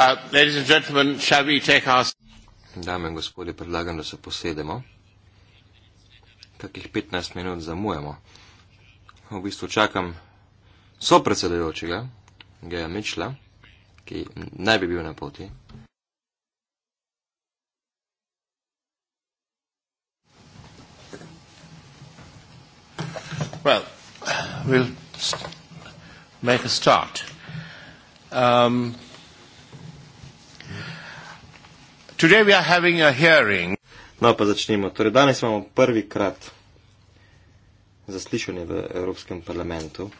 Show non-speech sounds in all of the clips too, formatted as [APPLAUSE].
Uh, Dame in gospodje, predlagam, da se posedemo. Kakih 15 minut zamujamo. V bistvu čakam sopredsedujočega, Geja Mičla, ki naj bi bil na poti. Well, we'll make a start. Um, Today we are having a hearing. No, pa začnimo. Torej, danes imamo prvi krat zaslišanje v Evropskem parlamentu,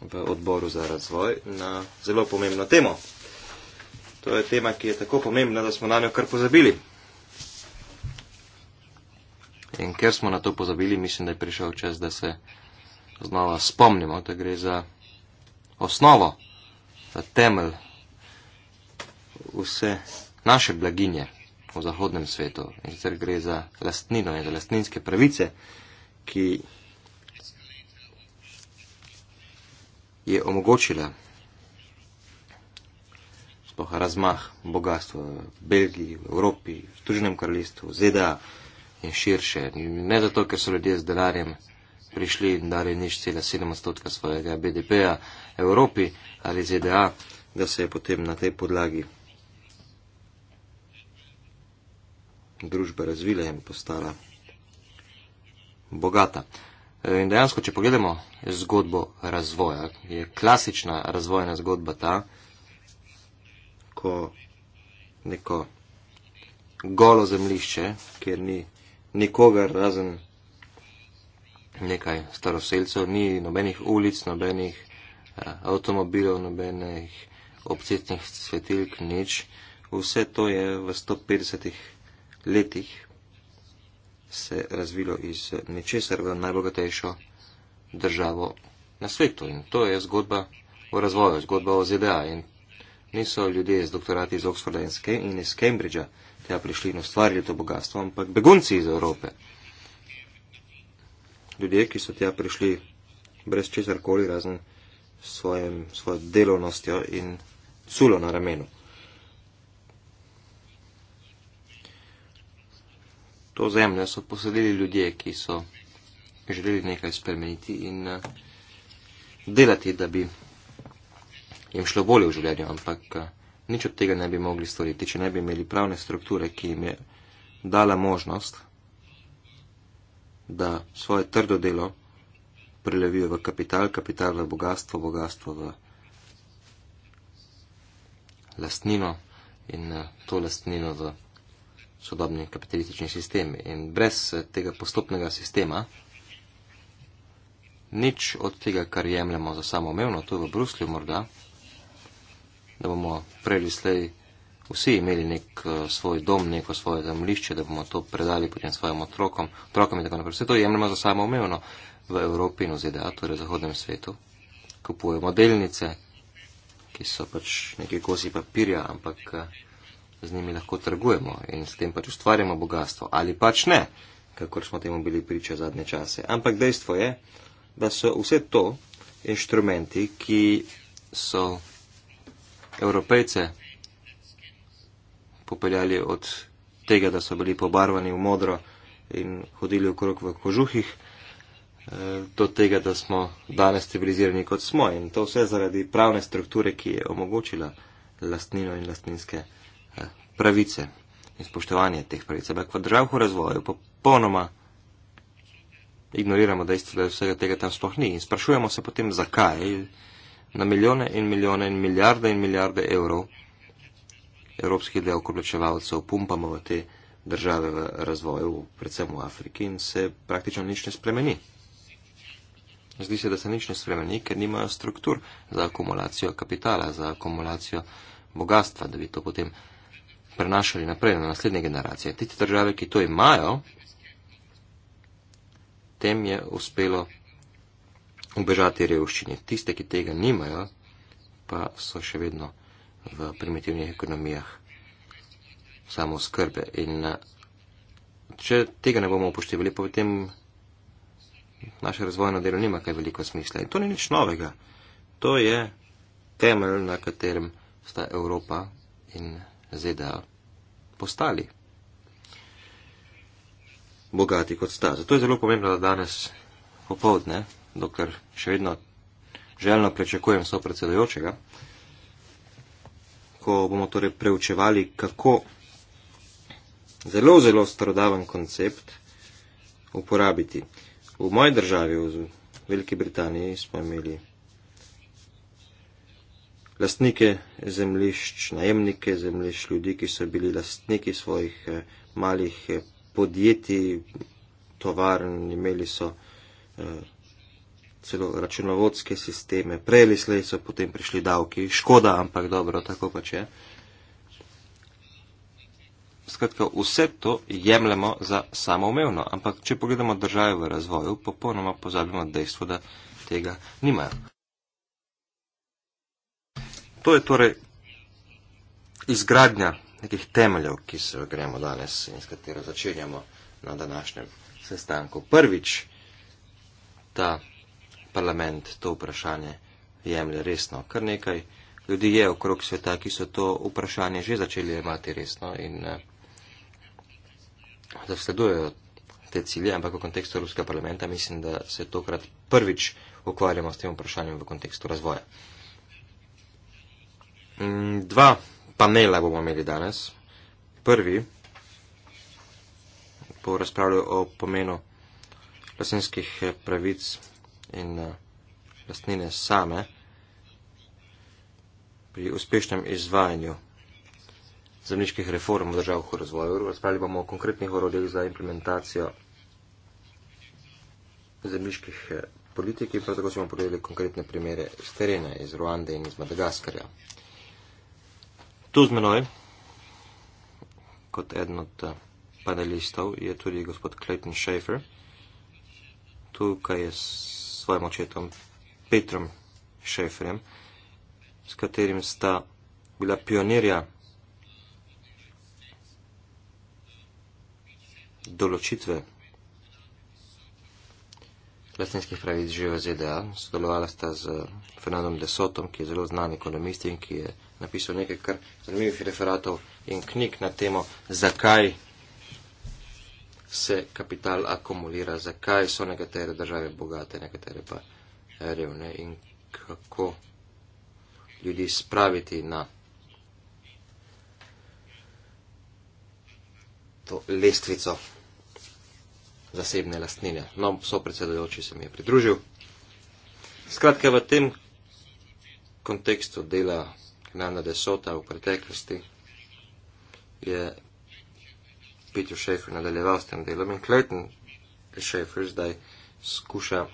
v odboru za razvoj, na zelo pomembno temo. To je tema, ki je tako pomembna, da smo na njo kar pozabili. In ker smo na to pozabili, mislim, da je prišel čas, da se znova spomnimo, da gre za osnovo, za temelj vse naše blaginje v zahodnem svetu. In sicer gre za lastnino in za lastninske pravice, ki je omogočila sploh razmah bogatstva v Belgiji, v Evropi, v Združenem kraljestvu, v ZDA in širše. Ne zato, ker so ljudje z denarjem prišli in dali nič cela sedem odstotka svojega BDP-a Evropi ali ZDA, da se je potem na tej podlagi družbe razvile in postala bogata. E, in dejansko, če pogledamo zgodbo razvoja, je klasična razvojna zgodba ta, ko neko golo zemlišče, kjer ni nikogar razen nekaj staroseljcev, ni nobenih ulic, nobenih e, avtomobilov, nobenih obcetnih svetilk, nič. Vse to je v 150 letih se razvilo iz nečesar v najbogatejšo državo na svetu. In to je zgodba o razvoju, zgodba o ZDA. In niso ljudje z doktorati iz Oxforda in iz Cambridgea tja prišli in ustvarili to bogatstvo, ampak begunci iz Evrope. Ljudje, ki so tja prišli brez česar koli, razen svojem, svojo delovnostjo in culo na ramenu. to zemljo so posedeli ljudje, ki so želeli nekaj spremeniti in eh, delati, da bi jim šlo bolje v življenju, ampak eh, nič od tega ne bi mogli storiti, če ne bi imeli pravne strukture, ki jim je dala možnost, da svoje trdo delo prelevijo v kapital, kapital v bogatstvo, bogatstvo v lastnino in eh, to lastnino v sodobni kapitalistični sistem. In brez eh, tega postopnega sistema nič od tega, kar jemljamo za samoumevno, to je v Bruslju morda, da bomo prej ali slej vsi imeli nek eh, svoj dom, neko svoje zemljišče, da bomo to predali potem svojim otrokom, otrokom in tako naprej. Vse to jemljamo za samoumevno v Evropi in v ZDA, torej v zahodnem svetu. Kupujemo delnice, ki so pač neki kosi papirja, ampak. Uh, z njimi lahko trgujemo in s tem pač ustvarjamo bogatstvo. Ali pač ne, kakor smo temu bili priča zadnje čase. Ampak dejstvo je, da so vse to inštrumenti, ki so evropejce popeljali od tega, da so bili pobarvani v modro in hodili okrog v kožuhih, eh, do tega, da smo danes civilizirani kot smo. In to vse zaradi pravne strukture, ki je omogočila lastnino in lastninske pravice in spoštovanje teh pravic. Ampak v državah v razvoju popolnoma ignoriramo dejstvo, da vsega tega tam sploh ni. In sprašujemo se potem, zakaj na milijone in milijone in milijarde in milijarde evrov evropskih del okoločevalcev pumpamo v te države v razvoju, predvsem v Afriki, in se praktično nič ne spremeni. Zdi se, da se nič ne spremeni, ker nimajo struktur za akumulacijo kapitala, za akumulacijo bogatstva, da bi to potem prenašali naprej na naslednje generacije. Tiste države, ki to imajo, tem je uspelo obežati revščini. Tiste, ki tega nimajo, pa so še vedno v primitivnih ekonomijah samo skrbe. In eh, če tega ne bomo upoštevali, potem naše razvojno delo nima kaj veliko smisla. In to ni nič novega. To je temelj, na katerem sta Evropa in ZDA postali bogati kot sta. Zato je zelo pomembno, da danes popovdne, dokler še vedno želno prečakujem so predsedojočega, ko bomo torej preučevali, kako zelo, zelo starodaven koncept uporabiti. V moji državi, v Veliki Britaniji, smo imeli lastnike zemljišč, najemnike zemljišč, ljudi, ki so bili lastniki svojih eh, malih eh, podjetij, tovarn, imeli so eh, celo računovodske sisteme, prej ali slej so potem prišli davki, škoda, ampak dobro, tako pač je. Skratka, vse to jemljemo za samoumevno, ampak če pogledamo države v razvoju, popolnoma pozabimo dejstvo, da tega nimajo. To je torej izgradnja nekih temeljev, ki se gremo danes in s katero začenjamo na današnjem sestanku. Prvič, ta parlament to vprašanje jemlje resno. Kar nekaj ljudi je okrog sveta, ki so to vprašanje že začeli imati resno in eh, zasledujejo te cilje, ampak v kontekstu Ruskega parlamenta mislim, da se tokrat prvič ukvarjamo s tem vprašanjem v kontekstu razvoja. Mm, dva panela bomo imeli danes. Prvi bo razpravljal o pomenu lasinskih eh, pravic in eh, lastnine same pri uspešnem izvajanju zemljiških reform v državah v razvoju. Razpravljali bomo o konkretnih orodjih za implementacijo zemljiških eh, politik in prav tako smo pogledali konkretne primere z terena iz Ruande in iz Madagaskarja. Tu z menoj, kot eden od eh, panelistov, je tudi gospod Clayton Schaefer. Tukaj je s svojim očetom Petrom Schaeferjem, s katerim sta bila pionirja določitve latinskih pravic živijo ZDA. Sodelovala sta z Fernandom Desotom, ki je zelo znan ekonomist in ki je napisal nekaj kar zanimivih referatov in knjig na temo, zakaj se kapital akumulira, zakaj so nekatere države bogate, nekatere pa revne in kako ljudi spraviti na to lestvico zasebne lastnine. No, so predsedojoči se mi je pridružil. Skratka, v tem kontekstu dela Nana Desota v preteklosti je Peter Schaefer nadaljeval s tem delom in Clayton Schaefer zdaj skuša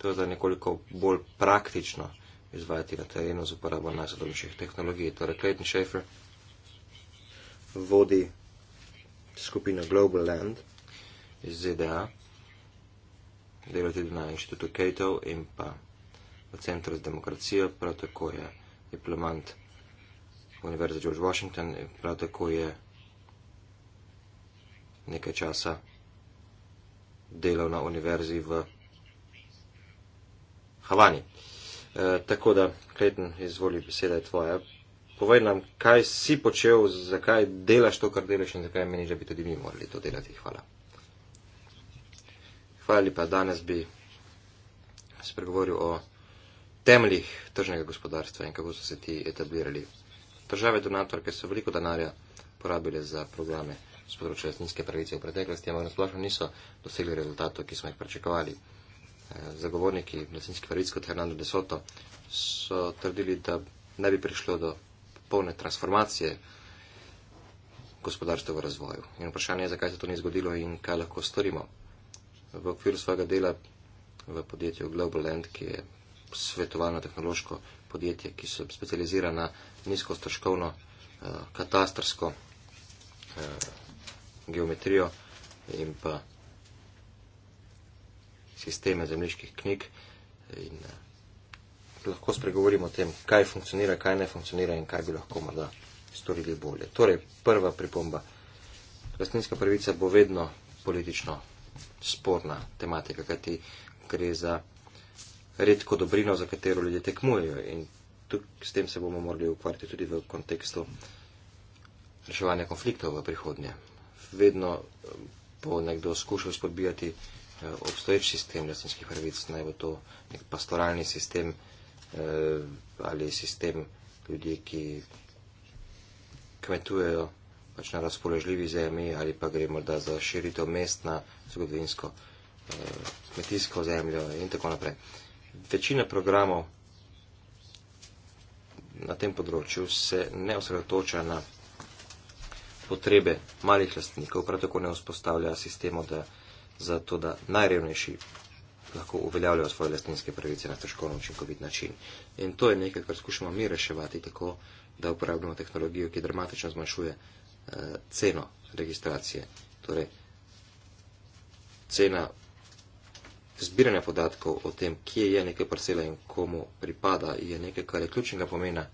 to zdaj nekoliko bolj praktično izvajati na terenu z uporabo najsodobnejših tehnologij. Torej, Clayton Schaefer vodi skupino Global Land ZDA, delate tudi na inštitutu Cato in pa v Centru za demokracijo, prav tako je diplomant Univerze George Washington, prav tako je nekaj časa delal na univerzi v Havani. E, tako da, Kleten, izvoli, beseda je tvoja. Povej nam, kaj si počel, zakaj delaš to, kar delaš in zakaj meniš, da bi tudi mi morali to delati. Hvala. Hvala lepa. Danes bi spregovoril o temeljih tržnega gospodarstva in kako so se ti etablirali. Države donatorke so veliko denarja porabile za programe z področja lastninske pravice v preteklosti, ampak na splošno niso dosegli rezultatov, ki smo jih pričakovali. Eh, zagovorniki lastninske pravice kot Hernando de Soto so trdili, da ne bi prišlo do polne transformacije gospodarstva v razvoju. In vprašanje je, zakaj se to ni zgodilo in kaj lahko storimo v okviru svojega dela v podjetju Global Land, ki je svetovalno tehnološko podjetje, ki se specializira na nizko stroškovno eh, katastrsko eh, geometrijo in pa sisteme zemljiških knjig. Eh, in lahko spregovorimo o tem, kaj funkcionira, kaj ne funkcionira in kaj bi lahko morda storili bolje. Torej, prva pripomba. Lastninska pravica bo vedno politično sporna tematika, kajti gre za redko dobrino, za katero ljudje tekmujejo. In tuk, s tem se bomo morali ukvarjati tudi v kontekstu reševanja konfliktov v prihodnje. Vedno eh, bo nekdo skušal spodbijati eh, obstoječ sistem lesenskih pravic, naj bo to nek pastoralni sistem eh, ali sistem ljudi, ki kmetujejo pač na razpoložljivi zemlji ali pa gremo da za širitev mest na zgodovinsko eh, kmetijsko zemljo in tako naprej. Večina programov na tem področju se ne osredotoča na potrebe malih lastnikov, prav tako ne vzpostavlja sistemo, da za to, da najrevnejši lahko uveljavljajo svoje lastninske pravice na težkovno učinkovit način. In to je nekaj, kar skušamo mi reševati tako, da uporabljamo tehnologijo, ki dramatično zmanjšuje uh, ceno registracije. Torej, cena zbiranja podatkov o tem, kje je nekaj parcela in komu pripada, je nekaj, kar je ključnega pomena,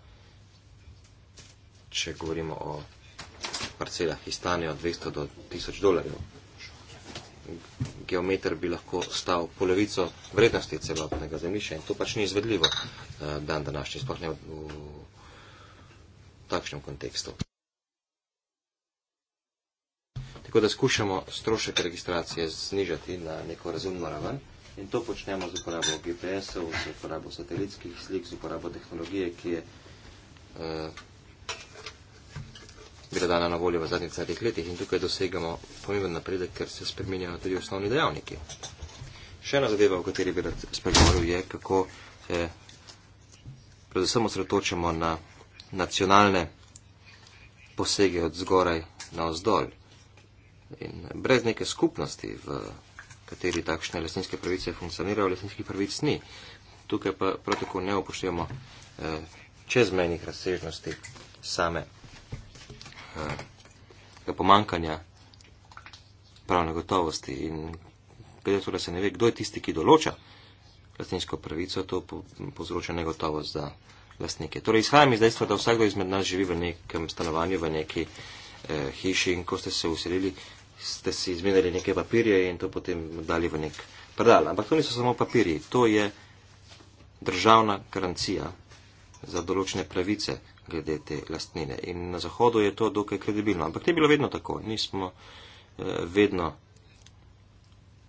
če govorimo o parcelah, ki stanejo 200 do 1000 dolarjev. Geometr bi lahko stal polovico vrednosti celotnega zemljišča in to pač ni izvedljivo eh, dan današnji, sploh ne v takšnem kontekstu tako da skušamo strošek registracije znižati na neko razumno raven in to počnemo z uporabo GPS-ov, z uporabo satelitskih slik, z uporabo tehnologije, ki je eh, bila dana na voljo v zadnjih zadnjih letih in tukaj dosegamo pomemben napredek, ker se spreminjajo tudi osnovni dejavniki. Še ena zadeva, o kateri bi rad spregovoril, je, kako se eh, predvsem osredotočamo na nacionalne posege od zgoraj na vzdolj. In brez neke skupnosti, v kateri takšne lesninske pravice funkcionirajo, lesninskih pravic ni. Tukaj pa prav tako ne upoštevamo eh, čezmenih razsežnosti same eh, pomankanja pravne gotovosti. In glede tega se ne ve, kdo je tisti, ki določa lastninsko pravico, to povzroča negotovost za lastnike. Torej, izhajam iz dejstva, da vsakdo izmed nas živi v nekem stanovanju, v neki eh, hiši in ko ste se uselili, eh, ste si izmenjali neke papirje in to potem dali v nek predal. Ampak to niso samo papirji, to je državna garancija za določene pravice glede te lastnine. In na Zahodu je to dokaj kredibilno. Ampak ni bilo vedno tako. Nismo eh, vedno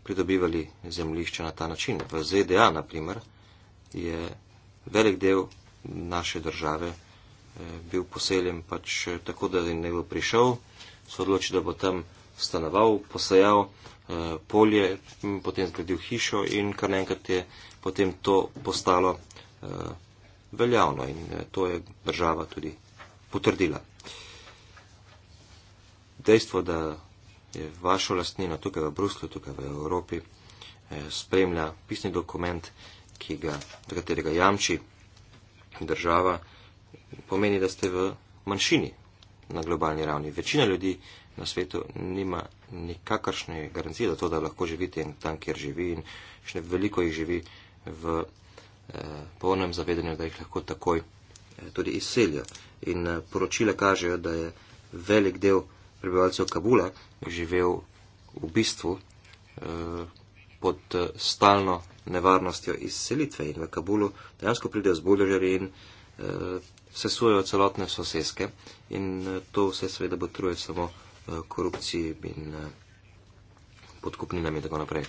pridobivali zemljišča na ta način. V ZDA, na primer, je velik del naše države eh, bil poseljen pač eh, tako, da je nekdo prišel, se odločil, da bo tam stanoval, posajal eh, polje, potem zgradil hišo in kar naenkrat je potem to postalo eh, veljavno in eh, to je država tudi potrdila. Dejstvo, da je vašo lastnino tukaj v Bruslju, tukaj v Evropi, spremlja pisni dokument, ki ga, do katerega jamči država, pomeni, da ste v manjšini na globalni ravni. Večina ljudi na svetu nima nikakršne garancije za to, da lahko živite tam, kjer živi in še veliko jih živi v eh, polnem zavedanju, da jih lahko takoj eh, tudi izselijo. In eh, poročile kažejo, da je velik del prebivalcev Kabula živel v bistvu eh, pod eh, stalno nevarnostjo izselitve in v Kabulu dejansko pridejo z buldožerji in eh, sesujejo celotne soseske in eh, to vse seveda botruje samo Eh, korupciji in eh, podkupninami in tako naprej.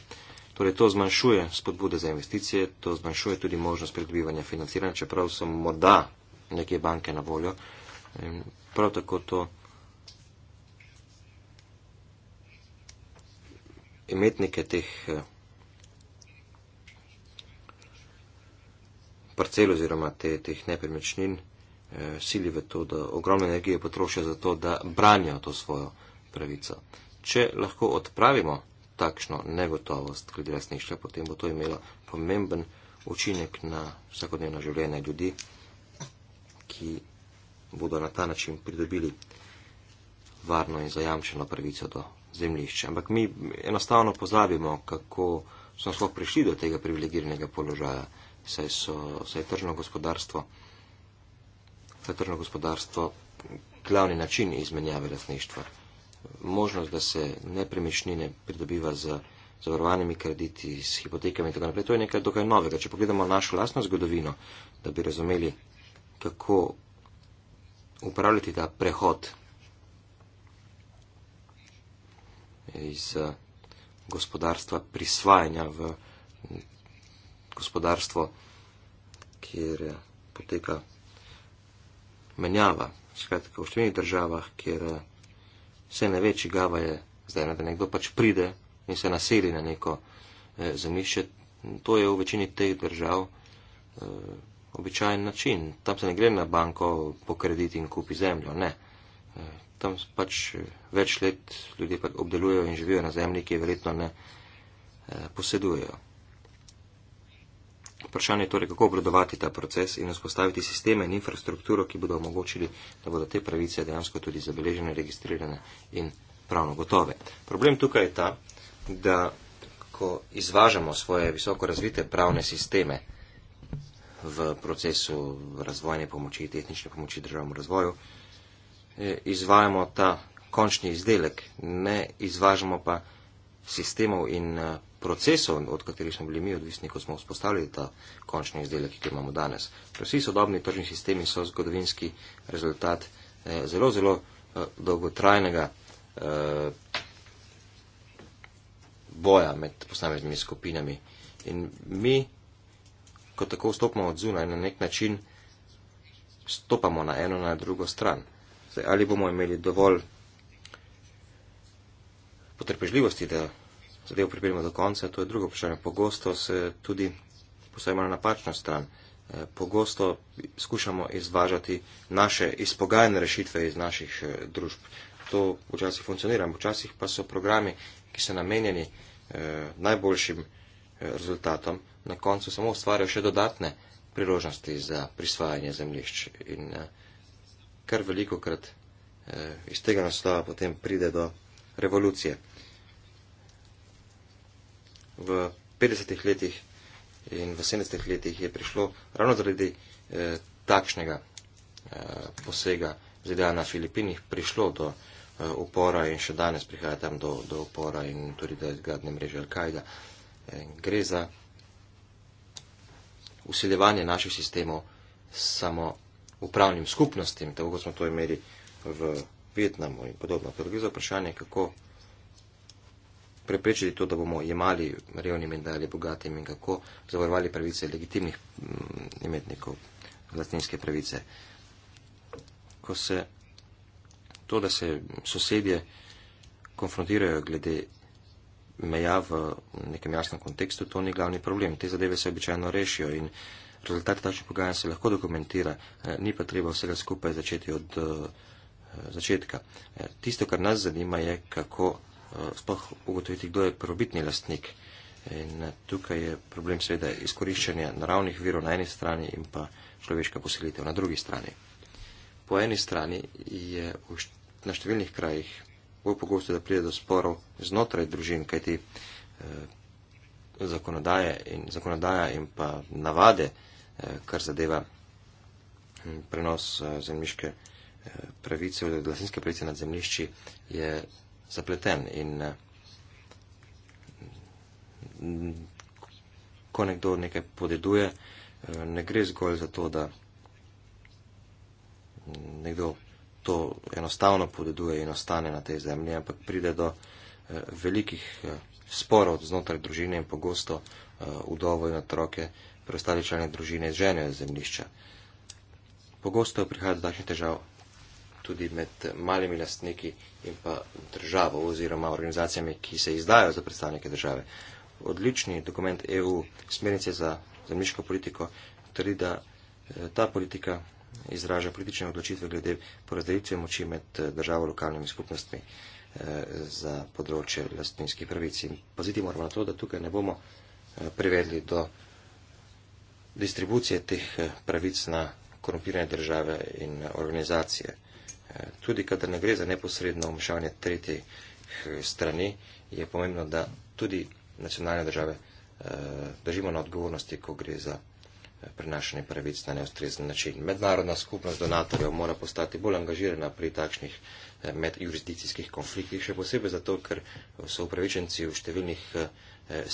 Torej, to zmanjšuje spodbude za investicije, to zmanjšuje tudi možnost pridobivanja financiranja, čeprav so morda neke banke na voljo. In prav tako to imetnike teh eh, parcel oziroma te, teh nepremičnin sili v to, da ogromno energije potrošijo za to, da branijo to svojo pravico. Če lahko odpravimo takšno negotovost glede lastništva, potem bo to imelo pomemben učinek na vsakodnevno življenje ljudi, ki bodo na ta način pridobili varno in zajamčeno pravico do zemljišča. Ampak mi enostavno pozabimo, kako smo sploh prišli do tega privilegiranega položaja, saj, so, saj tržno gospodarstvo. Tržno gospodarstvo glavni način izmenjave lastništva možnost, da se nepremičnine pridobiva z zavarovanimi krediti, s hipotekami in tako naprej. To je nekaj dokaj novega. Če pogledamo našo lastno zgodovino, da bi razumeli, kako upravljati ta prehod iz eh, gospodarstva prisvajanja v gospodarstvo, kjer eh, poteka menjava. Skratka, v številnih državah, kjer eh, vse največji gava je zdaj, da nekdo pač pride in se naseli na neko eh, zemljišče. To je v večini teh držav eh, običajen način. Tam se ne gre na banko po krediti in kupi zemljo, ne. Eh, tam pač eh, več let ljudje pač obdelujejo in živijo na zemlji, ki je verjetno ne eh, posedujejo. Vprašanje je torej, kako obvladovati ta proces in vzpostaviti sisteme in infrastrukturo, ki bodo omogočili, da bodo te pravice dejansko tudi zabeležene, registrirane in pravno gotove. Problem tukaj je ta, da ko izvažamo svoje visoko razvite pravne sisteme v procesu razvojne pomoči, tehnične pomoči državnemu razvoju, eh, izvajamo ta končni izdelek, ne izvažamo pa sistemov in eh, procesov, od katerih smo bili mi odvisni, ko smo vzpostavili ta končni izdelek, ki ga imamo danes. Vsi sodobni tržni sistemi so zgodovinski rezultat eh, zelo, zelo eh, dolgotrajnega boja med posameznimi skupinami. In mi, ko tako vstopamo od zunaj, na nek način stopamo na eno, na drugo stran. Zdaj, ali bomo imeli dovolj potrpežljivosti, da zadevo pripeljemo do konca, to je drugo vprašanje. Pogosto se tudi postavimo na napačno stran. Eh, pogosto skušamo izvažati naše izpogajne rešitve iz naših eh, družb. To včasih funkcionira, včasih pa so programi, ki so namenjeni eh, najboljšim eh, rezultatom, na koncu samo ustvarjajo še dodatne priložnosti za prisvajanje zemljišč. In eh, kar veliko krat eh, iz tega naslova potem pride do revolucije. V 50-ih letih in v 70-ih letih je prišlo ravno zaradi eh, takšnega eh, posega ZDA na Filipinih, prišlo do eh, upora in še danes prihaja tam do, do upora in tudi do izgradne mreže Al-Kaida. Eh, gre za usiljevanje naših sistemov samo upravnim skupnostim, tako kot smo to imeli v Vietnamu in podobno. To je drugo vprašanje, kako preprečiti to, da bomo jemali revnim in dali bogatim in kako zavarovali pravice legitimnih mm, imetnikov vlastninske pravice. Ko se to, da se sosedje konfrontirajo glede meja v nekem jasnem kontekstu, to ni glavni problem. Te zadeve se običajno rešijo in rezultate takšnih pogajanj se lahko dokumentira. Eh, ni pa treba vsega skupaj začeti od uh, začetka. E, tisto, kar nas zanima, je, kako e, sploh ugotoviti, kdo je prvobitni lastnik. In e, tukaj je problem seveda izkoriščanja naravnih virov na eni strani in pa človeška poselitev na drugi strani. Po eni strani je na številnih krajih bolj pogosto, da pride do sporov znotraj družin, kajti zakonodaje in zakonodaja in pa navade, kar zadeva prenos zemljiške pravice, glasinske pravice nad zemlišči je zapleten in eh, ko nekdo nekaj podeduje, eh, ne gre zgolj za to, da nekdo to enostavno podeduje in ostane na tej zemlji, ampak pride do eh, velikih sporov znotraj družine in pogosto vdovo in otroke preostali člani družine z ženijo zemlišča. Pogosto prihaja do takšnih težav tudi med malimi lastniki in pa državo oziroma organizacijami, ki se izdajo za predstavnike države. Odlični dokument EU, smernice za zemljiško politiko, tudi da eh, ta politika izraža politične odločitve glede porazdelitve moči med eh, državo in lokalnimi skupnostmi eh, za področje lastninskih pravic. In paziti moramo na to, da tukaj ne bomo privedli do distribucije teh pravic na korumpirane države in organizacije. Tudi, kadar ne gre za neposredno vmešavanje tretjih eh, strani, je pomembno, da tudi nacionalne države eh, držimo na odgovornosti, ko gre za eh, prenašanje pravic na neustrezen način. Mednarodna skupnost donatorjev mora postati bolj angažirana pri takšnih medjurisdikcijskih konfliktih, še posebej zato, ker so upravičenci v številnih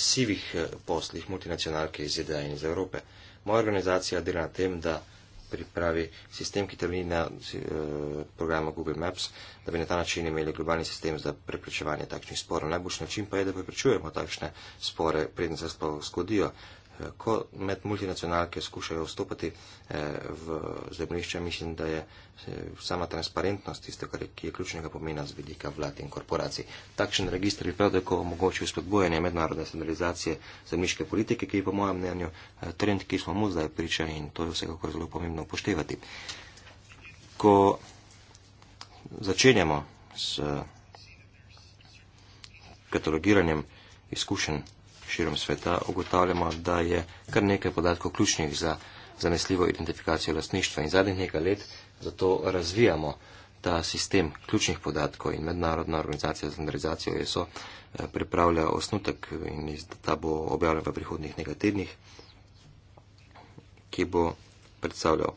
sivih poslih multinacionalke iz ZDA in iz Evrope. Moja organizacija dela na tem, da pripravi sistem, ki temelji na eh, programu Google Maps, da bi na ta način imeli globalni sistem za preprečevanje takšnih sporov. Najboljši način pa je, da preprečujemo takšne spore, predn se sploh zgodijo ko med multinacionalke skušajo vstopati eh, v zemljišča, mislim, da je eh, sama transparentnost tisto, ki je ključnega pomena z vidika vlad in korporacij. Takšen registr bi prav tako omogočil spodbojanje mednarodne standardizacije zemljiške politike, ki je po mojem mnenju eh, trend, ki smo mu zdaj priča in to je vsekakor zelo pomembno upoštevati. Ko začenjamo s katalogiranjem izkušenj širom sveta, ugotavljamo, da je kar nekaj podatkov ključnih za zanesljivo identifikacijo lastništva in zadnjih nekaj let zato razvijamo ta sistem ključnih podatkov in mednarodna organizacija za standardizacijo ESO eh, pripravlja osnutek in ta bo objavljen v prihodnih nekaj tednih, ki bo predstavljal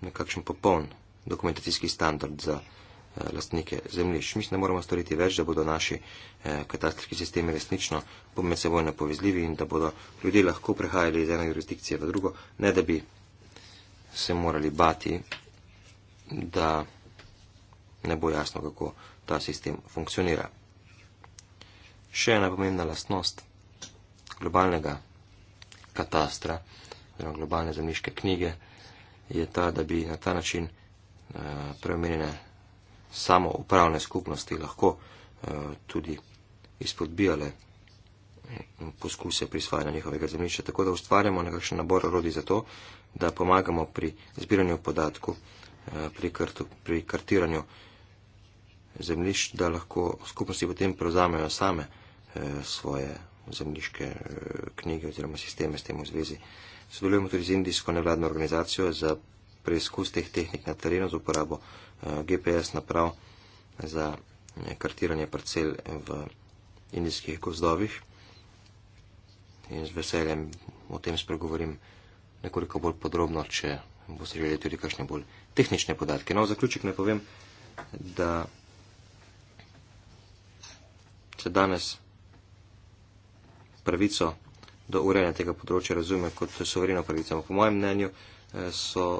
nekakšen popoln dokumentacijski standard za lastništvo. Eh, lastnike zemljišč. Mislim, da moramo storiti več, da bodo naši eh, katastrski sistemi resnično med seboj napovezljivi in da bodo ljudje lahko prehajali iz ene jurisdikcije v drugo, ne da bi se morali bati, da ne bo jasno, kako ta sistem funkcionira. Še ena pomembna lastnost globalnega katastra, oziroma globalne zemljiške knjige, je ta, da bi na ta način uh, preomenjene samo upravne skupnosti lahko eh, tudi izpodbijale mm, poskuse prisvajanja njihovega zemljišča. Tako da ustvarjamo nekakšen nabor orodij za to, da pomagamo pri zbiranju podatkov, eh, pri, kart, pri kartiranju zemljišč, da lahko skupnosti potem prevzamejo same eh, svoje zemljiške knjige oziroma sisteme s tem v zvezi. Sodelujemo tudi z indijsko nevladno organizacijo za preizkus teh tehnik na terenu z uporabo eh, GPS naprav za eh, kartiranje parcel v indijskih gozdovih. In z veseljem o tem spregovorim nekoliko bolj podrobno, če boste želeli tudi kakšne bolj tehnične podatke. No, v zaključek ne povem, da se danes pravico do urejanja tega področja razume kot soverino pravico. Po mojem mnenju eh, so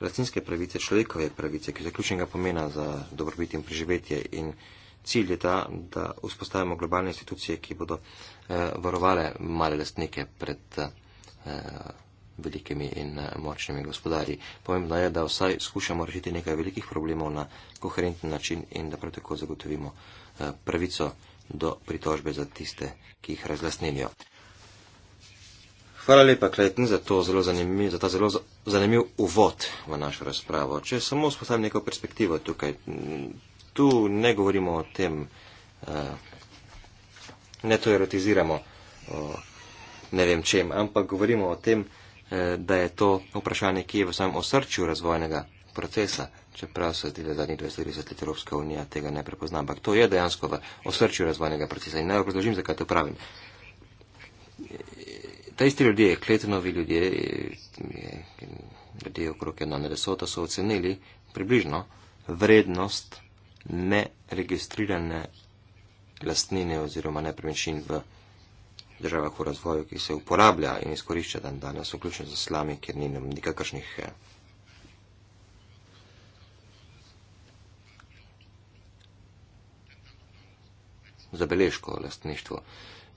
Latinske pravice, človekove pravice, ki so ključnega pomena za dobrobit in preživetje. In cilj je ta, da vzpostavimo globalne institucije, ki bodo eh, varovale male lastnike pred eh, velikimi in eh, močnimi gospodarji. Pomembno je, da vsaj skušamo rešiti nekaj velikih problemov na koherenten način in da prav tako zagotovimo eh, pravico do pritožbe za tiste, ki jih razlastnijo. Hvala lepa, Klajten, za, za ta zelo zanimiv uvod v našo razpravo. Če samo spostavim neko perspektivo tukaj, tu ne govorimo o tem, eh, ne to erotiziramo o ne vem čem, ampak govorimo o tem, eh, da je to vprašanje, ki je v samem osrčju razvojnega procesa. Čeprav se zdi, da zadnjih 20 let Evropska unija tega ne prepozna, ampak to je dejansko v osrčju razvojnega procesa. In naj obrazložim, zakaj to pravim. Ta isti ljudje, Kletenovi ljudje, ljudje okrog ena resota so ocenili približno vrednost neregistrirane lastnine oziroma nepremičnin v državah v razvoju, ki se uporablja in izkorišča dan danes, vključno z slami, ker ni nikakršnih eh, zabeležkov o lastništvu.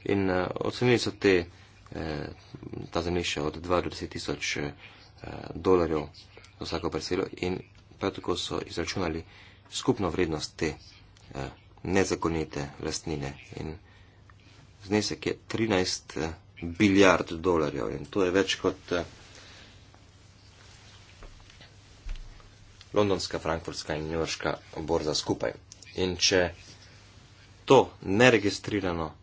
In uh, ocenili so te Eh, ta zemljišče od 2 do 10 tisoč eh, dolarjev za vsako preselo in prav tako so izračunali skupno vrednost te eh, nezakonite lastnine in znesek je 13 biljard dolarjev in to je več kot londonska, frankfurtska in njurška borza skupaj. In če to neregistrirano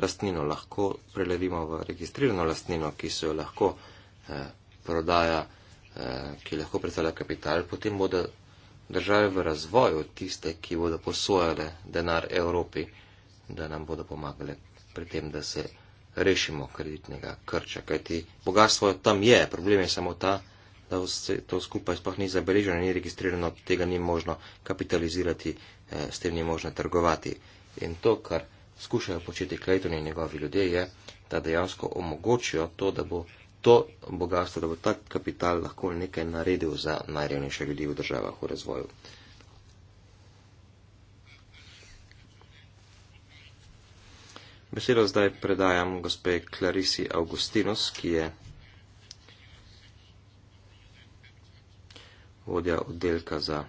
lastnino lahko prelevimo v registrirano lastnino, ki se jo lahko eh, prodaja, eh, ki lahko predstavlja kapital, potem bodo države v razvoju tiste, ki bodo posojale denar Evropi, da nam bodo pomagale pri tem, da se rešimo kreditnega krča. Kajti bogatstvo tam je, problem je samo ta, da vse to skupaj sploh ni zabeleženo, ni registrirano, tega ni možno kapitalizirati, eh, s tem ni možno trgovati. In to, kar skušajo početi Clayton in njegovi ljudje, je, da dejansko omogočijo to, da bo to bogatstvo, da bo ta kapital lahko nekaj naredil za najrevnejše ljudi v državah v razvoju. Besedo zdaj predajam gospe Clarisi Augustinus, ki je vodja oddelka za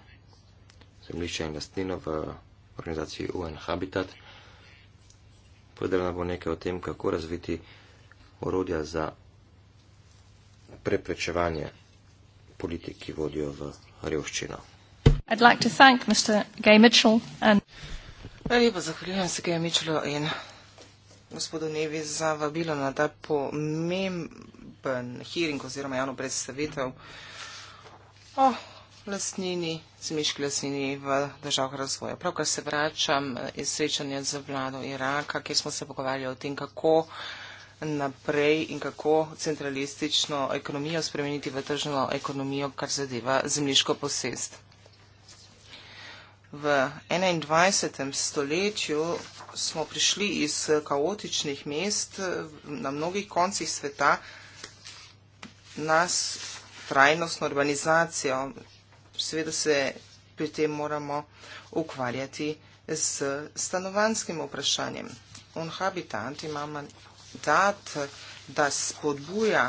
zemljišče in lastnino v organizaciji UN Habitat. Povedala bo nekaj o tem, kako razviti orodja za preprečevanje politik, ki vodijo v revščino. Najlepša zahvaljujem se Gaj Mitchellu in gospodu Nevi za vabilo na ta pomemben hearing oziroma javno predstavitev o lasnini, zmeški lasnini v državah razvoja. Pravkar se vračam eh, iz srečanja z vlado Iraka, kjer smo se pogovarjali o tem, kako naprej in kako centralistično ekonomijo spremeniti v tržno ekonomijo, kar zadeva zemljiško posest. V 21. stoletju smo prišli iz kaotičnih mest eh, na mnogih koncih sveta nas trajnostno urbanizacijo seveda se pri tem moramo ukvarjati s stanovanskim vprašanjem. On habitant ima mandat, da spodbuja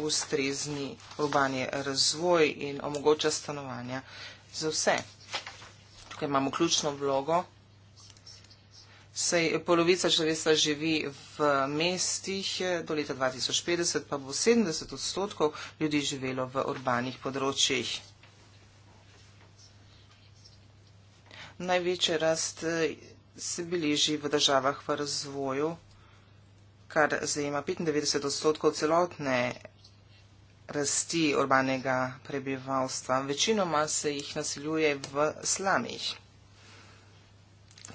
ustrezni urbani razvoj in omogoča stanovanja za vse. Tukaj imamo ključno vlogo. Sej polovica človeštva živi v mestih, do leta 2050 pa bo 70 odstotkov ljudi živelo v urbanih področjih. največja rast eh, se beleži v državah v razvoju, kar zajema 95 odstotkov celotne rasti urbanega prebivalstva. Večinoma se jih naseljuje v slamih.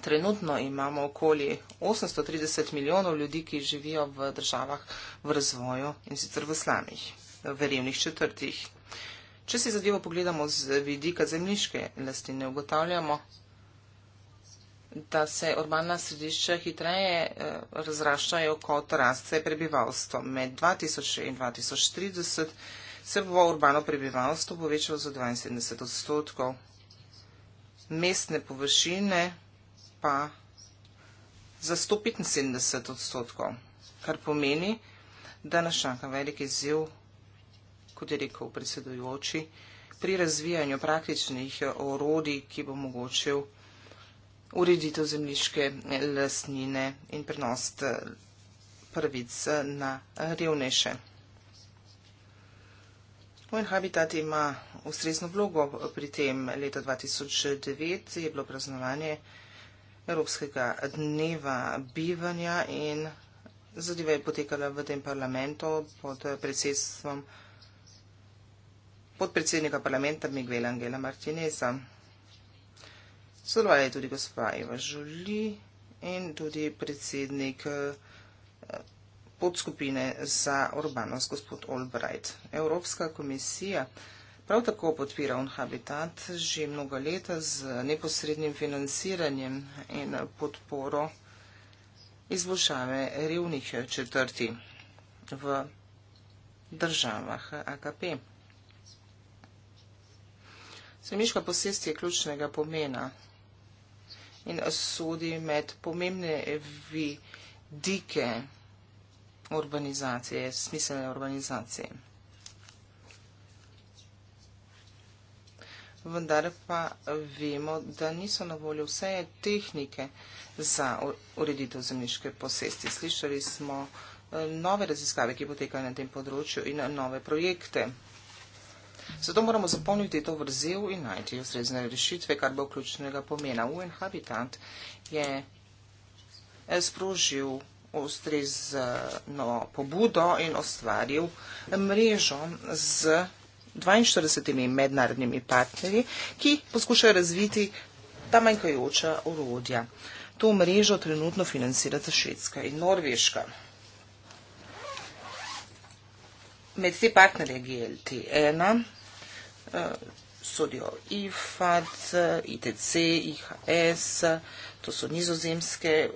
Trenutno imamo okoli 830 milijonov ljudi, ki živijo v državah v razvoju in sicer v slamih, v revnih četrtih. Če si zadevo pogledamo z vidika zemljiške lastine, ugotavljamo, da se urbana središča hitreje eh, razraščajo kot raste prebivalstvo. Med 2000 in 2030 se bo urbano prebivalstvo povečalo za 72 odstotkov, mestne površine pa za 175 odstotkov, kar pomeni, da nas čaka velik izziv, kot je rekel predsedujoči, pri razvijanju praktičnih orodij, ki bo omogočil ureditev zemljiške eh, lasnine in prenos eh, pravic eh, na revnejše. UN Habitat ima ustrezno vlogo pri tem. Leta 2009 je bilo praznovanje Evropskega dneva bivanja in zadeva je potekala v tem parlamentu pod predsedstvom podpredsednika parlamenta Miguel Angela Martineza. Sodelovala je tudi gospa Eva Žuli in tudi predsednik eh, podskupine za urbanost, gospod Albright. Evropska komisija prav tako podpira Unhabitat že mnoga leta z neposrednim financiranjem in podporo izboljšave revnih četrti v državah AKP. Semiška posest je ključnega pomena in sodi med pomembne vidike urbanizacije, smiselne urbanizacije. Vendar pa vemo, da niso na voljo vse tehnike za ureditev zemljiške posesti. Slišali smo eh, nove raziskave, ki potekajo na tem področju in nove projekte. Zato moramo zapolniti to vrzel in najti ustrezne rešitve, kar bo ključnega pomena. UN Habitat je eh, sprožil ustrezno pobudo in ustvaril mrežo z 42 mednarodnimi partnerji, ki poskušajo razviti ta manjkajoča orodja. To mrežo trenutno financirata Švedska in Norveška. Med te partnerje GLT-1 Eh, sodijo IFAD, ITC, IHS, to so nizozemske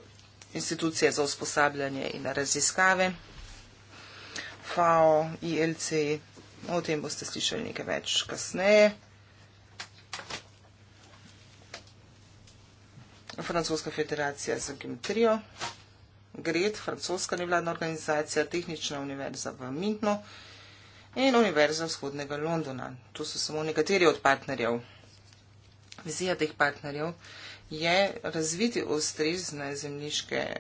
institucije za usposabljanje in raziskave, FAO, ILC, o tem boste slišali nekaj več kasneje. Francoska federacija za geometrijo, GRED, francoska nevladna organizacija, tehnična univerza v Mintnu, in Univerza vzhodnega Londona. To so samo nekateri od partnerjev. Vizija teh partnerjev je razviti ustrezne zemljiške,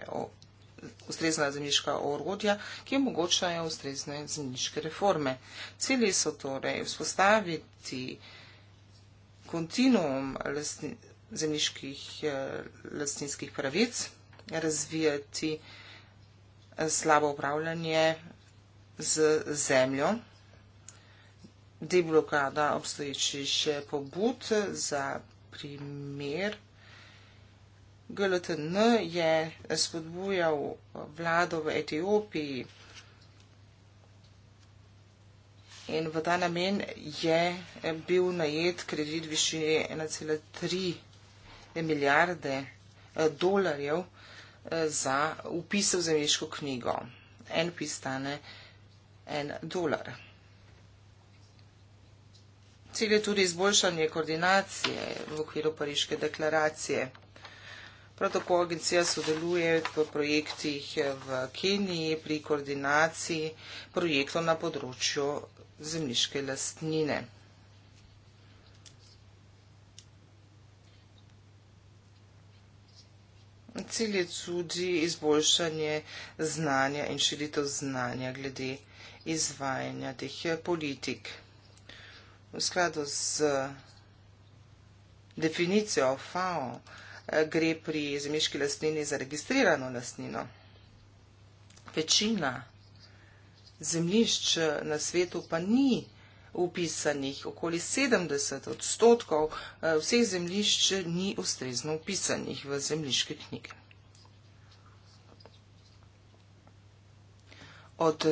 ustrezna zemljiška orodja, ki omogočajo ustrezne zemljiške reforme. Cilji so torej vzpostaviti kontinuum lasti, zemljiških eh, lastninskih pravic, razvijati eh, slabo upravljanje z zemljo, deblokada obstoječih pobud. Za primer, GLTN je spodbujal vlado v Etiopiji in v ta namen je bil najet kredit višine 1,3 milijarde eh, dolarjev eh, za upis v zemljiško knjigo. En upis stane en dolar. Cilj je tudi izboljšanje koordinacije v okviru Pariške deklaracije. Prav tako agencija sodeluje v projektih v Keniji pri koordinaciji projektov na področju zemljiške lastnine. Cilj je tudi izboljšanje znanja in širitev znanja glede izvajanja teh politik v skladu z definicijo FAO eh, gre pri zemljiški lastnini za registrirano lastnino. Večina zemljišč eh, na svetu pa ni upisanih, okoli 70 odstotkov eh, vseh zemljišč ni ustrezno upisanih v zemljiške knjige. Od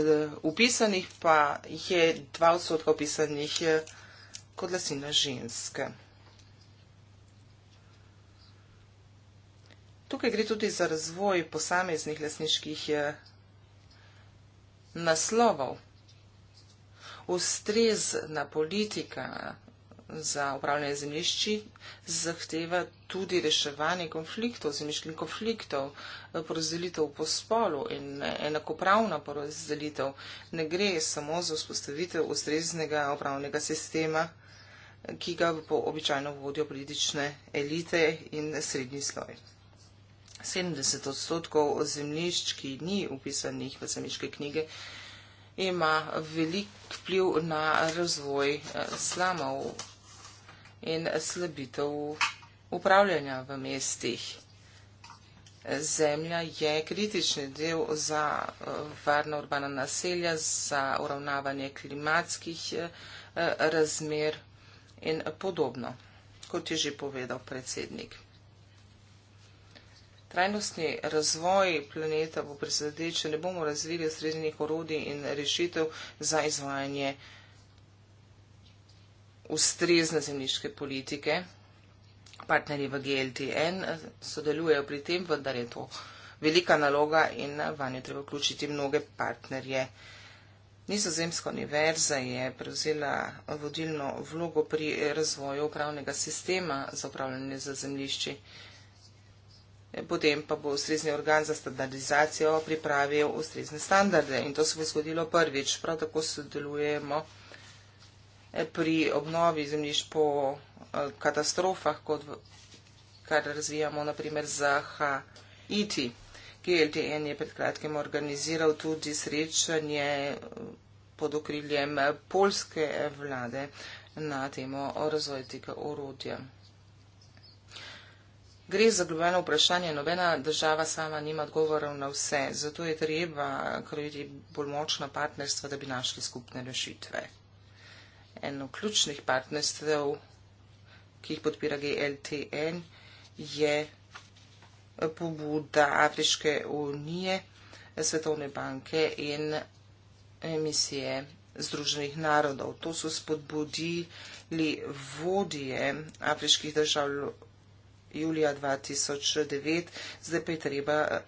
upisanih pa jih je 2 odstotka upisanih. Je kot lasina ženske. Tukaj gre tudi za razvoj posameznih lasniških eh, naslovov. Ustrezna politika za upravljanje zemljišči zahteva tudi reševanje konfliktov, zemljiških konfliktov, eh, porazdelitev po spolu in eh, enakopravna porazdelitev. Ne gre samo za vzpostavitev ustreznega upravnega sistema ki ga po običajno vodijo politične elite in srednji sloj. 70 odstotkov zemljišč, ki ni upisanih v zemljiške knjige, ima velik vpliv na razvoj eh, slamov in slabitev upravljanja v mestih. Zemlja je kritični del za eh, varno urbana naselja, za uravnavanje klimatskih eh, razmer in podobno, kot je že povedal predsednik. Trajnostni razvoj planeta bo prizadet, če ne bomo razvili srednjih orodij in rešitev za izvajanje ustrezne zemljiške politike. Partnerji v GLTN sodelujejo pri tem, vendar je to velika naloga in vanjo treba vključiti mnoge partnerje. Nizozemska univerza je prevzela vodilno vlogo pri razvoju upravnega sistema za upravljanje za zemlišči. Potem pa bo ustrezni organ za standardizacijo pripravil ustrezne standarde in to se bo zgodilo prvič. Prav tako sodelujemo eh, pri obnovi zemljišč po eh, katastrofah, kot kar razvijamo naprimer za Haiti. GLTN je pred kratkim organiziral tudi srečanje pod okriljem polske vlade na temo o razvoju tega orodja. Gre za globalno vprašanje, nobena država sama nima odgovorov na vse, zato je treba krojiti bolj močno partnerstvo, da bi našli skupne rešitve. Eno ključnih partnerstv, ki jih podpira GLTN, je pobuda Afriške unije, Svetovne banke in emisije Združenih narodov. To so spodbudili vodje afriških držav julija 2009, zdaj pa je treba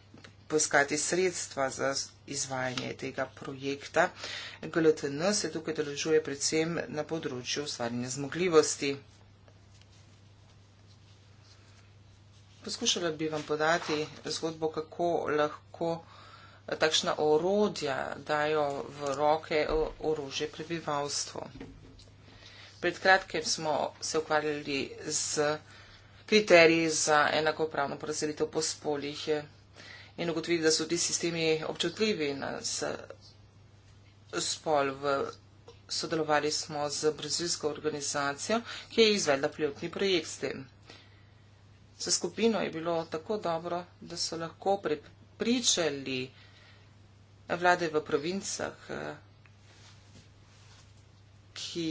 poiskati sredstva za izvajanje tega projekta. GLTN se tukaj deložuje predvsem na področju ustvarjanja zmogljivosti. Poskušala bi vam podati zgodbo, kako lahko takšna orodja dajo v roke orožje prebivalstvo. Pred kratkim smo se ukvarjali z kriteriji za enakopravno porazdelitev po spolih in ugotovili, da so ti sistemi občutljivi na spol. V sodelovali smo z brazilsko organizacijo, ki je izvedla pilotni projekt s tem. Se skupino je bilo tako dobro, da so lahko prepričali vlade v provincah, eh, ki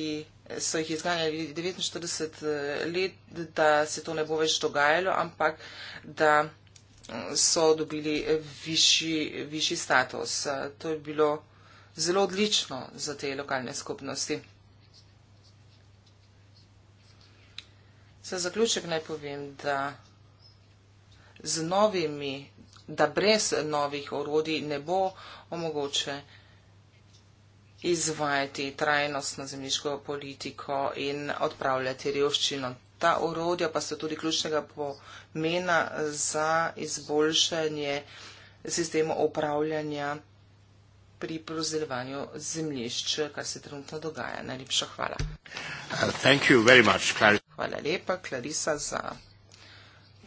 so jih izganjali 49 eh, let, da se to ne bo več dogajalo, ampak da eh, so dobili višji, višji status. To je bilo zelo odlično za te lokalne skupnosti. Za zaključek naj povem, da z novimi, da brez novih orodij ne bo omogoče izvajati trajnostno zemljiško politiko in odpravljati revščino. Ta orodja pa so tudi ključnega pomena za izboljšanje sistema upravljanja pri prozirevanju zemljišč, kar se trenutno dogaja. Najlepša hvala. Uh, Hvala lepa, Klarisa, za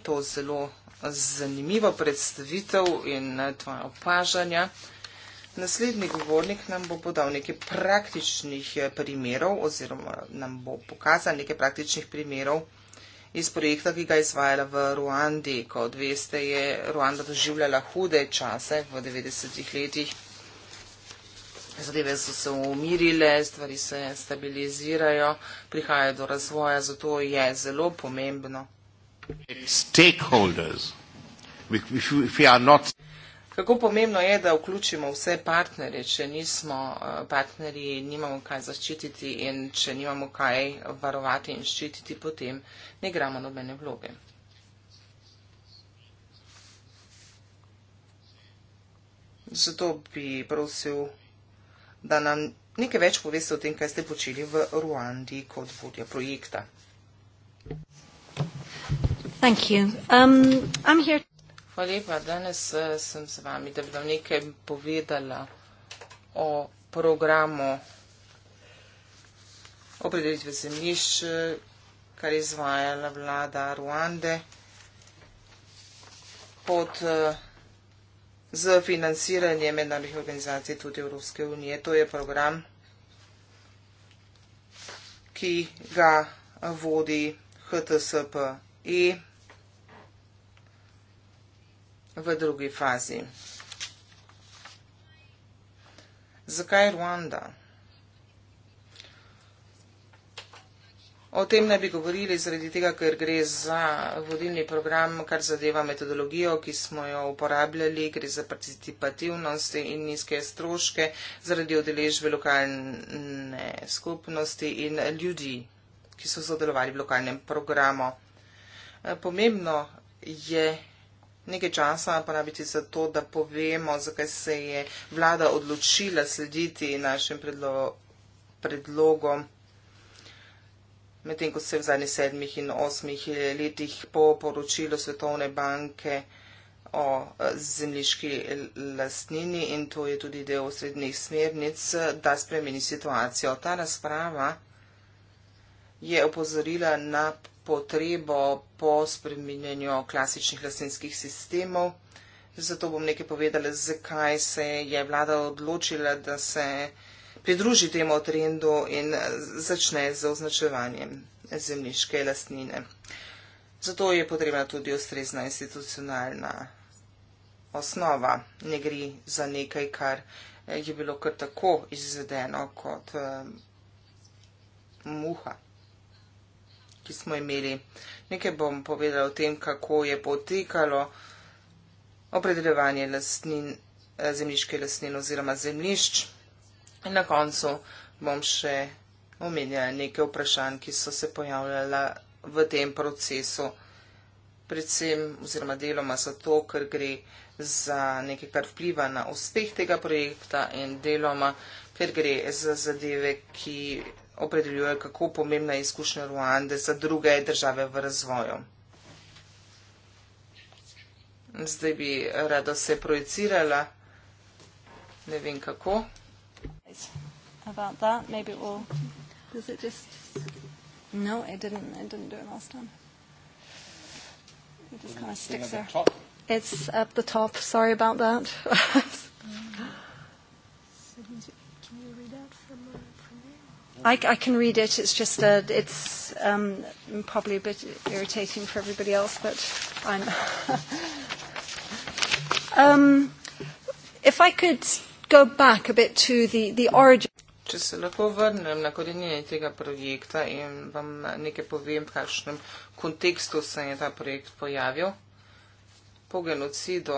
to zelo zanimivo predstavitev in eh, tvoje opažanja. Naslednji govornik nam bo podal nekaj praktičnih eh, primerov oziroma nam bo pokazal nekaj praktičnih primerov iz projekta, ki ga je izvajala v Ruandi. Kot veste, je Ruanda doživljala hude čase v 90-ih letih zadeve so se umirile, stvari se stabilizirajo, prihaja do razvoja, zato je zelo pomembno. Kako pomembno je, da vključimo vse partnerje, če nismo eh, partnerji, nimamo kaj zaščititi in če nimamo kaj varovati in ščititi, potem ne igramo nobene vloge. Zato bi prosil da nam nekaj več poveste o tem, kaj ste počeli v Ruandi kot vodja projekta. Um, Hvala lepa. Danes uh, sem z vami, da bi vam nekaj povedala o programu opredelitve zemljišč, kar je izvajala vlada Ruande pod. Uh, z financiranjem mednarodnih organizacij tudi Evropske unije. To je program, ki ga vodi HTSPE v drugi fazi. Zakaj Ruanda? O tem ne bi govorili zaradi tega, ker gre za vodilni program, kar zadeva metodologijo, ki smo jo uporabljali, gre za participativnost in nizke stroške zaradi odeležbe lokalne skupnosti in ljudi, ki so sodelovali v lokalnem programu. E, pomembno je nekaj časa porabiti za to, da povemo, zakaj se je vlada odločila slediti našim predlo predlogom medtem ko se v zadnjih sedmih in osmih letih po poročilu Svetovne banke o eh, zemljiški lastnini in to je tudi del srednjih smernic, da spremeni situacijo. Ta razprava je opozorila na potrebo po spremenjenju klasičnih lastninskih sistemov. Zato bom nekaj povedala, zakaj se je vlada odločila, da se pridruži temu trendu in začne z označevanjem zemljiške lastnine. Zato je potrebna tudi ustrezna institucionalna osnova. Ne gre za nekaj, kar eh, je bilo kar tako izvedeno kot um, muha, ki smo imeli. Nekaj bom povedala o tem, kako je potekalo opredeljevanje lastnin, eh, zemljiške lastnine oziroma zemljišč. In na koncu bom še omenjala nekaj vprašanj, ki so se pojavljala v tem procesu. Predvsem oziroma deloma zato, ker gre za nekaj, kar vpliva na uspeh tega projekta in deloma, ker gre za zadeve, ki opredeljujejo, kako pomembna je izkušnja Ruande za druge države v razvoju. Zdaj bi rada se projicirala, ne vem kako days about that. Maybe it will. Does it just? No, it didn't. It didn't do it last time. It just kind of sticks there. The it's at the top. Sorry about that. [LAUGHS] I, I can read it. It's just a, uh, it's um, probably a bit irritating for everybody else, but I'm. [LAUGHS] um, if I could go back a bit to the, the origin. Če se lahko vrnem na korenine tega projekta in vam nekaj povem, v kakšnem kontekstu se je ta projekt pojavil. Po genocidu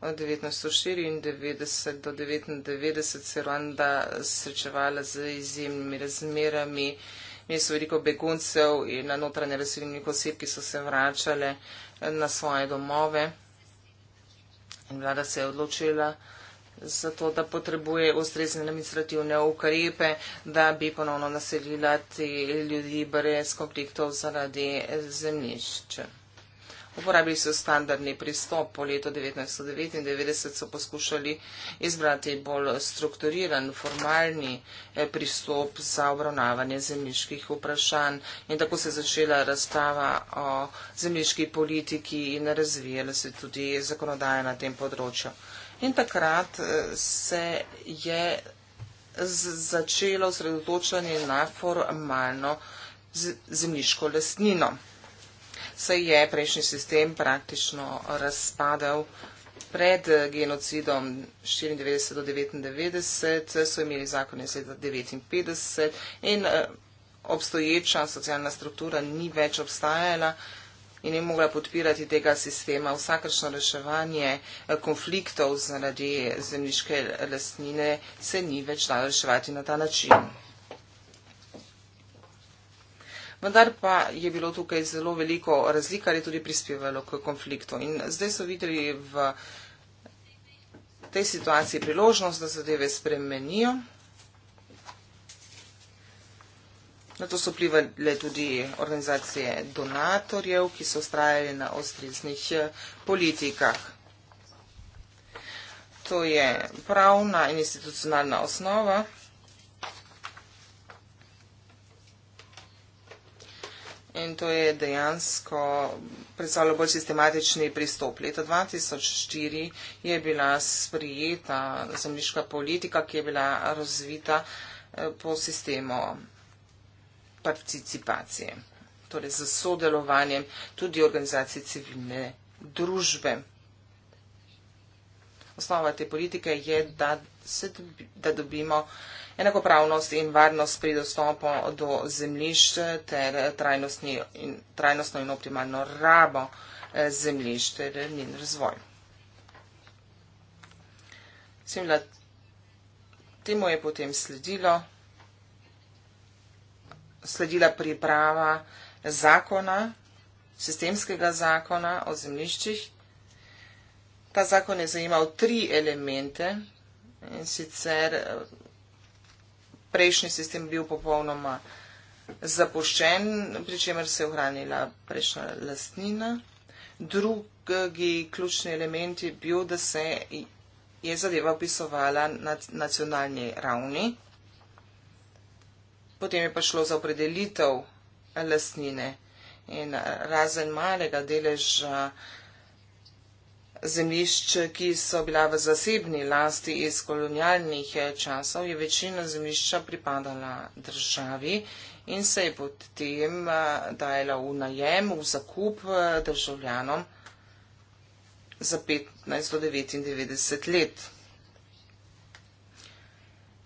od 1994 do 1999 se Rwanda srečevala z izjemnimi razmerami. Imeli so veliko beguncev in na notranje razsiljenih oseb, ki so se vračale na svoje domove. In vlada se je odločila zato da potrebuje ustrezne administrativne ukrepe, da bi ponovno naselila te ljudi brez konfliktov zaradi zemljišče. Uporabili so standardni pristop. Po letu 1999 so poskušali izbrati bolj strukturiran, formalni eh, pristop za obravnavanje zemljiških vprašanj. In tako se je začela razprava o zemljiški politiki in razvijala se tudi zakonodaja na tem področju. In takrat eh, se je začelo sredotočanje na formalno zemljiško lesnino. Se je prejšnji sistem praktično razpadel. Pred eh, genocidom 94 do 99 so imeli zakon iz leta 59 in eh, obstoječa socialna struktura ni več obstajala in je mogla podpirati tega sistema. Vsakršno reševanje eh, konfliktov zaradi zemljiške lastnine se ni več dalo reševati na ta način. Vendar pa je bilo tukaj zelo veliko razlik, kar je tudi prispevalo k konfliktu. In zdaj so videli v tej situaciji priložnost, da zadeve spremenijo. Na to so vplivali tudi organizacije donatorjev, ki so ustrajali na ostriznih eh, politikah. To je pravna in institucionalna osnova. In to je dejansko predstavljalo bolj sistematični pristop. Leta 2004 je bila sprijeta zemljiška politika, ki je bila razvita eh, po sistemu participacije, torej z sodelovanjem tudi organizacij civilne družbe. Osnova te politike je, da, se, da dobimo enakopravnost in varnost pri dostopu do zemljišč ter in, trajnostno in optimalno rabo eh, zemljišč ter njen razvoj. Mislim, da temu je potem sledilo sledila priprava zakona, sistemskega zakona o zemliščih. Ta zakon je zajemal tri elemente in sicer eh, prejšnji sistem bil popolnoma zapuščen, pri čemer se je ohranila prejšnja lastnina. Drugi ključni element je bil, da se je zadeva opisovala na nacionalni ravni potem je pa šlo za opredelitev lastnine in eh, razen malega deleža zemljišč, ki so bila v zasebni lasti iz kolonialnih eh, časov, je večina zemljišča pripadala državi in se je potem eh, dajala v najem, v zakup državljanom za 15 do 99 let.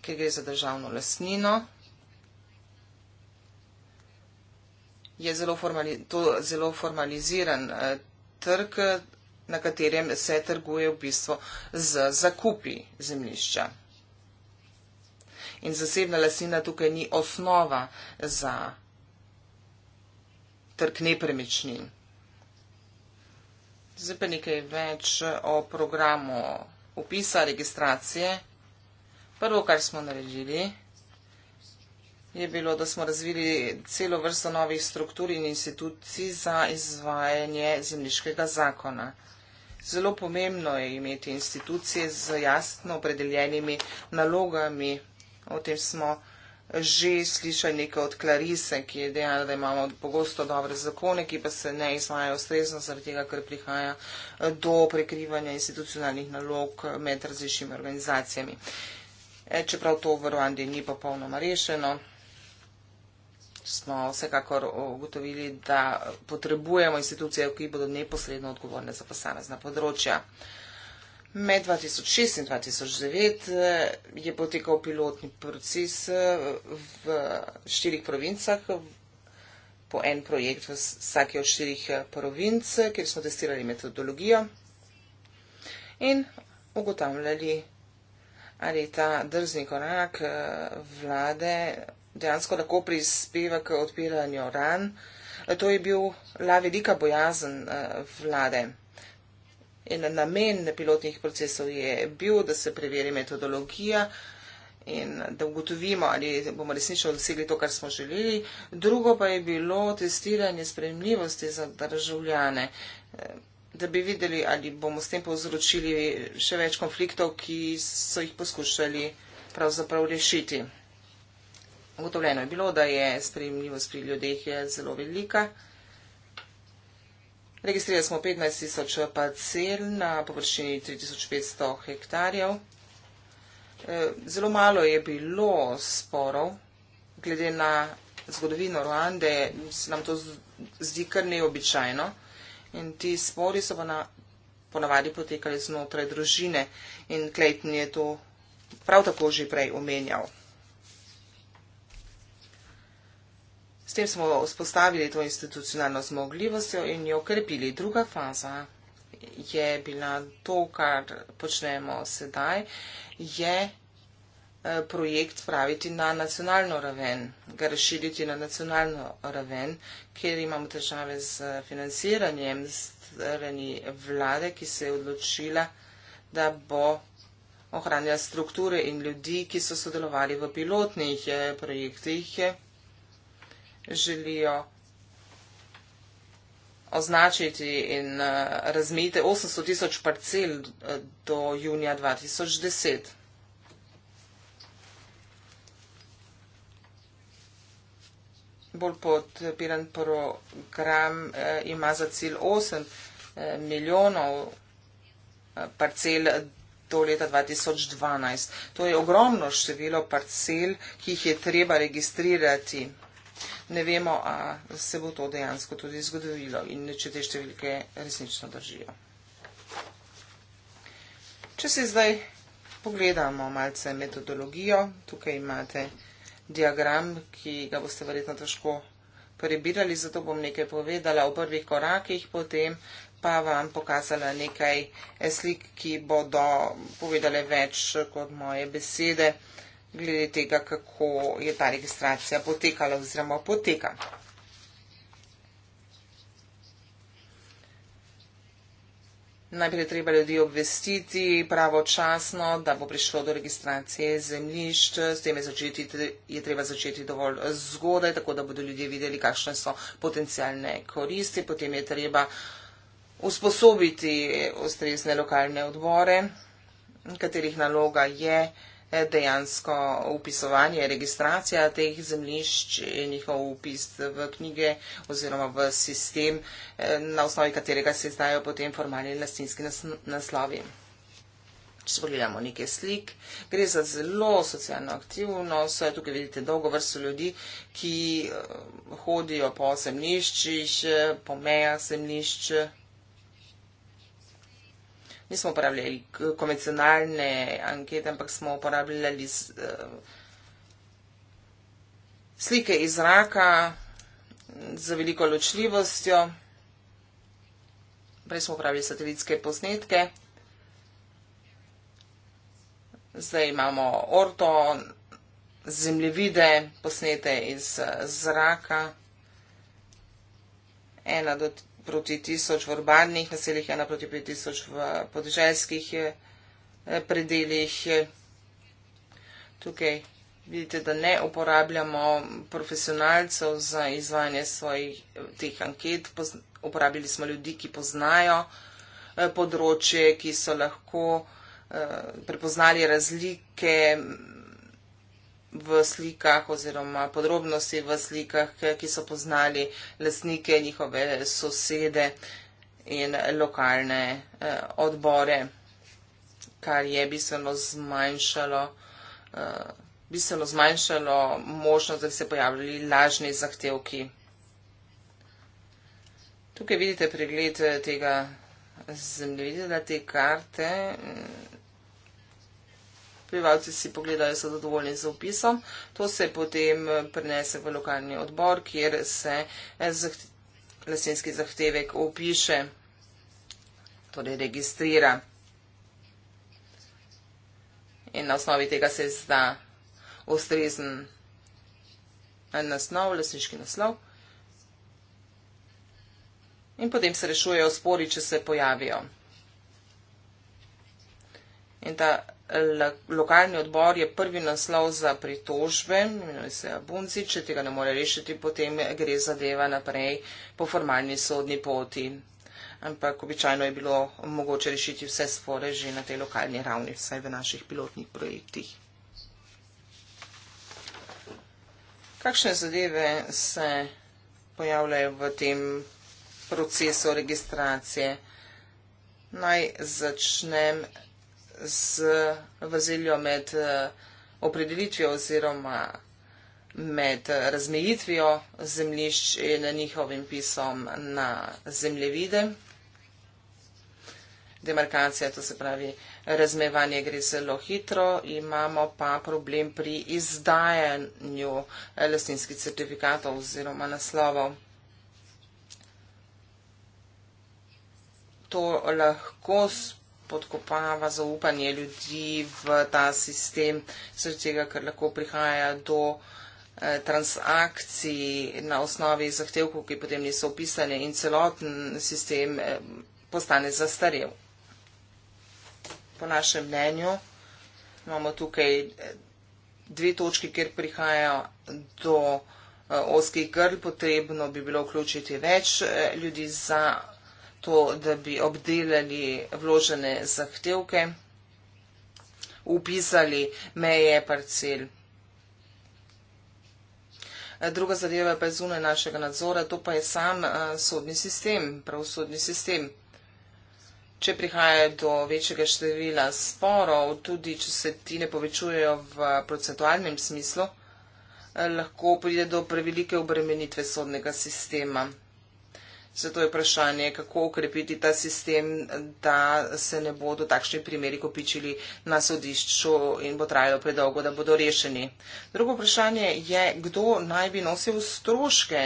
Ker gre za državno lasnino, je zelo formali, to zelo formaliziran eh, trg, na katerem se trguje v bistvu z zakupi zemljišča. In zasebna lasnina tukaj ni osnova za trg nepremičnin. Zdaj pa nekaj več o programu upisa registracije. Prvo, kar smo naredili, je bilo, da smo razvili celo vrsto novih struktur in institucij za izvajanje zemljiškega zakona. Zelo pomembno je imeti institucije z jasno opredeljenimi nalogami. O tem smo že slišali nekaj od Klarise, ki je dejala, da imamo pogosto dobre zakone, ki pa se ne izvajajo ustrezno, zaradi tega, ker prihaja eh, do prekrivanja institucionalnih nalog med različnimi organizacijami. Eh, čeprav to v Rwandi ni popolnoma rešeno smo vsekakor ugotovili, da potrebujemo institucije, ki bodo neposredno odgovorne za posamezna področja. Med 2006 in 2009 eh, je potekal pilotni proces eh, v štirih provincah, po en projekt v vsake od štirih eh, provinc, kjer smo testirali metodologijo in ugotavljali, ali ta drzni korak vlade dejansko lahko prispeva k odpiranju ran. To je bila velika bojazen eh, vlade. In namen pilotnih procesov je bil, da se preveri metodologija in da ugotovimo, ali bomo resnično dosegli to, kar smo želeli. Drugo pa je bilo testiranje spremljivosti za državljane, eh, da bi videli, ali bomo s tem povzročili še več konfliktov, ki so jih poskušali pravzaprav rešiti. Ugotovljeno je bilo, da je sprejemljivost pri ljudeh zelo velika. Registrirali smo 15 tisoč parcel na površini 3500 hektarjev. E, zelo malo je bilo sporov, glede na zgodovino Ruande, se nam to zdi kar neobičajno. In ti spori so pa na, ponavadi potekali znotraj družine in Clayton je to prav tako že prej omenjal. S tem smo vzpostavili to institucionalno zmogljivostjo in jo okrepili. Druga faza je bila to, kar počnemo sedaj, je eh, projekt spraviti na nacionalno raven, ga razširiti na nacionalno raven, kjer imamo težave z financiranjem strani vlade, ki se je odločila, da bo ohranjala strukture in ljudi, ki so sodelovali v pilotnih eh, projektih. Eh, želijo označiti in eh, razmejiti 800 tisoč parcel eh, do junija 2010. Bolj podpiran program eh, ima za cilj 8 milijonov parcel do leta 2012. To je ogromno število parcel, ki jih je treba registrirati ne vemo, a se bo to dejansko tudi zgodovilo in če te številke resnično držijo. Če se zdaj pogledamo malce metodologijo, tukaj imate diagram, ki ga boste verjetno težko prebirali, zato bom nekaj povedala o prvih korakih, potem pa vam pokazala nekaj slik, ki bodo povedale več kot moje besede. Uh, glede tega, kako je ta registracija potekala oziroma poteka. Najprej treba ljudi obvestiti pravočasno, da bo prišlo do registracije zemljišč, s tem je, začeti, je treba začeti dovolj zgodaj, tako da bodo ljudje videli, kakšne so potencijalne koristi. Potem je treba usposobiti ustrezne lokalne odbore, katerih naloga je, dejansko upisovanje, registracija teh zemljišč in njihov upis v knjige oziroma v sistem, eh, na osnovi katerega se izdajo potem formalni lastinski nas naslovi. Če spogledamo neke slik, gre za zelo socialno aktivnost, tukaj vidite dolgo vrsto ljudi, ki eh, hodijo po zemljiščih, eh, po mejah zemljiščih nismo uporabljali konvencionalne ankete, ampak smo uporabljali eh, slike iz zraka z veliko ločljivostjo. Prej smo uporabljali satelitske posnetke. Zdaj imamo orto, zemljevide posnete iz eh, zraka. 1 do proti tisoč v urbanih naseljih, ena proti pet tisoč v podeželskih eh, predeljih. Tukaj vidite, da ne uporabljamo profesionalcev za izvajanje svojih teh anket, uporabili smo ljudi, ki poznajo eh, področje, ki so lahko eh, prepoznali razlike v slikah oziroma podrobnosti v slikah, ki so poznali lasnike, njihove sosede in lokalne eh, odbore, kar je bistveno zmanjšalo, eh, bistveno zmanjšalo možnost, da se pojavljali lažni zahtevki. Tukaj vidite pregled eh, tega zemljevida, te karte. Eh, prebivalci si pogledajo, so zadovoljni z opisom. To se potem eh, prenese v lokalni odbor, kjer se eh, zahte lesenski zahtevek opiše, torej registrira. In na osnovi tega se zda ustrezen eh, naslov, lesniški naslov. In potem se rešujejo spori, če se pojavijo. In ta lokalni odbor je prvi naslov za pritožbe, imenuje se Abunci, če tega ne more rešiti, potem gre zadeva naprej po formalni sodni poti. Ampak običajno je bilo mogoče rešiti vse spore že na tej lokalni ravni, vsaj v naših pilotnih projektih. Kakšne zadeve se pojavljajo v tem procesu registracije? Naj začnem z vrzeljo med eh, opredelitvijo oziroma med razmejitvijo zemljišč in njihovim pisom na zemljevide. Demarkacija, to se pravi, razmevanje gre zelo hitro, imamo pa problem pri izdajanju eh, lastinskih certifikatov oziroma naslovov. To lahko podkopava zaupanje ljudi v ta sistem, zaradi tega, ker lahko prihaja do eh, transakcij na osnovi zahtevkov, ki potem niso opisane in celoten sistem eh, postane zastarev. Po našem mnenju imamo tukaj eh, dve točki, kjer prihaja do oskih grl, potrebno bi bilo vključiti več ljudi za to, da bi obdelali vložene zahtevke, upisali meje parcel. Druga zadeva pa je zunaj našega nadzora, to pa je sam eh, sodni sistem, pravosodni sistem. Če prihaja do večjega števila sporov, tudi če se ti ne povečujejo v procentualnem smislu, eh, lahko pride do prevelike obremenitve sodnega sistema. Se to je vprašanje, kako ukrepiti ta sistem, da se ne bodo takšni primeri kopičili na sodišču in bo trajalo predolgo, da bodo rešeni. Drugo vprašanje je, kdo naj bi nosil stroške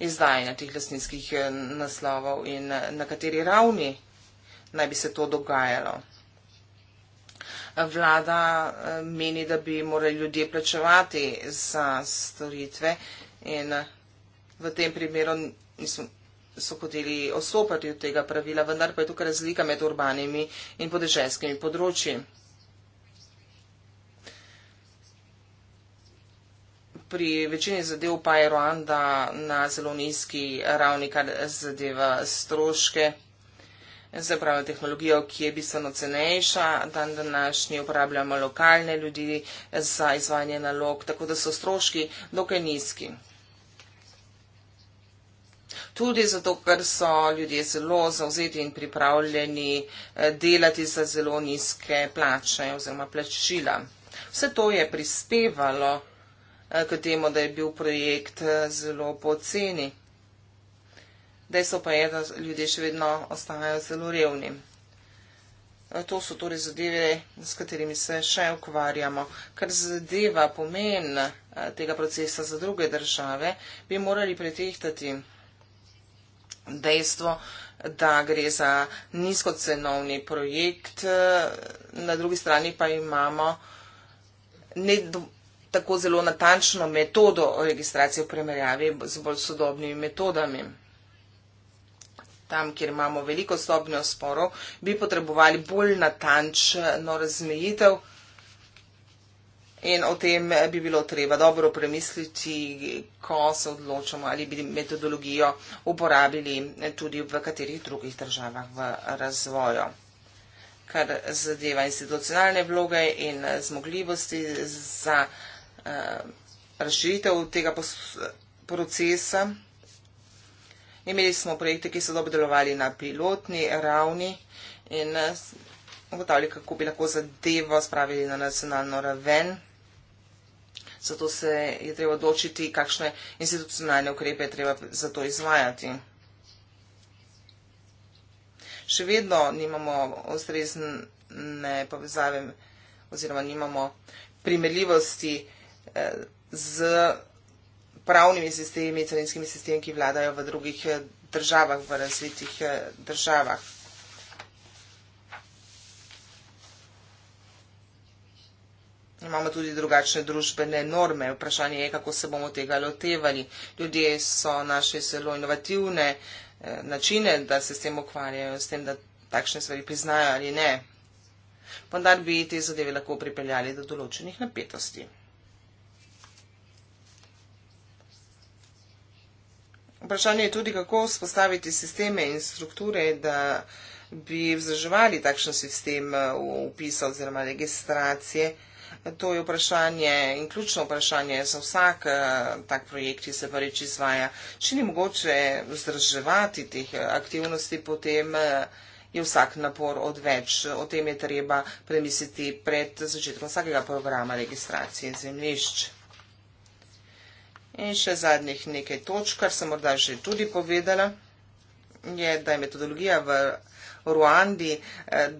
izdajanja teh lasninskih eh, naslovov in eh, na kateri ravni naj bi se to dogajalo. Vlada eh, meni, da bi morali ljudje plačevati za storitve in v tem primeru. Mislim, so hoteli osopati od tega pravila, vendar pa je tukaj razlika med urbanimi in podeželskimi področji. Pri večini zadev pa je Ruanda na zelo nizki ravni, kar zadeva stroške, zdaj pravi tehnologijo, ki je bistveno cenejša, dan današnji uporabljamo lokalne ljudi za izvajanje nalog, tako da so stroški dokaj nizki tudi zato, ker so ljudje zelo zauzeti in pripravljeni eh, delati za zelo nizke plače oziroma plačila. Vse to je prispevalo eh, k temu, da je bil projekt eh, zelo poceni. Dejstvo pa je, da ljudje še vedno ostajajo zelo revni. To so torej zadeve, s katerimi se še ukvarjamo. Kar zadeva pomen tega procesa za druge države, bi morali pretehtati dejstvo, da gre za nizkocenovni projekt, na drugi strani pa imamo ne tako zelo natančno metodo registracije v primerjavi z bolj sodobnimi metodami. Tam, kjer imamo veliko stopnjo sporov, bi potrebovali bolj natančno razmejitev. In o tem bi bilo treba dobro premisliti, ko se odločamo, ali bi metodologijo uporabili tudi v katerih drugih državah v razvoju. Kar zadeva institucionalne vloge in zmogljivosti za eh, razširitev tega procesa. Imeli smo projekte, ki so dobro delovali na pilotni ravni in eh, ugotavljali, kako bi lahko zadevo spravili na nacionalno raven. Zato se je treba odločiti, kakšne institucionalne ukrepe je treba za to izvajati. Še vedno nimamo ustrezne povezave oziroma nimamo primerljivosti eh, z pravnimi sistemi, carinskimi sistemi, ki vladajo v drugih eh, državah, v razvitih eh, državah. Imamo tudi drugačne družbene norme. Vprašanje je, kako se bomo tega lotevali. Ljudje so naše zelo inovativne eh, načine, da se s tem ukvarjajo, s tem, da takšne stvari priznajo ali ne. Vendar bi te zadeve lahko pripeljali do določenih napetosti. Vprašanje je tudi, kako spostaviti sisteme in strukture, da bi vzdrževali takšen sistem eh, vpisa oziroma registracije. To je vprašanje in ključno vprašanje za vsak eh, tak projekt, ki se prvič izvaja. Če ni mogoče vzdrževati teh eh, aktivnosti, potem eh, je vsak napor odveč. O tem je treba premisliti pred začetkom vsakega programa registracije zemljišč. In še zadnjih nekaj točk, kar sem morda že tudi povedala, je, da je metodologija v Ruandi. Eh,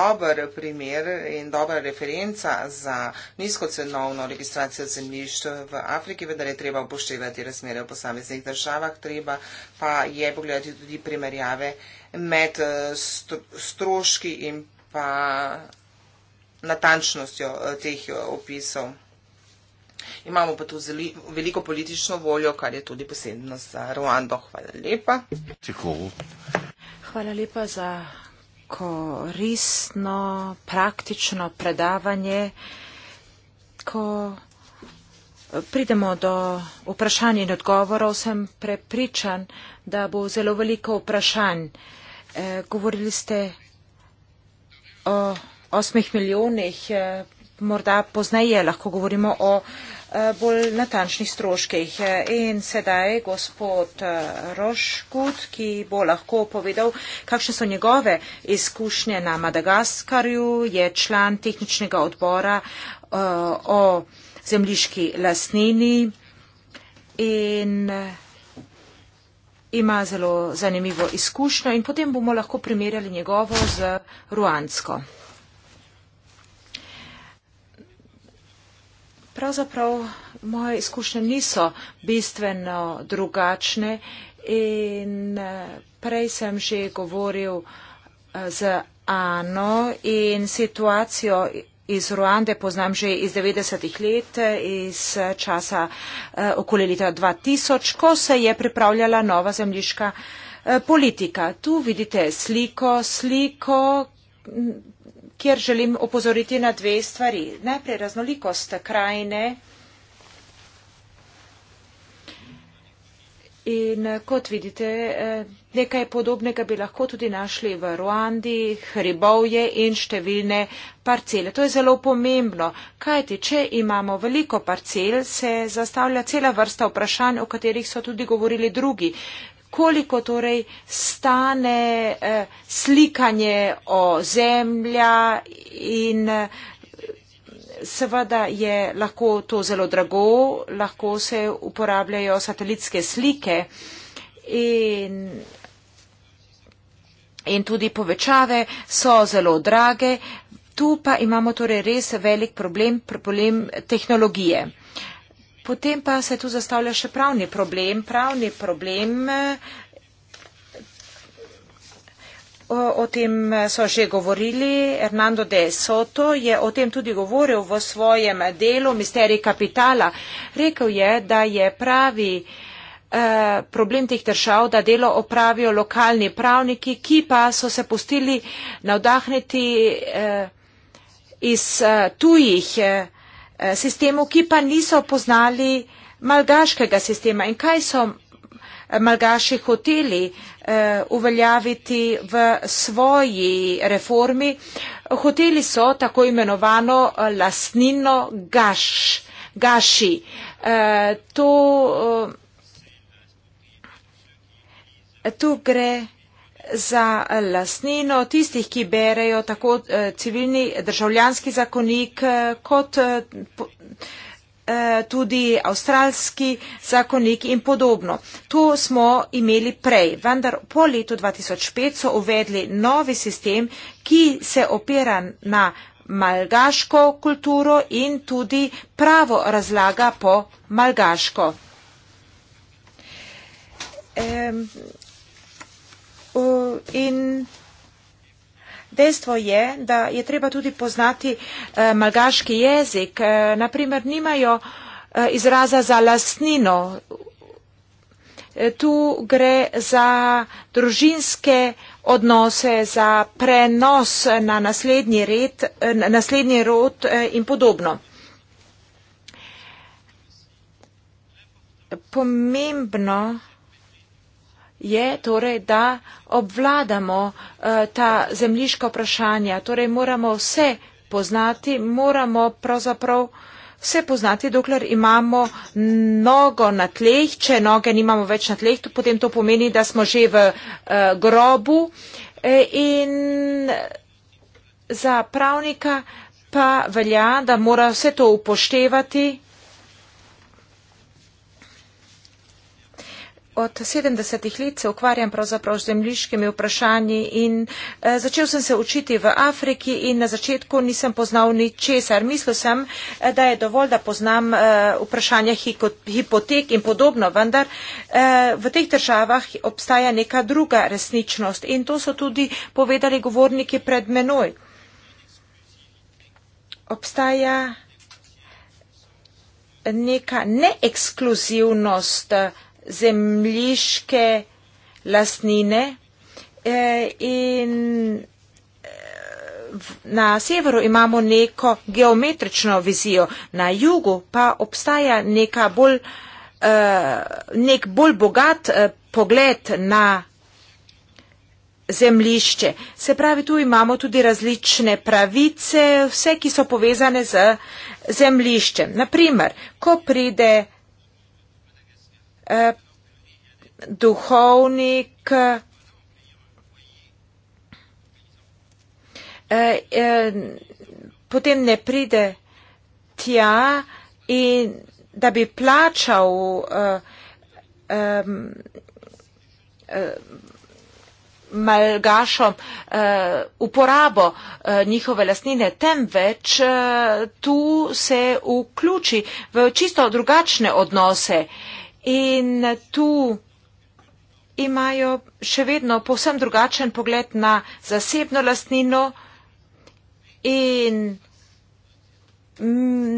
dober primer in dobra referenca za nizkocenovno registracijo zemljišč v Afriki, vendar je treba upoštevati razmere v posameznih državah, treba pa je pogledati tudi primerjave med eh, stroški in pa natančnostjo eh, teh eh, opisov. Imamo pa tu zeli, veliko politično voljo, kar je tudi posebno za Ruando. Hvala lepa. Hvala lepa za korisno, praktično predavanje, ko pridemo do vprašanj in odgovorov, sem prepričan, da bo zelo veliko vprašanj. Eh, govorili ste o osmih milijonih, eh, morda pozneje lahko govorimo o Eh, bolj natančnih stroških. In sedaj gospod eh, Roškut, ki bo lahko povedal, kakšne so njegove izkušnje na Madagaskarju, je član tehničnega odbora eh, o zemljiški lasnini in ima zelo zanimivo izkušnjo in potem bomo lahko primerjali njegovo z ruansko. pravzaprav moje izkušnje niso bistveno drugačne in eh, prej sem že govoril eh, z Ano in situacijo iz Ruande poznam že iz 90-ih let, iz časa eh, okoli leta 2000, ko se je pripravljala nova zemljiška politika. Tu vidite sliko, sliko kjer želim opozoriti na dve stvari. Najprej raznolikost krajine in eh, kot vidite, eh, nekaj podobnega bi lahko tudi našli v Ruandi, hribovje in številne parcele. To je zelo pomembno, kajti če imamo veliko parcel, se zastavlja cela vrsta vprašanj, o katerih so tudi govorili drugi koliko torej stane eh, slikanje o zemlja in eh, seveda je lahko to zelo drago, lahko se uporabljajo satelitske slike in In tudi povečave so zelo drage. Tu pa imamo torej res velik problem, problem tehnologije. Potem pa se tu zastavlja še pravni problem. Pravni problem o, o tem so že govorili. Hernando de Soto je o tem tudi govoril v svojem delu Misteri kapitala. Rekl je, da je pravi eh, problem teh držav, da delo opravijo lokalni pravniki, ki pa so se pustili navdahniti eh, iz eh, tujih Eh, sistemu, ki pa niso poznali malgaškega sistema in kaj so eh, malgaši hoteli eh, uveljaviti v svoji reformi. Hoteli so tako imenovano lasnino gaš, gaši. To, tu gre za lasnino tistih, ki berejo tako eh, civilni državljanski zakonik eh, kot eh, tudi avstralski zakonik in podobno. To smo imeli prej, vendar po letu 2005 so uvedli novi sistem, ki se opira na malgaško kulturo in tudi pravo razlaga po malgaško. Ehm, in dejstvo je, da je treba tudi poznati eh, malgaški jezik. Eh, Naprimer, nimajo eh, izraza za lastnino. Tu gre za družinske odnose, za prenos na naslednji, red, na naslednji rod in podobno. Pomembno je torej, da obvladamo eh, ta zemljiška vprašanja. Torej moramo vse poznati, moramo pravzaprav vse poznati, dokler imamo nogo na tleh. Če noge nimamo več na tleh, to potem to pomeni, da smo že v eh, grobu. E, in za pravnika pa velja, da mora vse to upoštevati. od 70 let se ukvarjam pravzaprav z zemljiškimi vprašanji in eh, začel sem se učiti v Afriki in na začetku nisem poznal ni česar. Mislil sem, eh, da je dovolj, da poznam eh, vprašanja hipotek in podobno, vendar v teh državah obstaja neka druga resničnost in to so tudi povedali govorniki pred menoj. Obstaja neka neekskluzivnost zemljiške lasnine eh, in eh, na severu imamo neko geometrično vizijo, na jugu pa obstaja bolj, eh, nek bolj bogat pogled na zemljišče. Se pravi, tu imamo tudi različne pravice, vse, ki so povezane z zemljiščem. Naprimer, ko pride eh, duhovnik, eh, eh, potem ne pride tja in da bi plačal eh, eh, malgašom eh, uporabo eh, njihove lastnine, temveč eh, tu se vključi v čisto drugačne odnose. Eh, In tu imajo še vedno povsem drugačen pogled na zasebno lastnino in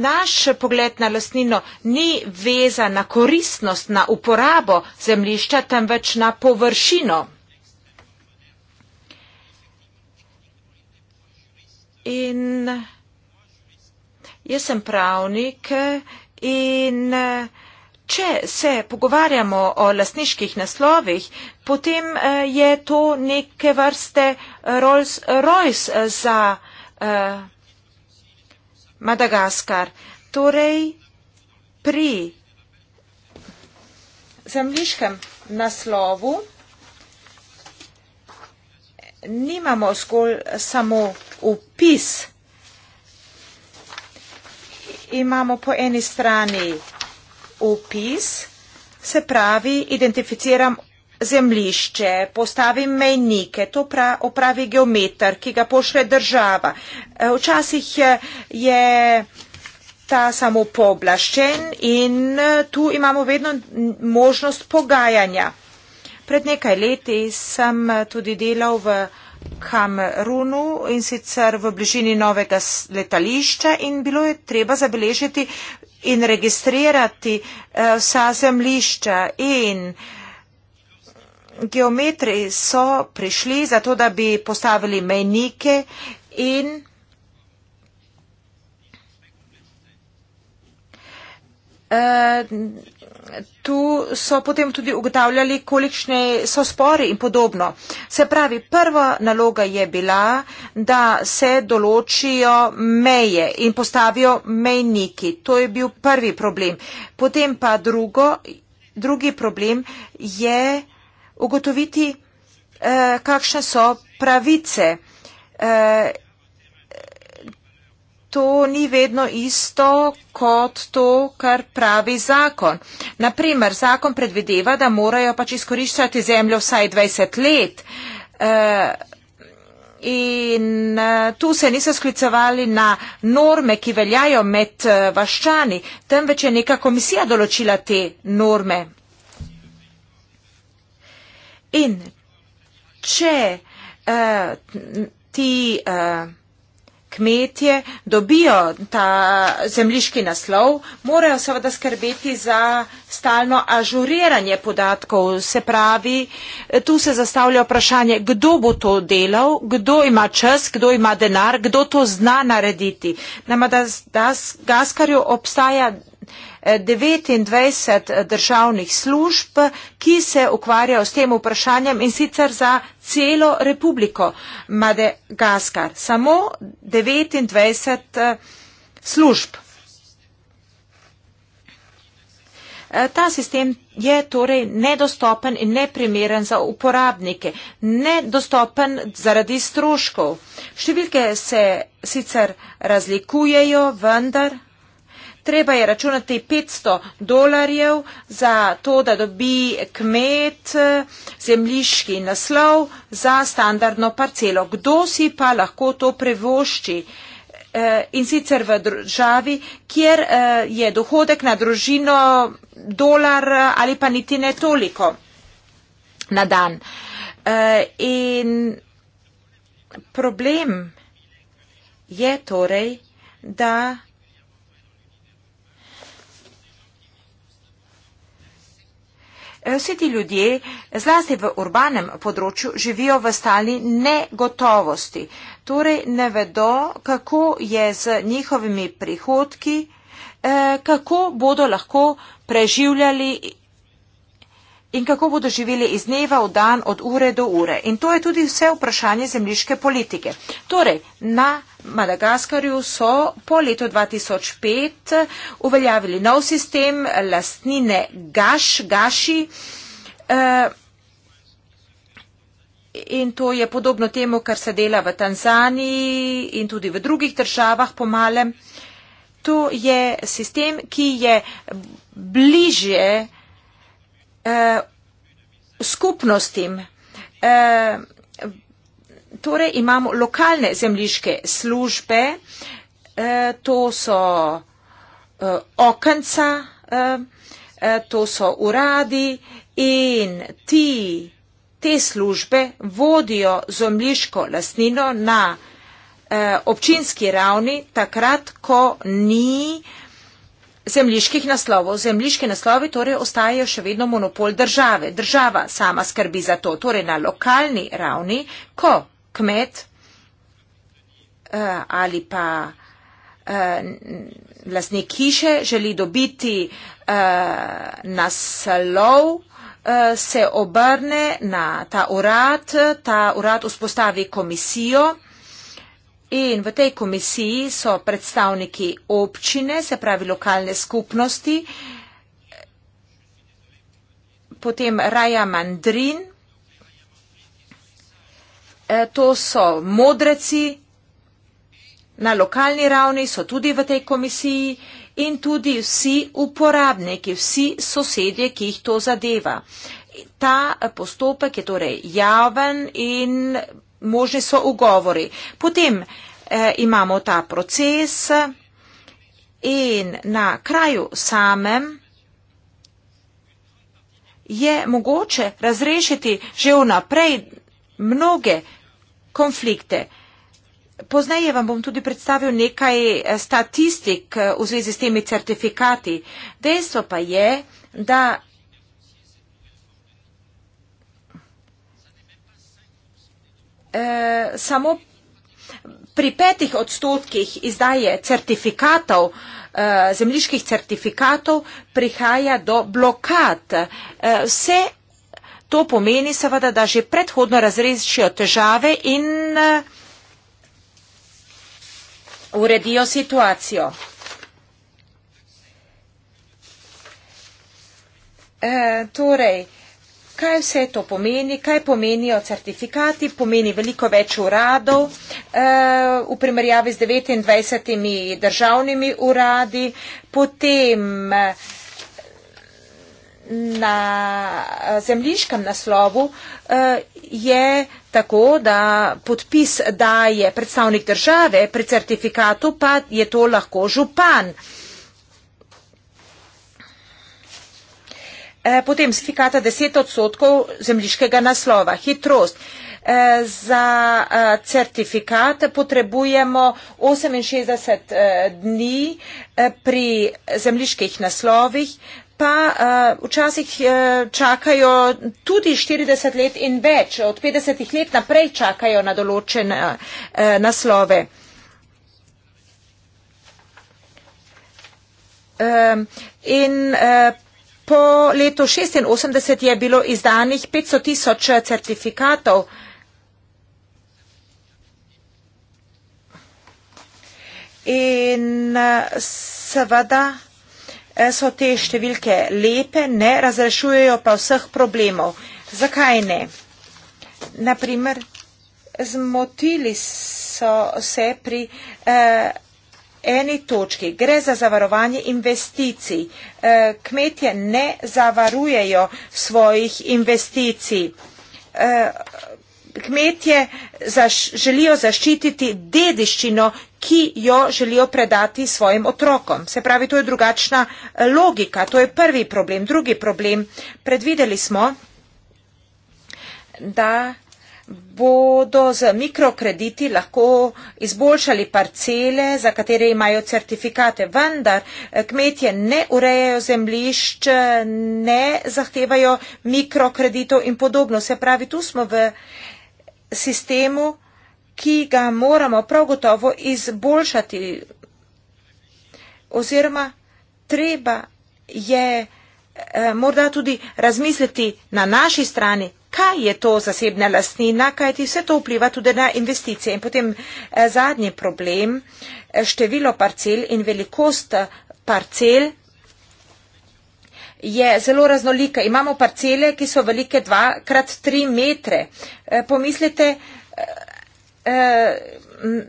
naš pogled na lastnino ni vezan na koristnost, na uporabo zemljišča, temveč na površino. In jaz sem pravnik in Če se pogovarjamo o lasniških naslovih, potem eh, je to neke vrste Rolls Royce eh, za eh, Madagaskar. Torej, pri zemljiškem naslovu nimamo zgolj samo upis. Imamo po eni strani upis, se pravi, identificiram zemljišče, postavim mejnike, to pra, opravi geometar, ki ga pošle država. E, včasih je ta samo pooblaščen in e, tu imamo vedno možnost pogajanja. Pred nekaj leti sem e, tudi delal v Kamerunu in sicer v bližini novega letališča in bilo je treba zabeležiti in registrirati eh, vsa zemlišča in geometri so prišli zato, da bi postavili menike in Uh, tu so potem tudi ugotavljali, kolikšne so spori in podobno. Se pravi, prva naloga je bila, da se določijo meje in postavijo mejniki. To je bil prvi problem. Potem pa drugo, drugi problem je ugotoviti, eh, kakšne so pravice. Eh, to ni vedno isto kot to, kar pravi zakon. Naprimer, zakon predvideva, da morajo pač izkoriščati zemljo vsaj 20 let. E, in eh, tu se niso sklicovali na norme, ki veljajo med eh, vaščani, temveč je neka komisija določila te norme. In če uh, ti uh, kmetje dobijo ta zemljiški naslov, morajo seveda skrbeti za stalno ažuriranje podatkov. Se pravi, tu se zastavlja vprašanje, kdo bo to delal, kdo ima čas, kdo ima denar, kdo to zna narediti. Na Madagaskarju obstaja 29 državnih služb, ki se ukvarjajo s tem vprašanjem in sicer za celo republiko Madagaskar. Samo 29 eh, služb. Eh, ta sistem je torej nedostopen in neprimeren za uporabnike, nedostopen zaradi stroškov. Številke se sicer razlikujejo, vendar treba je računati 500 dolarjev za to, da dobi kmet eh, zemljiški naslov za standardno parcelo. Kdo si pa lahko to prevošči? Eh, in sicer v državi, kjer eh, je dohodek na družino dolar ali pa niti ne toliko na dan. In problem je torej, da Eh, vsi ti ljudje, zlasti v urbanem področju, živijo v stali negotovosti. Torej ne vedo, kako je z njihovimi prihodki, eh, kako bodo lahko preživljali in kako bodo živeli iz dneva v dan, od ure do ure. In to je tudi vse vprašanje zemljiške politike. Torej, na Madagaskarju so po letu 2005 uveljavili nov sistem lastnine gaš, gaši. Eh, in to je podobno temu, kar se dela v Tanzaniji in tudi v drugih državah pomalem. To je sistem, ki je bliže eh, skupnostim. Eh, torej imamo lokalne zemljiške službe, eh, to so eh, okanca, eh, eh, to so uradi in ti, te službe vodijo zemljiško lastnino na eh, občinski ravni takrat, ko ni eh, zemljiških naslovov. Zemljiški naslovi torej ostajajo še vedno monopol države. Država sama skrbi za to, torej na lokalni ravni, ko kmet eh, ali pa vlastnik eh, hiše želi dobiti eh, naslov, se obrne na ta urad, ta urad vzpostavi komisijo, In v tej komisiji so predstavniki občine, se pravi lokalne skupnosti, potem Raja Mandrin, e, to so modreci, na lokalni ravni so tudi v tej komisiji in tudi vsi uporabniki, vsi sosedje, ki jih to zadeva. Ta postopek je torej javen in možni so ugovori. Potem eh, imamo ta proces in na kraju samem je mogoče razrešiti že vnaprej mnoge konflikte. Poznaje vam bom tudi predstavil nekaj eh, statistik eh, v zvezi s temi certifikati. Dejstvo pa je, da eh, samo pri petih odstotkih izdaje certifikatov, eh, zemljiških certifikatov, prihaja do blokad. Eh, vse to pomeni seveda, da že predhodno razrešijo težave in eh, uredijo situacijo. Eh, torej, kaj vse to pomeni, kaj pomenijo certifikati, pomeni veliko več uradov eh, v primerjavi z 29 državnimi uradi, potem eh, na eh, zemljiškem naslovu je tako, da podpis daje predstavnik države, pred certifikatu pa je to lahko župan. Eh, potem stikata 10 odstotkov zemljiškega naslova. Hitrost. Eh, za eh, certifikat potrebujemo 68 dni pri zemljiških naslovih, pa včasih čakajo tudi 40 let in več, od 50 let naprej čakajo na določene naslove. In Po letu 1986 je bilo izdanih 500 tisoč eh, certifikatov. In eh, seveda eh, so te številke lepe, ne razrešujejo pa vseh problemov. Zakaj ne? Naprimer, zmotili so se pri. Eh, eni točki. Gre za zavarovanje investicij. E, kmetje ne zavarujejo svojih investicij. E, kmetje zaš, želijo zaščititi dediščino, ki jo želijo predati svojim otrokom. Se pravi, to je drugačna e, logika. To je prvi problem. Drugi problem. Predvideli smo, da bodo z mikrokrediti lahko izboljšali parcele, za katere imajo certifikate, vendar eh, kmetje ne urejajo zemlišč, ne zahtevajo mikrokreditov in podobno. Se pravi, tu smo v sistemu, ki ga moramo prav gotovo izboljšati oziroma treba je eh, morda tudi razmisliti na naši strani, kaj je to zasebna lastnina, kaj ti vse to vpliva tudi na investicije. In potem eh, zadnji problem, eh, število parcel in velikost eh, parcel je zelo raznolika. Imamo parcele, ki so velike 2x3 metre. Pomislite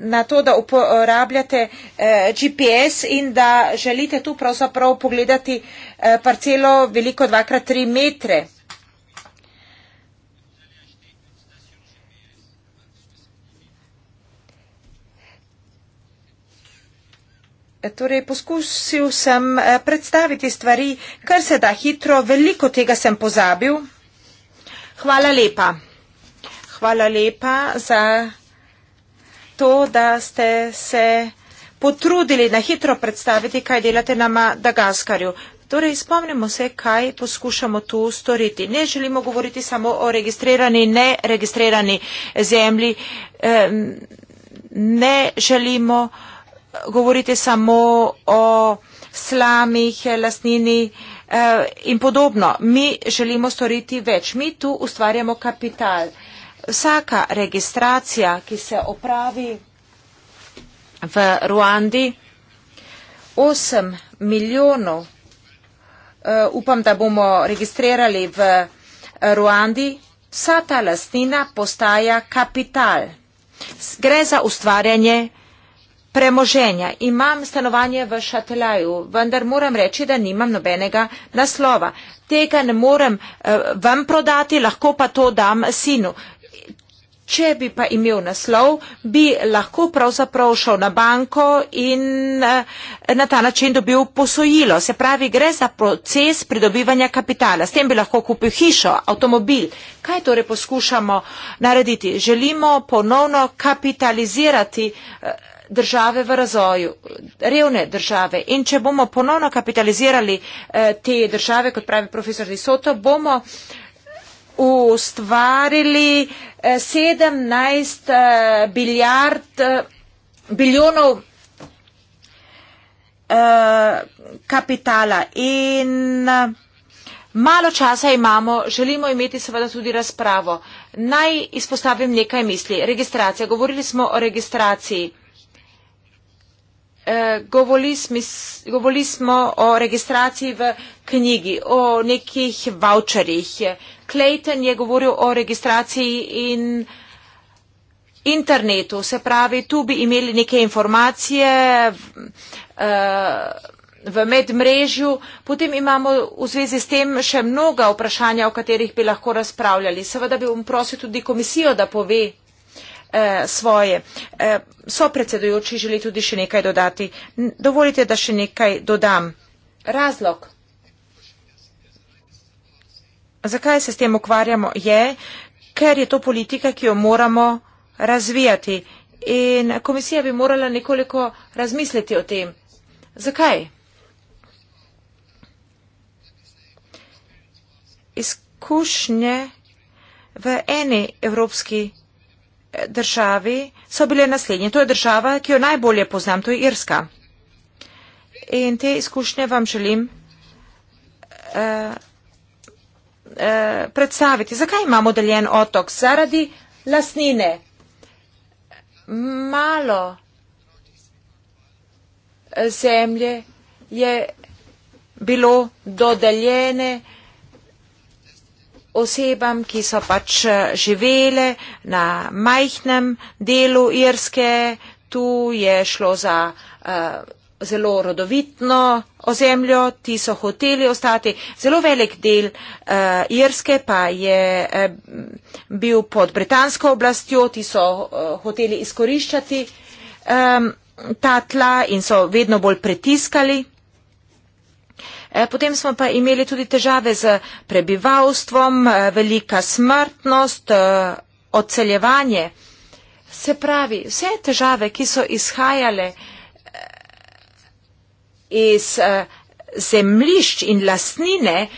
na to, da uporabljate GPS in da želite tu pravzaprav pogledati parcelo veliko 2x3 metre. Torej, poskusil sem eh, predstaviti stvari, kar se da hitro, veliko tega sem pozabil. Hvala lepa. Hvala lepa za to, da ste se potrudili na hitro predstaviti, kaj delate na Madagaskarju. Torej, spomnimo se, kaj poskušamo tu storiti. Ne želimo govoriti samo o registrirani, neregistrirani zemlji. Ne želimo govorite samo o slamih, lasnini eh, in podobno. Mi želimo storiti več. Mi tu ustvarjamo kapital. Vsaka registracija, ki se opravi v Ruandi, 8 milijonov, eh, upam, da bomo registrirali v Ruandi, vsa ta lastnina postaja kapital. Gre za ustvarjanje kapital premoženja. Imam stanovanje v Šatelaju, vendar moram reči, da nimam nobenega naslova. Tega ne morem uh, vam prodati, lahko pa to dam sinu. Če bi pa imel naslov, bi lahko pravzaprav šel na banko in eh, na ta način dobil posojilo. Se pravi, gre za proces pridobivanja kapitala. S tem bi lahko kupil hišo, avtomobil. Kaj torej poskušamo narediti? Želimo ponovno kapitalizirati eh, države v razvoju, revne države. In če bomo ponovno kapitalizirali eh, te države, kot pravi profesor Lisoto, bomo eh, ustvarili eh, 17 eh, biljard, eh, biljonov eh, kapitala. In eh, malo časa imamo, želimo imeti seveda tudi razpravo. Naj izpostavim nekaj misli. Registracija. Govorili smo o registraciji. Eh, govorili, smis, govorili smo o registraciji v knjigi, o nekih voucherjih. Clayton je govoril o registraciji in internetu, se pravi, tu bi imeli neke informacije eh, v medmrežju. Potem imamo v zvezi s tem še mnoga vprašanja, o katerih bi lahko razpravljali. Seveda bi bom prosil tudi komisijo, da pove Eh, svoje. Eh, so predsedujoči, želi tudi še nekaj dodati. Dovolite, da še nekaj dodam. Razlog, zakaj se s tem ukvarjamo, je, ker je to politika, ki jo moramo razvijati. In komisija bi morala nekoliko razmisliti o tem. Zakaj? Izkušnje v eni evropski državi so bile naslednje. To je država, ki jo najbolje poznam, to je Irska. In te izkušnje vam želim uh, uh, predstaviti. Zakaj imamo deljen otok? Zaradi lasnine. Malo eh, zemlje je bilo dodeljene osebam, ki so pač eh, živele na majhnem delu Irske. Tu je šlo za uh, zelo rodovitno ozemljo, ti so hoteli ostati. Zelo velik del uh, Irske pa je uh, bil pod britansko oblastjo, ti so uh, hoteli izkoriščati um, ta tla in so vedno bolj pritiskali. Eh, potem smo pa imeli tudi težave z prebivalstvom, eh, velika smrtnost, eh, odseljevanje. Se pravi, vse težave, ki so izhajale iz zemlišč in lastnine,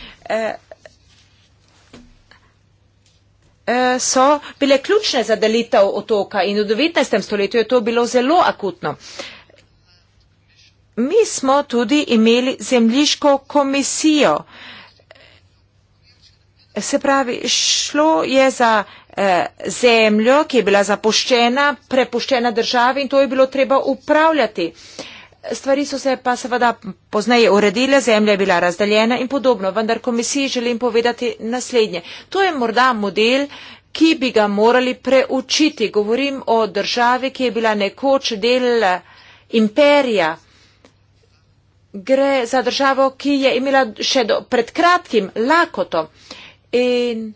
so bile ključne za delitev otoka in v 19. stoletju je to bilo zelo akutno mi smo tudi imeli zemljiško komisijo. Se pravi, šlo je za eh, zemljo, ki je bila zapuščena, prepuščena državi in to je bilo treba upravljati. Stvari so se pa seveda poznaje uredile, zemlja je bila razdaljena in podobno, vendar komisiji želim povedati naslednje. To je morda model, ki bi ga morali preučiti. Govorim o državi, ki je bila nekoč del eh, imperija gre za državo, ki je imela še do, pred kratkim lakoto. In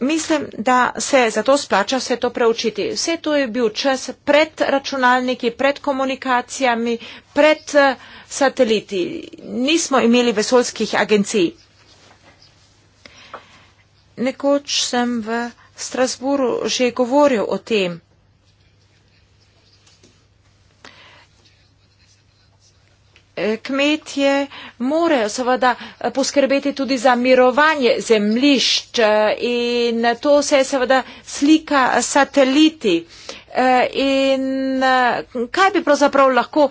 mislim, da se zato splača vse to preučiti. Vse to je bil čas pred računalniki, pred komunikacijami, pred eh, sateliti. Nismo imeli vesolskih agencij. Nekoč sem v Strasburu že govoril o tem. kmetje morajo seveda poskrbeti tudi za mirovanje zemlišč eh, in to se seveda slika sateliti. Eh, in eh, kaj bi pravzaprav lahko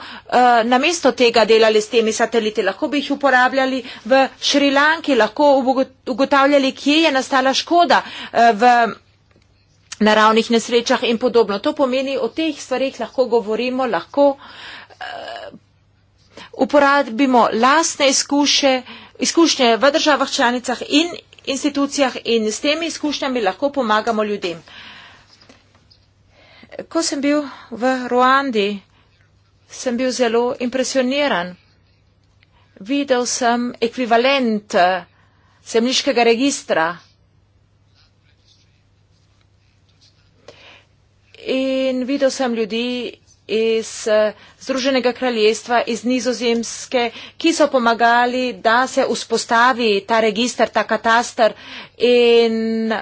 namesto tega delali s temi sateliti? Lahko bi jih uporabljali v Šrilanki, lahko ugotavljali, kje je nastala škoda v naravnih nesrečah in podobno. To pomeni, o teh stvarih lahko govorimo, lahko uporabimo lastne izkušnje, izkušnje v državah članicah in institucijah in s temi izkušnjami lahko pomagamo ljudem. Ko sem bil v Ruandi, sem bil zelo impresioniran. Videl sem ekvivalent eh, zemljiškega registra. In videl sem ljudi iz eh, Združenega kraljestva, iz Nizozemske, ki so pomagali, da se vzpostavi ta registr, ta katastar. In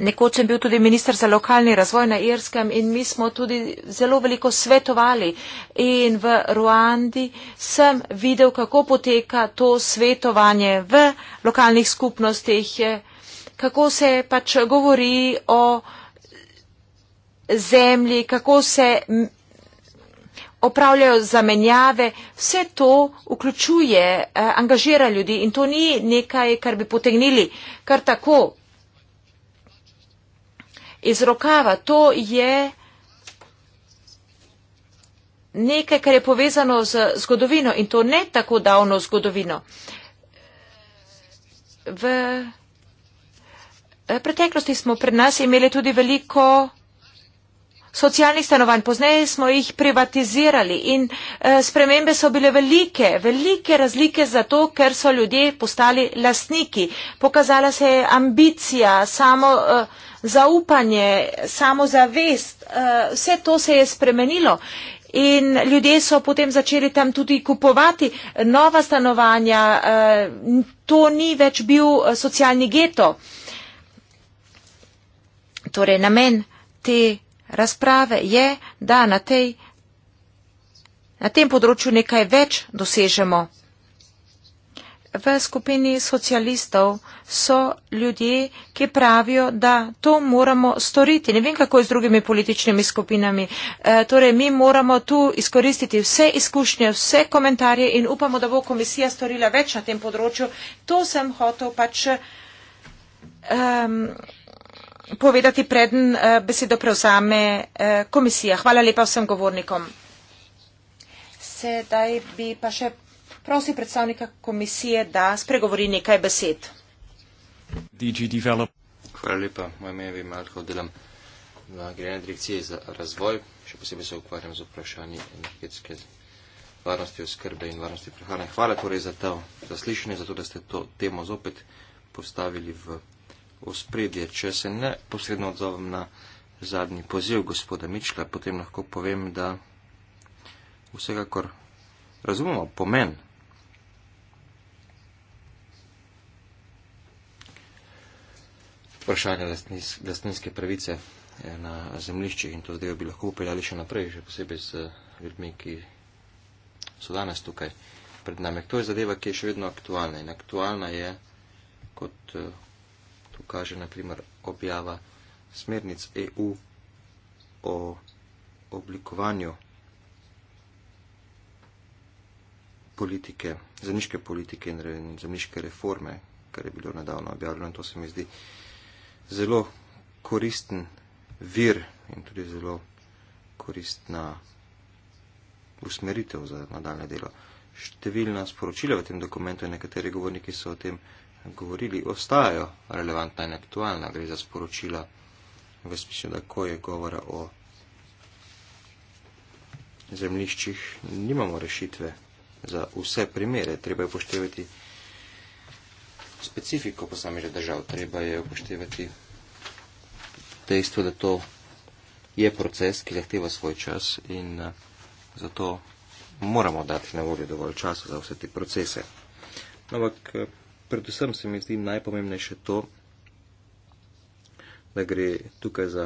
nekoč sem bil tudi minister za lokalni razvoj na Irskem in mi smo tudi zelo veliko svetovali. In v Ruandi sem videl, kako poteka to svetovanje v lokalnih skupnostih, eh, kako se pač govori o zemlji, kako se opravljajo zamenjave, vse to vključuje, eh, angažira ljudi in to ni nekaj, kar bi potegnili kar tako iz rokava. To je nekaj, kar je povezano z zgodovino in to ne tako davno zgodovino. V eh, preteklosti smo pred nas imeli tudi veliko socialnih stanovanj, pozneje smo jih privatizirali in eh, spremembe so bile velike, velike razlike zato, ker so ljudje postali lastniki. Pokazala se je ambicija, samo eh, zaupanje, samo zavest, eh, vse to se je spremenilo. In ljudje so potem začeli tam tudi kupovati nova stanovanja, to ni več bil socialni geto. Torej, namen te razprave je, da na, tej, na tem področju nekaj več dosežemo. V skupini socialistov so ljudje, ki pravijo, da to moramo storiti. Ne vem, kako je z drugimi političnimi skupinami. E, torej, mi moramo tu izkoristiti vse izkušnje, vse komentarje in upamo, da bo komisija storila več na tem področju. To sem hotel pač. Um, povedati, preden eh, besedo prevzame eh, komisija. Hvala lepa vsem govornikom. Sedaj bi pa še prosil predstavnika komisije, da spregovori nekaj besed. Hvala lepa. Moje ime je Vimalko, delam na Grejne direkcije za razvoj. Še posebej se ukvarjam z vprašanji energetske varnosti oskrbe in varnosti prehrane. Hvala torej za to zaslišanje, za to, da ste to temo zopet postavili v v spredje. Če se ne posredno odzovem na zadnji poziv gospoda Mičla, potem lahko povem, da vsekakor razumemo pomen. Vprašanje lastninske pravice eh, na zemljiščih in to zdaj bi lahko upeljali še naprej, še posebej z eh, ljudmi, ki so danes tukaj pred nami. To je zadeva, ki je še vedno aktualna in aktualna je kot eh, tu kaže, na primer, objava smernic EU o oblikovanju politike, zemljiške politike in zemljiške reforme, kar je bilo nedavno objavljeno in to se mi zdi zelo koristen vir in tudi zelo koristna usmeritev za nadaljne delo. Številna sporočila v tem dokumentu in nekateri govorniki so o tem govorili, govorili, ostajajo relevantna in aktualna. Gre za sporočila v smislu, da ko je govora o zemljiščih, nimamo rešitve za vse primere. Treba je upoštevati specifiko posamezne države, treba je upoštevati dejstvo, da to je proces, ki zahteva svoj čas in eh, zato moramo dati na voljo dovolj časa za vse te procese. No, ampak no, predvsem se mi zdi najpomembnejše to, da gre tukaj za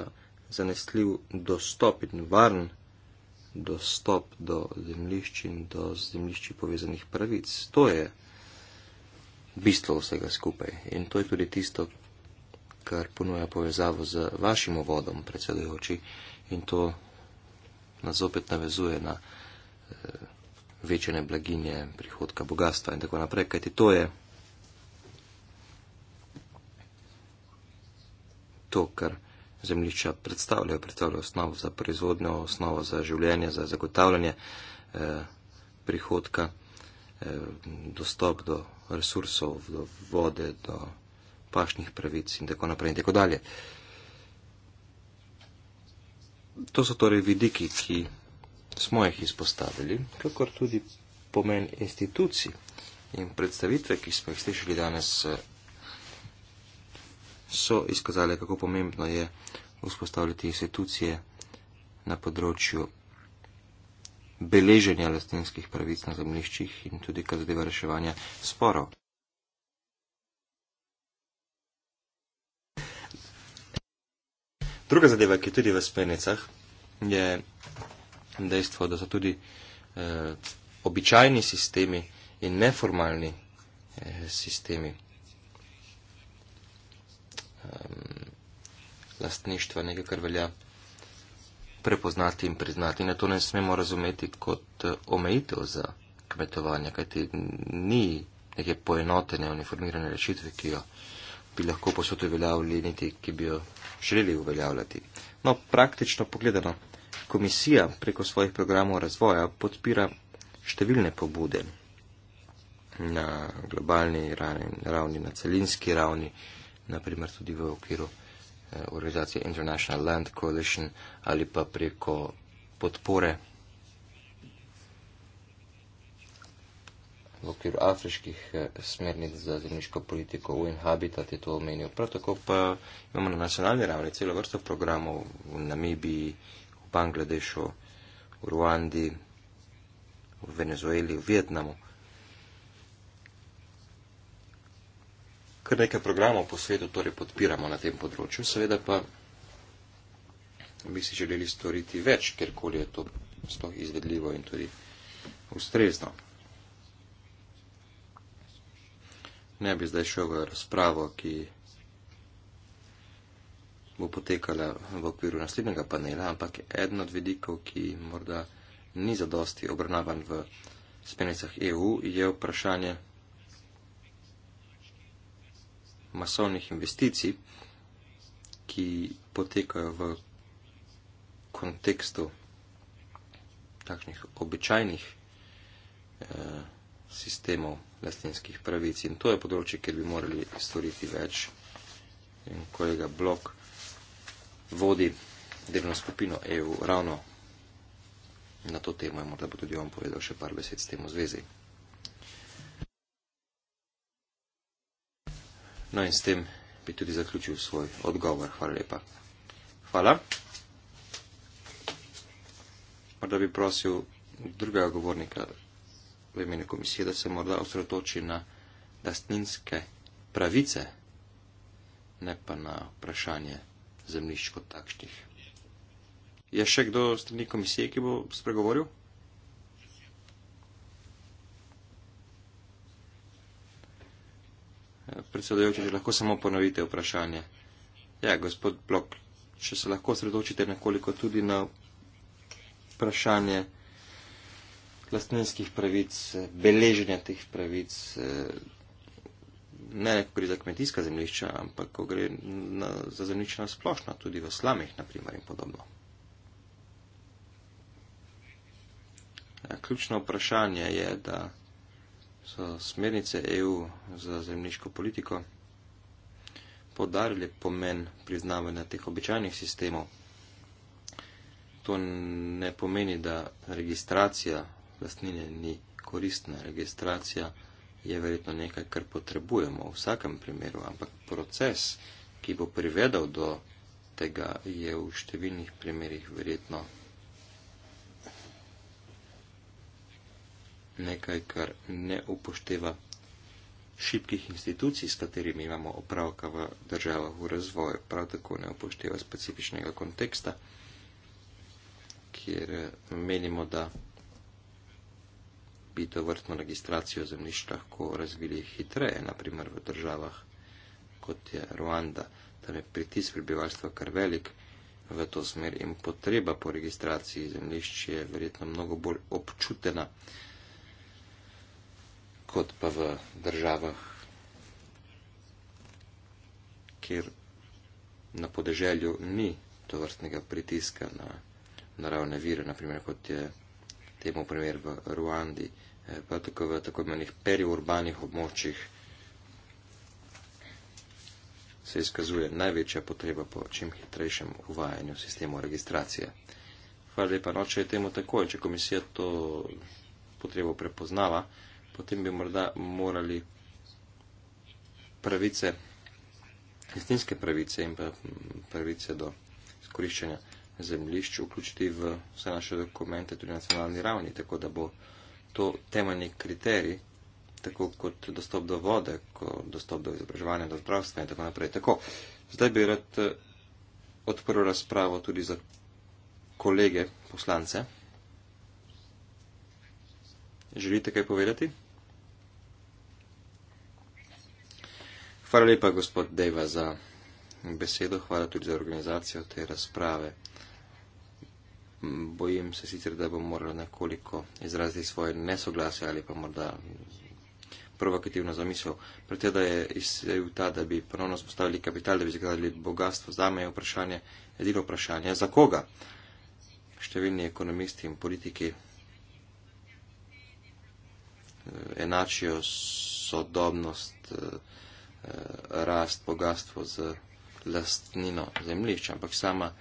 zanesljiv dostop in varen dostop do zemljišč in do zemljišči povezanih pravic. To je bistvo vsega skupaj in to je tudi tisto, kar ponuja povezavo z vašim uvodom, predsedujoči, in to nas opet navezuje na eh, večene blaginje, prihodka, bogatstva in tako naprej, kajti to je to, kar zemljišča predstavljajo, predstavljajo osnovo za proizvodnjo, osnovo za življenje, za zagotavljanje eh, prihodka, eh, dostop do resursov, do vode, do pašnih pravic in tako naprej in tako dalje. To so torej vidiki, ki smo jih izpostavili, kakor tudi pomen institucij in predstavitve, ki smo jih slišali danes. Eh, so izkazali, kako pomembno je vzpostavljati institucije na področju beleženja lastninskih pravic na zemljiščih in tudi kar zadeva reševanja sporov. Druga zadeva, ki je tudi v spenicah, je dejstvo, da so tudi eh, običajni sistemi in neformalni eh, sistemi um, lastništva, nekaj, kar velja prepoznati in priznati. Na to ne smemo razumeti kot eh, omejitev za kmetovanje, kajti ni neke poenotene, uniformirane rešitve, ki jo bi lahko posod uveljavljali, niti ki bi jo želeli uveljavljati. No, praktično pogledano, komisija preko svojih programov razvoja podpira številne pobude na globalni ravni, na celinski ravni, naprimer tudi v okviru eh, organizacije International Land Coalition ali pa preko podpore v okviru afriških eh, smernic za zemljiško politiko UN Habitat je to omenil. Prav tako pa imamo na nacionalni ravni celo vrsto programov v Namibiji, v Bangladešu, v Ruandi, v Venezueli, v Vietnamu. kar nekaj programov po svetu torej podpiramo na tem področju, seveda pa bi si želeli storiti več, kjerkoli je to sploh izvedljivo in tudi ustrezno. Ne bi zdaj šel v razpravo, ki bo potekala v okviru naslednjega panela, ampak eden od vedikov, ki morda ni zadosti obravnavan v spenicah EU, je vprašanje masovnih investicij, ki potekajo v kontekstu takšnih običajnih eh, sistemov lastninskih pravic. In to je področje, kjer bi morali storiti več. In kolega Blok vodi delovno skupino EU ravno na to temo in morda bo tudi on povedal še par besed s tem v zvezi. No in s tem bi tudi zaključil svoj odgovor. Hvala lepa. Hvala. Morda bi prosil drugega govornika v imenu komisije, da se morda osredotoči na lastninske pravice, ne pa na vprašanje zemljišč kot takšnih. Je še kdo strani komisije, ki bo spregovoril? predsedojoče, če lahko samo ponovite vprašanje. Ja, gospod Blok, če se lahko sredočite nekoliko tudi na vprašanje lastninskih pravic, beleženja teh pravic, ne ko gre za kmetijska zemljišča, ampak ko gre na, za zemljišča na splošno, tudi v slamih, naprimer, in podobno. Ja, ključno vprašanje je, da so smernice EU za zemljiško politiko podarili pomen priznavanja teh običajnih sistemov. To ne pomeni, da registracija lastnine ni koristna. Registracija je verjetno nekaj, kar potrebujemo v vsakem primeru, ampak proces, ki bo privedal do tega, je v številnih primerih verjetno nekaj, kar ne upošteva šibkih institucij, s katerimi imamo opravka v državah v razvoju, prav tako ne upošteva specifičnega konteksta, kjer eh, menimo, da bi to vrtno registracijo zemljišč lahko razvili hitreje, naprimer v državah kot je Ruanda, tam torej, je pritis prebivalstva kar velik v to smer in potreba po registraciji zemljišč je verjetno mnogo bolj občutena kot pa v državah, kjer na podeželju ni to vrstnega pritiska na naravne vire, naprimer kot je temu primer v Ruandi, eh, pa tako v tako imenih periurbanih območjih se izkazuje največja potreba po čim hitrejšem uvajanju sistemu registracije. Hvala lepa, noče je temu tako in če komisija to potrebo prepoznala, potem bi morda morali pravice, istinske pravice in pa mm, pravice do skoriščenja zemljišč vključiti v vse naše dokumente tudi na nacionalni ravni, tako da bo to temeljni kriterij, tako kot dostop do vode, kot dostop do izobraževanja, do zdravstva in tako naprej. Tako, zdaj bi rad eh, odprl razpravo tudi za kolege poslance. Želite kaj povedati? Hvala lepa, gospod Deva, za besedo, hvala tudi za organizacijo te razprave. Bojim se sicer, da bom morala nekoliko izraziti svoje nesoglasje ali pa morda provokativno zamisel. Predtem, da je izsev ta, da bi ponovno spostavili kapital, da bi zgradili bogatstvo, zame je vprašanje, edino vprašanje, za koga? Številni ekonomisti in politiki eh, enačijo sodobnost. Eh, rast, bogatstvo z lastnino zemlišča, ampak sama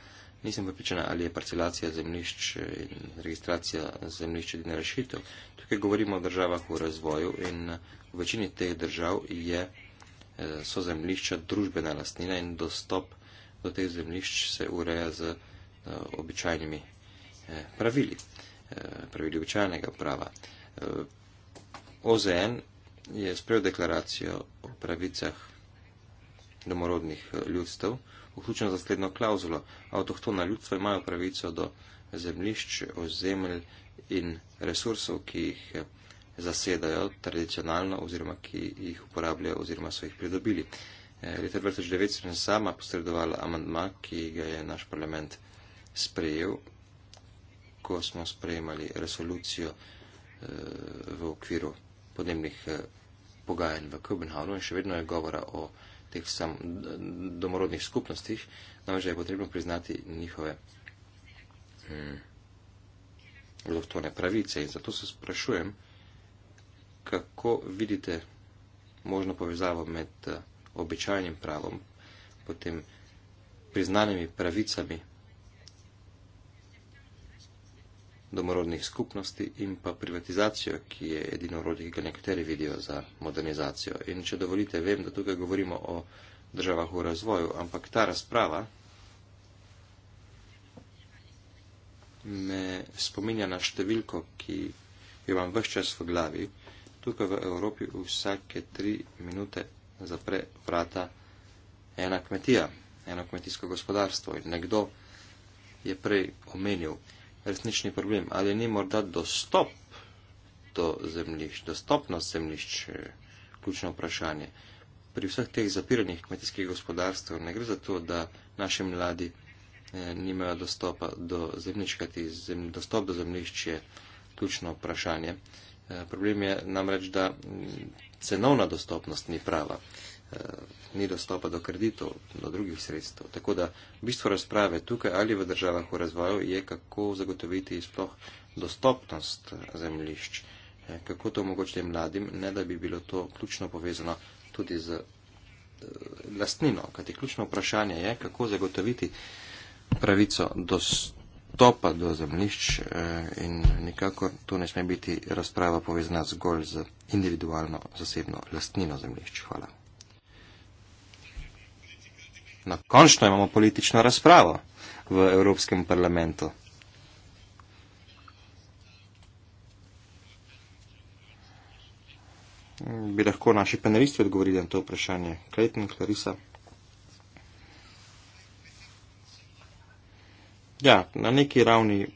nisem pripričana, ali je parcelacija zemlišč in registracija zemlišč edina rešitev. Tukaj govorimo o državah v razvoju in v večini teh držav je, eh, so zemlišča družbena lastnina in dostop do teh zemlišč se ureja z eh, običajnimi eh, pravili, pravili običajnega prava. OZN je sprejel deklaracijo o pravicah domorodnih eh, ljudstev, vključno za sledno klauzulo. Avtohtona ljudstva imajo pravico do zemljišč, ozemelj in resursov, ki jih eh, zasedajo tradicionalno oziroma ki jih uporabljajo oziroma so jih pridobili. Eh, leta 2009 sem sama posredovala amandma, ki ga je naš parlament sprejel, ko smo sprejemali resolucijo v okviru podnebnih eh, pogajanj v Kopenhavnu in še vedno je govora o teh sam domorodnih skupnostih, namreč je potrebno priznati njihove hmm, lohtone pravice. In zato se sprašujem, kako vidite možno povezavo med eh, običajnim pravom, potem priznanimi pravicami domorodnih skupnosti in pa privatizacijo, ki je edino orodje, ki ga nekateri vidijo za modernizacijo. In če dovolite, vem, da tukaj govorimo o državah v razvoju, ampak ta razprava me spominja na številko, ki jo imam vse čas v glavi. Tukaj v Evropi vsake tri minute zapre vrata ena kmetija, eno kmetijsko gospodarstvo. In nekdo je prej omenil, resnični problem. Ali ni morda dostop do zemljišč, dostopnost zemljišč, eh, ključno vprašanje. Pri vseh teh zapiranih kmetijskih gospodarstv ne gre za to, da naši mladi eh, nimajo dostopa do zemljišč, kajti zemlj, dostop do zemljišč je ključno vprašanje. Eh, problem je namreč, da mm, cenovna dostopnost ni prava. Eh, eh, ni dostopa do kreditov, do drugih sredstev. Tako da bistvo razprave tukaj ali v državah v razvoju je, kako zagotoviti sploh dostopnost eh, zemljišč, eh, kako to omogočiti mladim, ne da bi bilo to ključno povezano tudi z eh, lastnino. Kaj ti ključno vprašanje je, kako zagotoviti pravico dostopa do zemljišč eh, in nikako to ne sme biti razprava povezana zgolj z individualno zasebno lastnino zemljišč. Hvala. No, končno imamo politično razpravo v Evropskem parlamentu. Bi lahko naši panelisti odgovorili na to vprašanje? Klejten, Klarisa? Ja, na neki ravni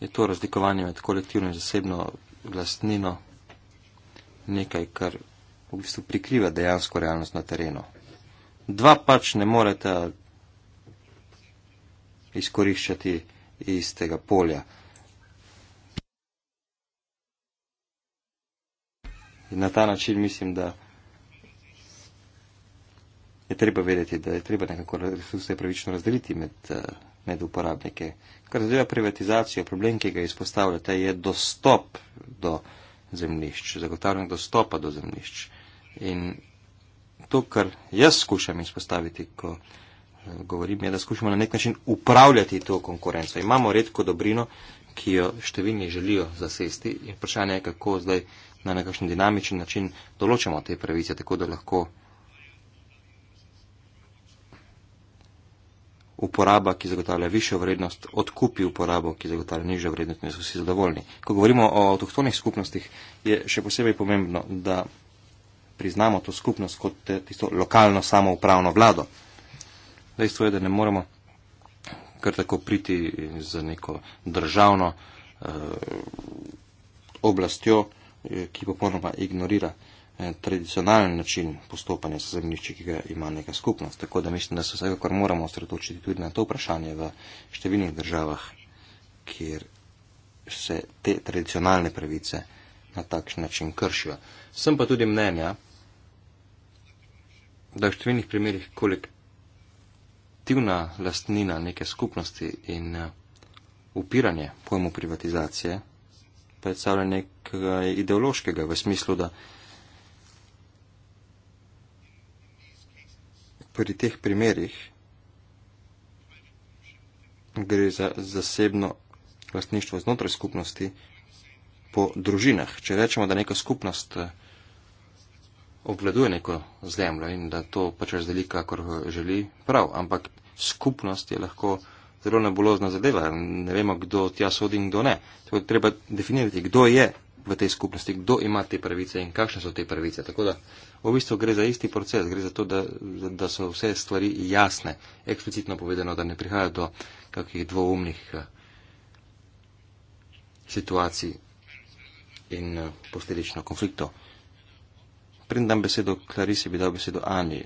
je to razlikovanje med kolektivno in zasebno lastnino nekaj, kar v bistvu prikriva dejansko realnost na terenu dva pač ne moreta izkoriščati istega polja. In na ta način mislim, da je treba vedeti, da je treba nekako resurse pravično razdeliti med, eh, med uporabnike. Kar zadeva privatizacijo, problem, ki ga izpostavljate, je dostop do zemljišč, zagotavljanje dostopa do zemljišč. In to, kar jaz skušam izpostaviti, ko eh, govorim, je, da skušamo na nek način upravljati to konkurenco. Imamo redko dobrino, ki jo številni želijo zasesti in vprašanje je, kako zdaj na nekakšen dinamičen način določamo te pravice, tako da lahko uporaba, ki zagotavlja višjo vrednost, odkupi uporabo, ki zagotavlja nižjo vrednost in so vsi zadovoljni. Ko govorimo o avtohtonih skupnostih, je še posebej pomembno, da priznamo to skupnost kot tisto lokalno samoupravno vlado. Dejstvo je, da ne moremo kar tako priti z neko državno eh, oblastjo, eh, ki popolnoma ignorira eh, tradicionalen način postopanja z zemljišči, ki ga ima neka skupnost. Tako da mislim, da se vsekakor moramo osredotočiti tudi na to vprašanje v številnih državah, kjer se te tradicionalne pravice eh, na takšen način kršijo. Sem pa tudi mnenja, da v številnih primerjih kolektivna lastnina neke skupnosti in eh, upiranje pojmu privatizacije predstavlja nekaj ideološkega v smislu, da pri teh primerjih gre za zasebno lastništvo znotraj skupnosti po družinah. Če rečemo, da neka skupnost eh, obvladuje neko zemljo in da to pač razdeli, kakor želi, prav, ampak skupnost je lahko zelo nebulozna zadeva. Ne vemo, kdo tja sodi in kdo ne. Tako da treba definirati, kdo je v tej skupnosti, kdo ima te pravice in kakšne so te pravice. Tako da v bistvu gre za isti proces, gre za to, da, da so vse stvari jasne, eksplicitno povedano, da ne prihaja do kakih dvoumnih eh, situacij in eh, posledično konfliktov. Preden dam besedo Klarisi, bi dal besedo Ani.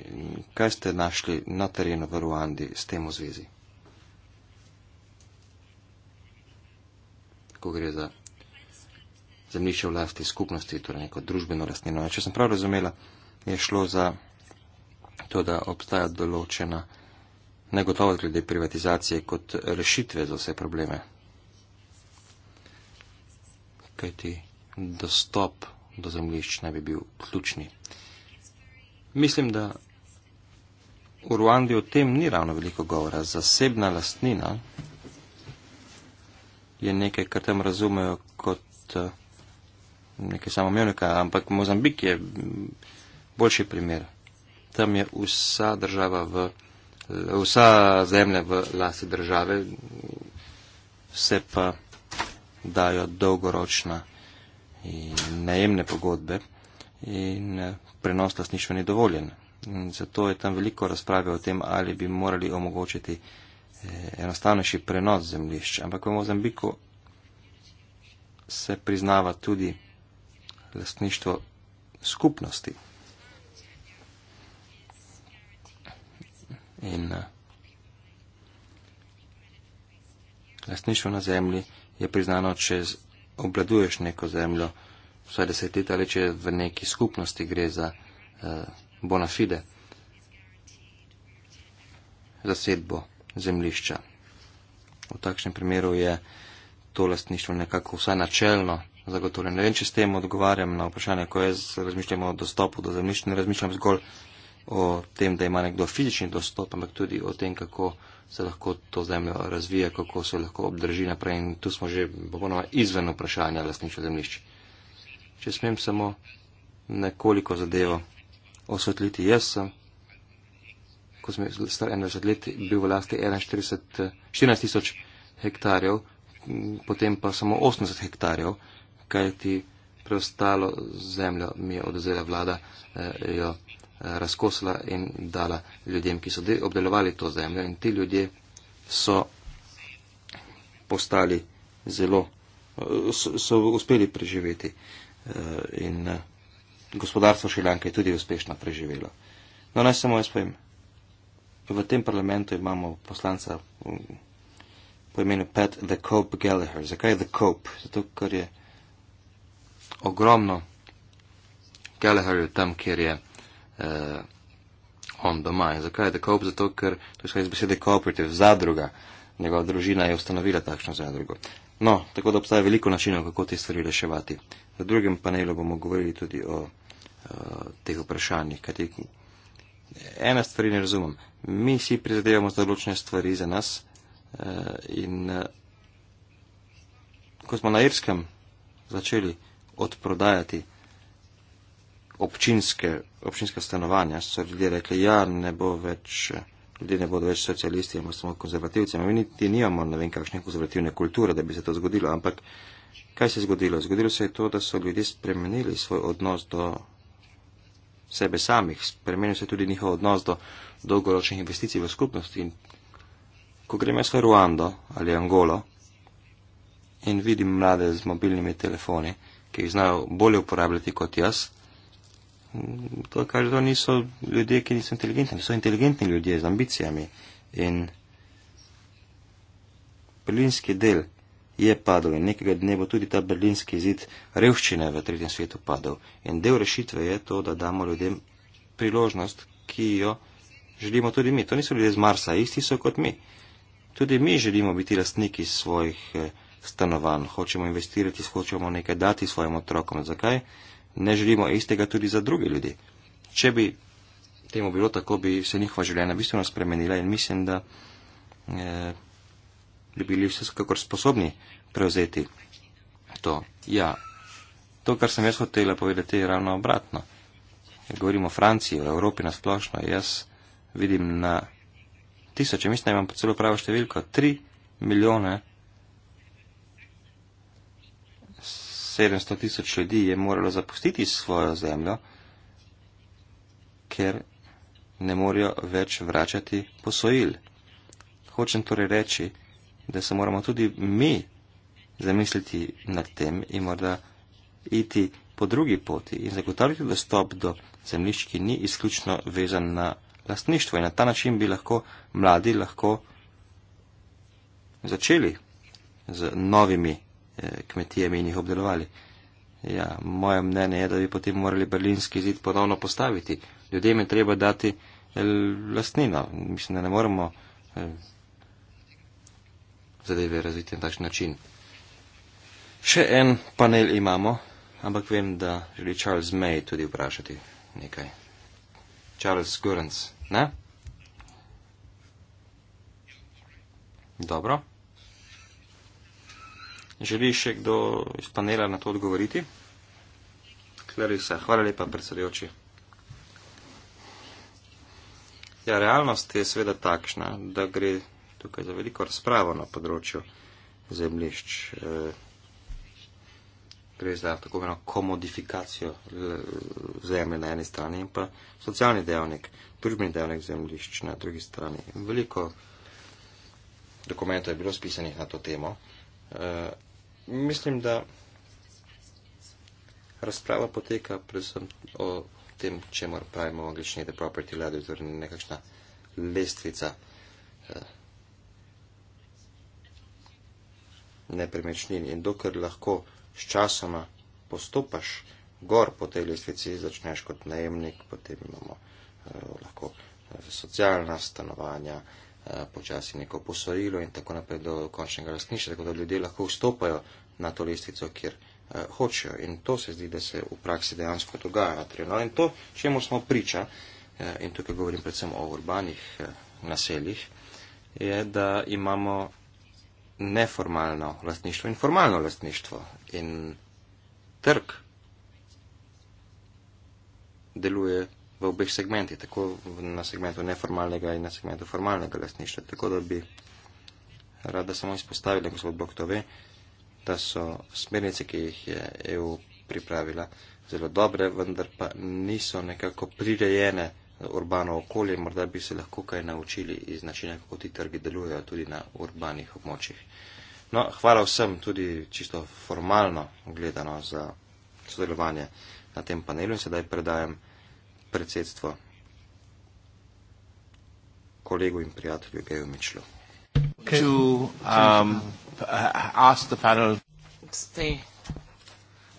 Kaj ste našli na terenu v Ruandi s tem v zvezi? Ko gre za zemljišče v lasti skupnosti, torej neko družbeno lastnino. Če sem prav razumela, je šlo za to, da obstaja določena negotovost glede privatizacije kot rešitve za vse probleme. Kaj ti dostop do zemljišč naj bi bil ključni. Mislim, da v Ruandi o tem ni ravno veliko govora. Zasebna lastnina je nekaj, kar tam razumejo kot eh, nekaj samomevnika, ampak Mozambik je mm, boljši primer. Tam je vsa država v, eh, vsa zemlja v lasti države, vse pa dajo dolgoročna in najemne pogodbe in eh, prenos lasništva ni dovoljen. In zato je tam veliko razprave o tem, ali bi morali omogočiti eh, enostavnejši prenos zemljišč. Ampak v Mozambiku se priznava tudi lasništvo skupnosti. In eh, lasništvo na zemlji je priznano čez obladuješ neko zemljo, vsaj deset let ali če v neki skupnosti gre za eh, bona fide zasedbo zemljišča. V takšnem primeru je to lastništvo nekako vsaj načelno zagotovljeno. Ne vem, če s tem odgovarjam na vprašanje, ko jaz razmišljam o dostopu do zemljišča, ne razmišljam zgolj o tem, da ima nekdo fizični dostop, ampak tudi o tem, kako se lahko to zemljo razvija, kako se lahko obdrži naprej. In tu smo že popolnoma izven vprašanja lastništva zemljišč. Če smem samo nekoliko zadevo osvetliti, jaz sem, ko sem star 21 let, bil v lasti 41, 14 tisoč hektarjev, potem pa samo 80 hektarjev, kaj ti preostalo zemljo mi je odzela vlada, eh, jo razkosla in dala ljudem, ki so obdelovali to zemljo. In ti ljudje so postali zelo, so, so uspeli preživeti. Eh, in eh, gospodarstvo Šilanke je tudi uspešno preživelo. No, naj samo jaz povem. V tem parlamentu imamo poslanca po imenu Pat The Cope Gallagher. Zakaj The Cope? Zato, ker je ogromno Gallagherju tam, kjer je uh, on doma. In zakaj je tako? Zato, ker to izhaja iz besede kooperativ, zadruga. Njegova družina je ustanovila takšno zadrugo. No, tako da obstaja veliko načinov, kako te stvari reševati. V drugem panelu bomo govorili tudi o uh, teh vprašanjih. Kajti, ena stvar ne razumem. Mi si prizadevamo za določene stvari za nas uh, in uh, ko smo na Irskem začeli odprodajati občinske občinska stanovanja, so ljudje rekli, ja, ne bo več, ljudje ne bodo več socialisti, imamo samo konzervativce. Mi niti nimamo, ne vem, kakšne konzervativne kulture, da bi se to zgodilo, ampak kaj se je zgodilo? Zgodilo se je to, da so ljudje spremenili svoj odnos do sebe samih, spremenil se je tudi njihov odnos do dolgoročnih investicij v skupnosti. In ko grem jaz v Ruando ali Angolo in vidim mlade z mobilnimi telefoni, ki jih znajo bolje uporabljati kot jaz, to kaže, da niso ljudje, ki niso inteligentni, so inteligentni ljudje z ambicijami. In berlinski del je padel in nekega dne bo tudi ta berlinski zid revščine v tretjem svetu padel. In del rešitve je to, da damo ljudem priložnost, ki jo želimo tudi mi. To niso ljudje z Marsa, isti so kot mi. Tudi mi želimo biti lastniki svojih eh, stanovanj, hočemo investirati, hočemo nekaj dati svojim otrokom. Zakaj? ne želimo istega tudi za druge ljudi. Če bi temu bilo tako, bi se njihova življenja bistveno spremenila in mislim, da eh, bi bili vsekakor sposobni prevzeti to. Ja, to, kar sem jaz hotela povedati, je ravno obratno. Govorimo o Franciji, o Evropi nasplošno, jaz vidim na tisoče, mislim, da imam celo pravo številko, tri milijone 700 tisoč ljudi je moralo zapustiti svojo zemljo, ker ne morajo več vračati posojil. Hočem torej reči, da se moramo tudi mi zamisliti nad tem in morda iti po drugi poti in zagotavljati dostop do zemljišč, ki ni izključno vezan na lastništvo. In na ta način bi lahko mladi lahko začeli z novimi Eh, kmetijami in jih obdelovali. Ja, moje mnenje je, da bi potem morali berlinski zid ponovno postaviti. Ljudem je treba dati eh, lastnino. Mislim, da ne moremo eh, zadeve razviti na takšen način. Še en panel imamo, ampak vem, da želi Charles May tudi vprašati nekaj. Charles Gurens, ne? Dobro. Želi še kdo iz panela na to odgovoriti? Klerisa, hvala lepa, predsedujoči. Ja, realnost je seveda takšna, da gre tukaj za veliko razpravo na področju zemlišč. E, eh, gre za tako eno komodifikacijo eh, zemlje na eni strani in pa socialni dejavnik, družbeni dejavnik zemlišč na drugi strani. Veliko dokumentov je bilo spisanih na to temo. E, mislim, da razprava poteka predvsem o tem, čemu pravimo v angliščini the property ladder, torej nekakšna lestvica eh, nepremičnin. In dokler lahko s časoma postopaš gor po tej lestvici, začneš kot najemnik, potem imamo eh, lahko eh, socialna stanovanja, eh, Eh, počasi neko posojilo in tako naprej do končnega lastništva, tako da ljudje lahko vstopajo na to listico, kjer eh, hočejo. In to se zdi, da se v praksi dejansko dogaja. No, in to, čemu smo priča, eh, in tukaj govorim predvsem o urbanih naseljih, je, da imamo neformalno lastništvo in formalno lastništvo. In trg deluje v obeh segmentih, tako na segmentu neformalnega in na segmentu formalnega lastništva. Tako da bi rada samo izpostavila, gospod Bog to ve, da so smernice, ki jih je EU pripravila, zelo dobre, vendar pa niso nekako prirejene urbano okolje, morda bi se lahko kaj naučili iz načina, kako ti trgi delujejo tudi na urbanih območjih. No, hvala vsem tudi čisto formalno gledano za sodelovanje na tem panelu in sedaj predajam predsedstvo kolegu in prijatelju Geju Mičlu. Um,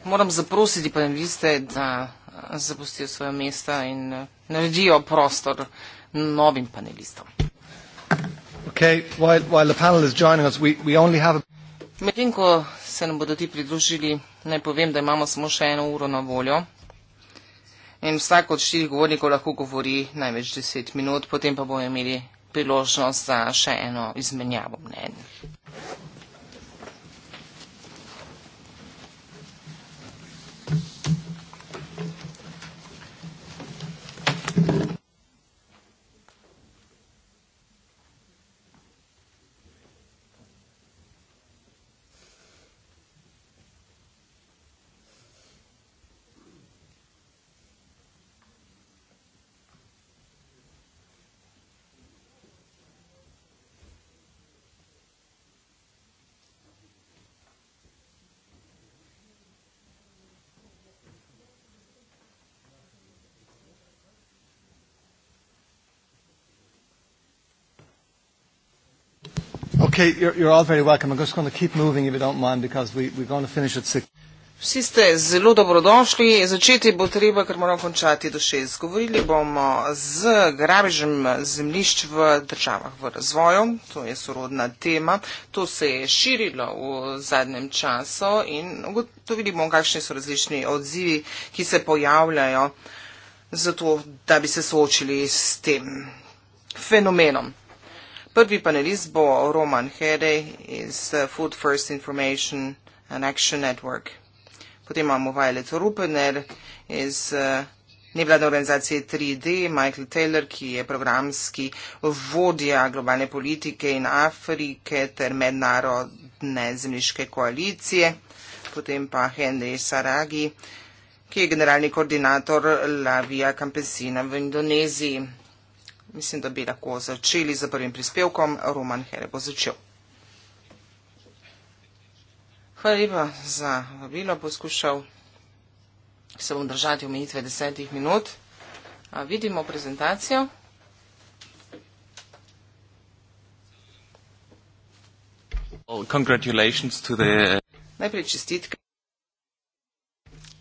moram zaprositi paneliste, da zapustijo svoje mesta in uh, naredijo prostor novim panelistom. Medtem ko se nam bodo ti pridružili, naj povem, da imamo samo še eno uro na voljo in vsak od štirih govornikov lahko govori največ deset minut, potem pa bomo imeli priložnost za še eno izmenjavo mnenj. Okay, you're, you're all very welcome. I'm just going to keep moving if you don't mind because we, we're going to finish at six. Vsi ste zelo dobrodošli. Začeti bo treba, ker moramo končati do šest. Govorili bomo z grabežem zemljišč v državah v razvoju. To je sorodna tema. To se je širilo v zadnjem času in ugotovili bomo, kakšni so različni odzivi, ki se pojavljajo zato, da bi se soočili s tem fenomenom. Prvi panelist bo Roman Hede iz Food First Information and Action Network. Potem imamo Violet Rupener iz eh, nevladne organizacije 3D, Michael Taylor, ki je programski vodja globalne politike in Afrike ter mednarodne zemljiške koalicije. Potem pa Henry Saragi, ki je generalni koordinator La Via Campesina v Indoneziji mislim, da bi lahko začeli z prvim prispevkom. Roman Hele bo začel. Hvala lepa za vabilo, poskušal se bom držati omejitve desetih minut. A, vidimo prezentacijo. Well, to the... Najprej čestitke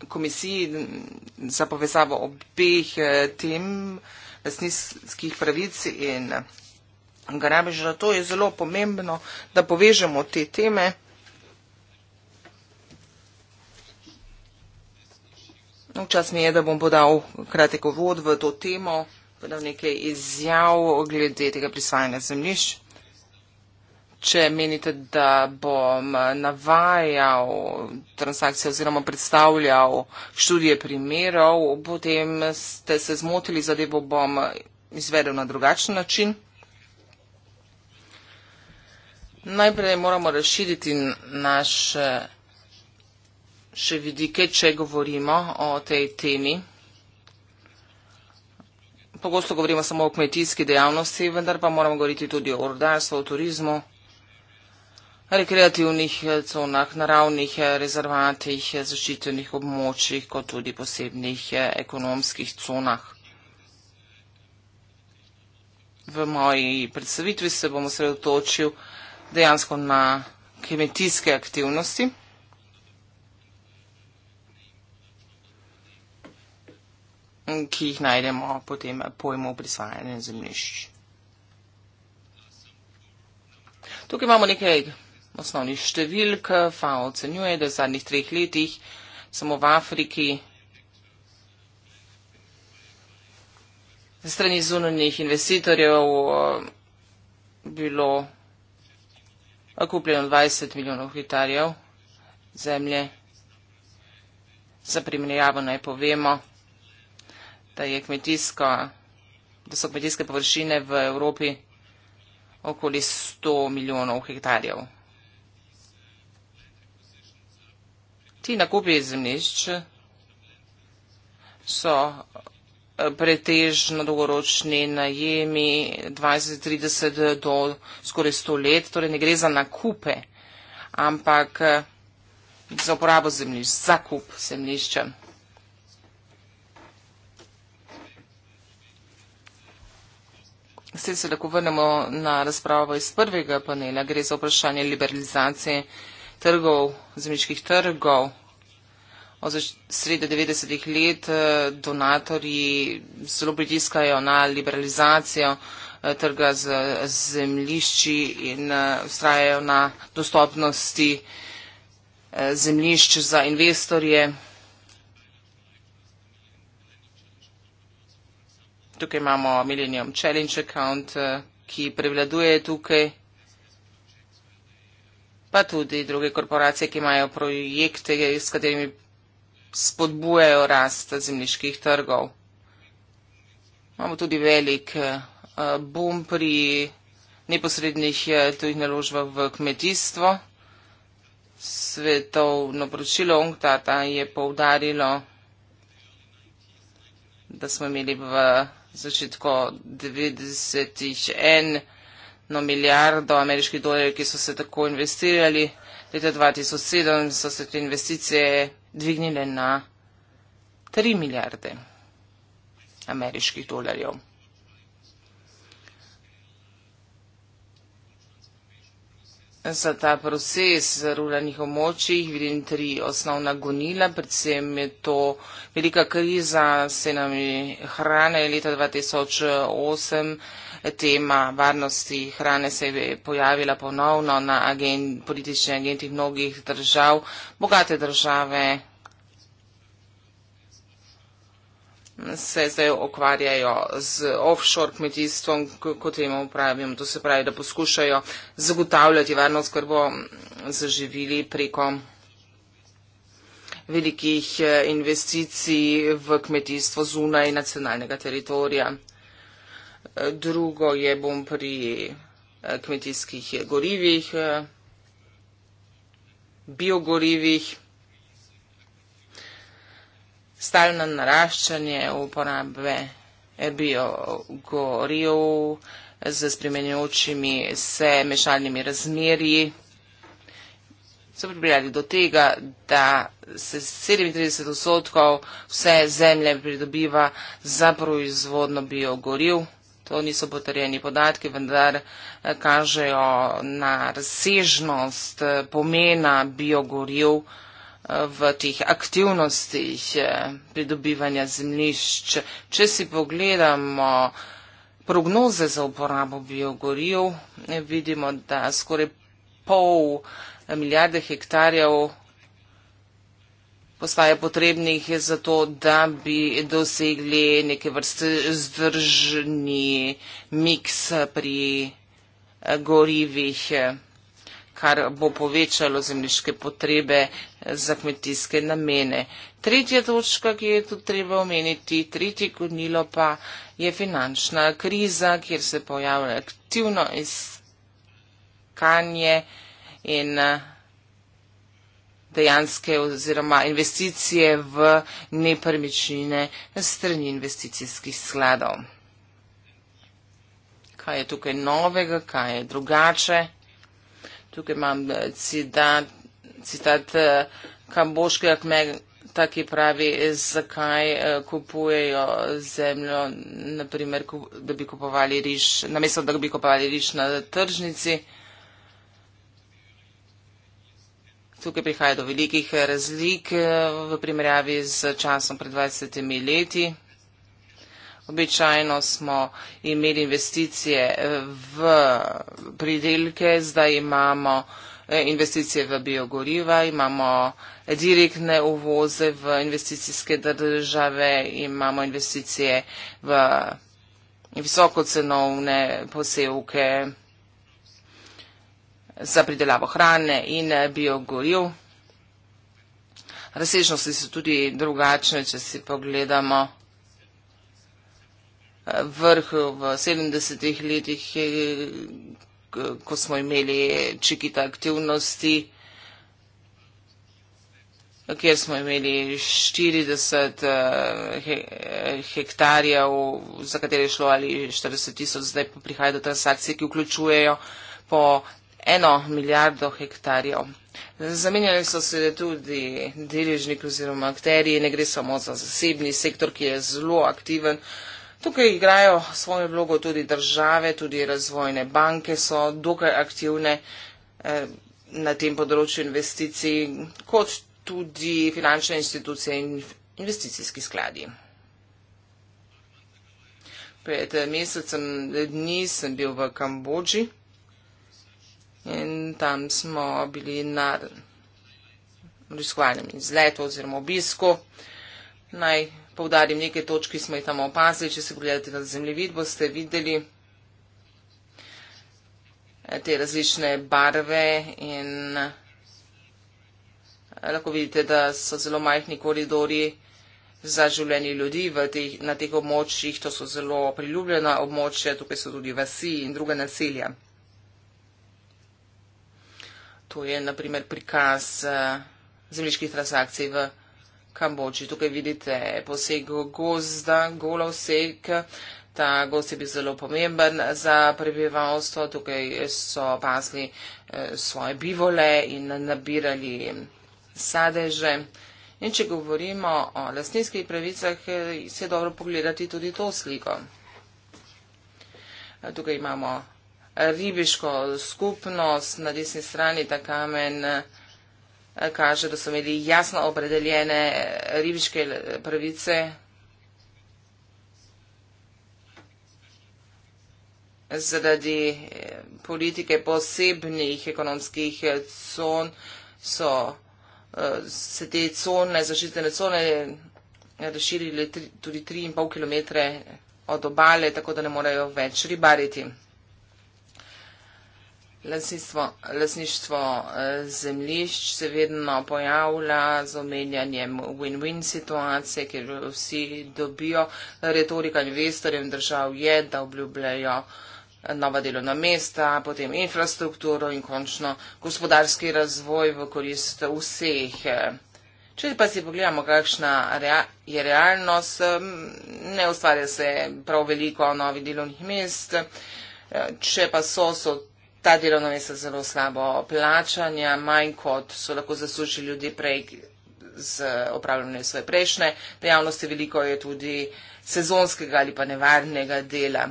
komisiji za povezavo obeh eh, tem lastninskih pravic in garabež. Zato je zelo pomembno, da povežemo te teme. Včas mi je, da bom podal kratek uvod v to temo, podal nekaj izjav glede tega prisvajanja zemljišča. Če menite, da bom navajal transakcije oziroma predstavljal študije primerov, potem ste se zmotili, zadevo bom izvedel na drugačen način. Najprej moramo razširiti naše še vidike, če govorimo o tej temi. Pogosto govorimo samo o kmetijski dejavnosti, vendar pa moramo govoriti tudi o rodarstvu, o turizmu rekreativnih eh, conah, naravnih eh, rezervatih, eh, zaščitenih območjih, kot tudi posebnih ekonomskih conah. V moji predstavitvi se bom osredotočil dejansko na kmetijske aktivnosti. ki jih najdemo potem pojmo prisvajanje zemljišč. Tukaj imamo nekaj osnovnih številk. FAO ocenjuje, da v zadnjih treh letih samo v Afriki strani zunanjih investitorjev eh, bilo okupljeno 20 milijonov hektarjev zemlje. Za primerjavo naj povemo, da, je kmetijsko, da so kmetijske površine v Evropi okoli 100 milijonov hektarjev. Ti nakupi zemljišč so e, pretežno dolgoročni najemi 20-30 do skoraj 100 let, torej ne gre za nakupe, ampak e, za uporabo zemljišč, za kup zemljišča. Sedaj se lahko vrnemo na razpravo iz prvega panela, gre za vprašanje liberalizacije trgov, zemljiških trgov. Od sredi 90-ih let eh, donatorji zelo pritiskajo na liberalizacijo eh, trga z zemljišči in ustrajajo eh, na dostopnosti zemljišč za investorje. Tukaj imamo Millennium Challenge account, ki prevladuje tukaj pa tudi druge korporacije, ki imajo projekte, s katerimi spodbujajo rast zemljiških trgov. Imamo tudi velik eh, bum pri neposrednih eh, tujih naložbah v kmetijstvo. Svetovno poročilo UNCTAD-a je poudarilo, da smo imeli v začetku 91 no milijardo ameriških dolarjev, ki so se tako investirali. Leta 2007 so se te investicije dvignile na 3 milijarde ameriških dolarjev. Za ta proces ruralnih območij vidim tri osnovna gonila, predvsem je to velika kriza, se nam je hrana je leta 2008 tema varnosti hrane se je pojavila ponovno na agen, političnih agentih mnogih držav, bogate države. se zdaj okvarjajo z offshore kmetijstvom, kot temu pravim, to se pravi, da poskušajo zagotavljati varno skrbo za živili preko velikih eh, investicij v kmetijstvo zunaj nacionalnega teritorija drugo je bom pri eh, kmetijskih gorivih, eh, biogorivih, stalno naraščanje uporabe eh, biogoriv z spremenjujočimi se mešalnimi razmerji. So pripeljali do tega, da se 37 odstotkov vse zemlje pridobiva za proizvodno biogoriv. To niso potrjeni podatki, vendar eh, kažejo na razsežnost eh, pomena biogorjev eh, v teh aktivnostih pridobivanja zemljišč. Če si pogledamo prognoze za uporabo biogorjev, vidimo, da skoraj pol milijarde hektarjev postaje potrebnih za to, da bi dosegli neke vrste zdržni miks pri eh, gorivih, kar bo povečalo zemljiške potrebe eh, za kmetijske namene. Tretja točka, ki je tudi treba omeniti, tretji kodnilo pa je finančna kriza, kjer se pojavlja aktivno iskanje in eh, dejanske oziroma investicije v nepremičnine strani investicijskih skladov. Kaj je tukaj novega, kaj je drugače? Tukaj imam eh, citat, citat eh, kamboškega kmeta, ki pravi, zakaj eh, kupujejo zemljo, naprimer, da bi kupovali riš, namesto da bi kupovali riš na tržnici. tukaj prihaja do velikih eh, razlik eh, v primerjavi z časom pred 20 leti. Običajno smo imeli investicije eh, v pridelke, zdaj imamo investicije v biogoriva, imamo direktne uvoze v investicijske države, imamo investicije v visokocenovne posevke za pridelavo hrane in eh, biogoriv. Razsežnosti so tudi drugačne, če si pogledamo eh, vrh v 70-ih letih, eh, ko smo imeli čikita aktivnosti, kjer smo imeli 40 hektarjev, za katere je šlo ali 40 tisoč, zdaj pa prihajajo do transakcije, ki vključujejo po eno milijardo hektarjev. Zamenjali so se tudi deležniki oziroma akterji, ne gre samo za zasebni sektor, ki je zelo aktiven. Tukaj igrajo svojo vlogo tudi države, tudi razvojne banke so dokaj aktivne eh, na tem področju investicij, kot tudi finančne institucije in investicijski skladi. Pred mesecem dni sem bil v Kambodži in tam smo bili na obiskovalnem izletu oziroma obisku. Naj povdarim nekaj točk, ki smo jih tam opazili. Če se pogledate na zemljevid, boste videli eh, te različne barve in eh, lahko vidite, da so zelo majhni koridori za življenje ljudi teh, na teh območjih. To so zelo priljubljena območja, tukaj so tudi vasi in druga naselja. To je naprimer prikaz eh, zemljiških transakcij v Kambodži. Tukaj vidite poseg gozda, golovsek. Ta gost je bil zelo pomemben za prebivalstvo. Tukaj so pasli eh, svoje bivole in nabirali sadeže. In če govorimo o lastninskih pravicah, eh, se je dobro pogledati tudi to sliko. Tukaj imamo ribiško skupnost. Na desni strani ta kamen eh, kaže, da so imeli jasno opredeljene eh, ribiške eh, pravice. Zaradi politike posebnih ekonomskih con so se te cone, zaščitene cone, razširile tudi 3,5 km od obale, tako da ne morejo več ribariti. Lasništvo, lasništvo eh, zemljišč se vedno pojavlja z omenjanjem win-win situacije, ker vsi dobijo. Retorika investorjev držav je, da obljubljajo nova delovna mesta, potem infrastrukturo in končno gospodarski razvoj v korist vseh. Če pa si pogledamo, kakšna je realnost, ne ustvarja se prav veliko novih delovnih mest. Če pa so, so ta delovna mesta zelo slabo plačanja, manj kot so lahko zaslužili ljudje prej z opravljanjem svoje prejšnje dejavnosti, veliko je tudi sezonskega ali pa nevarnega dela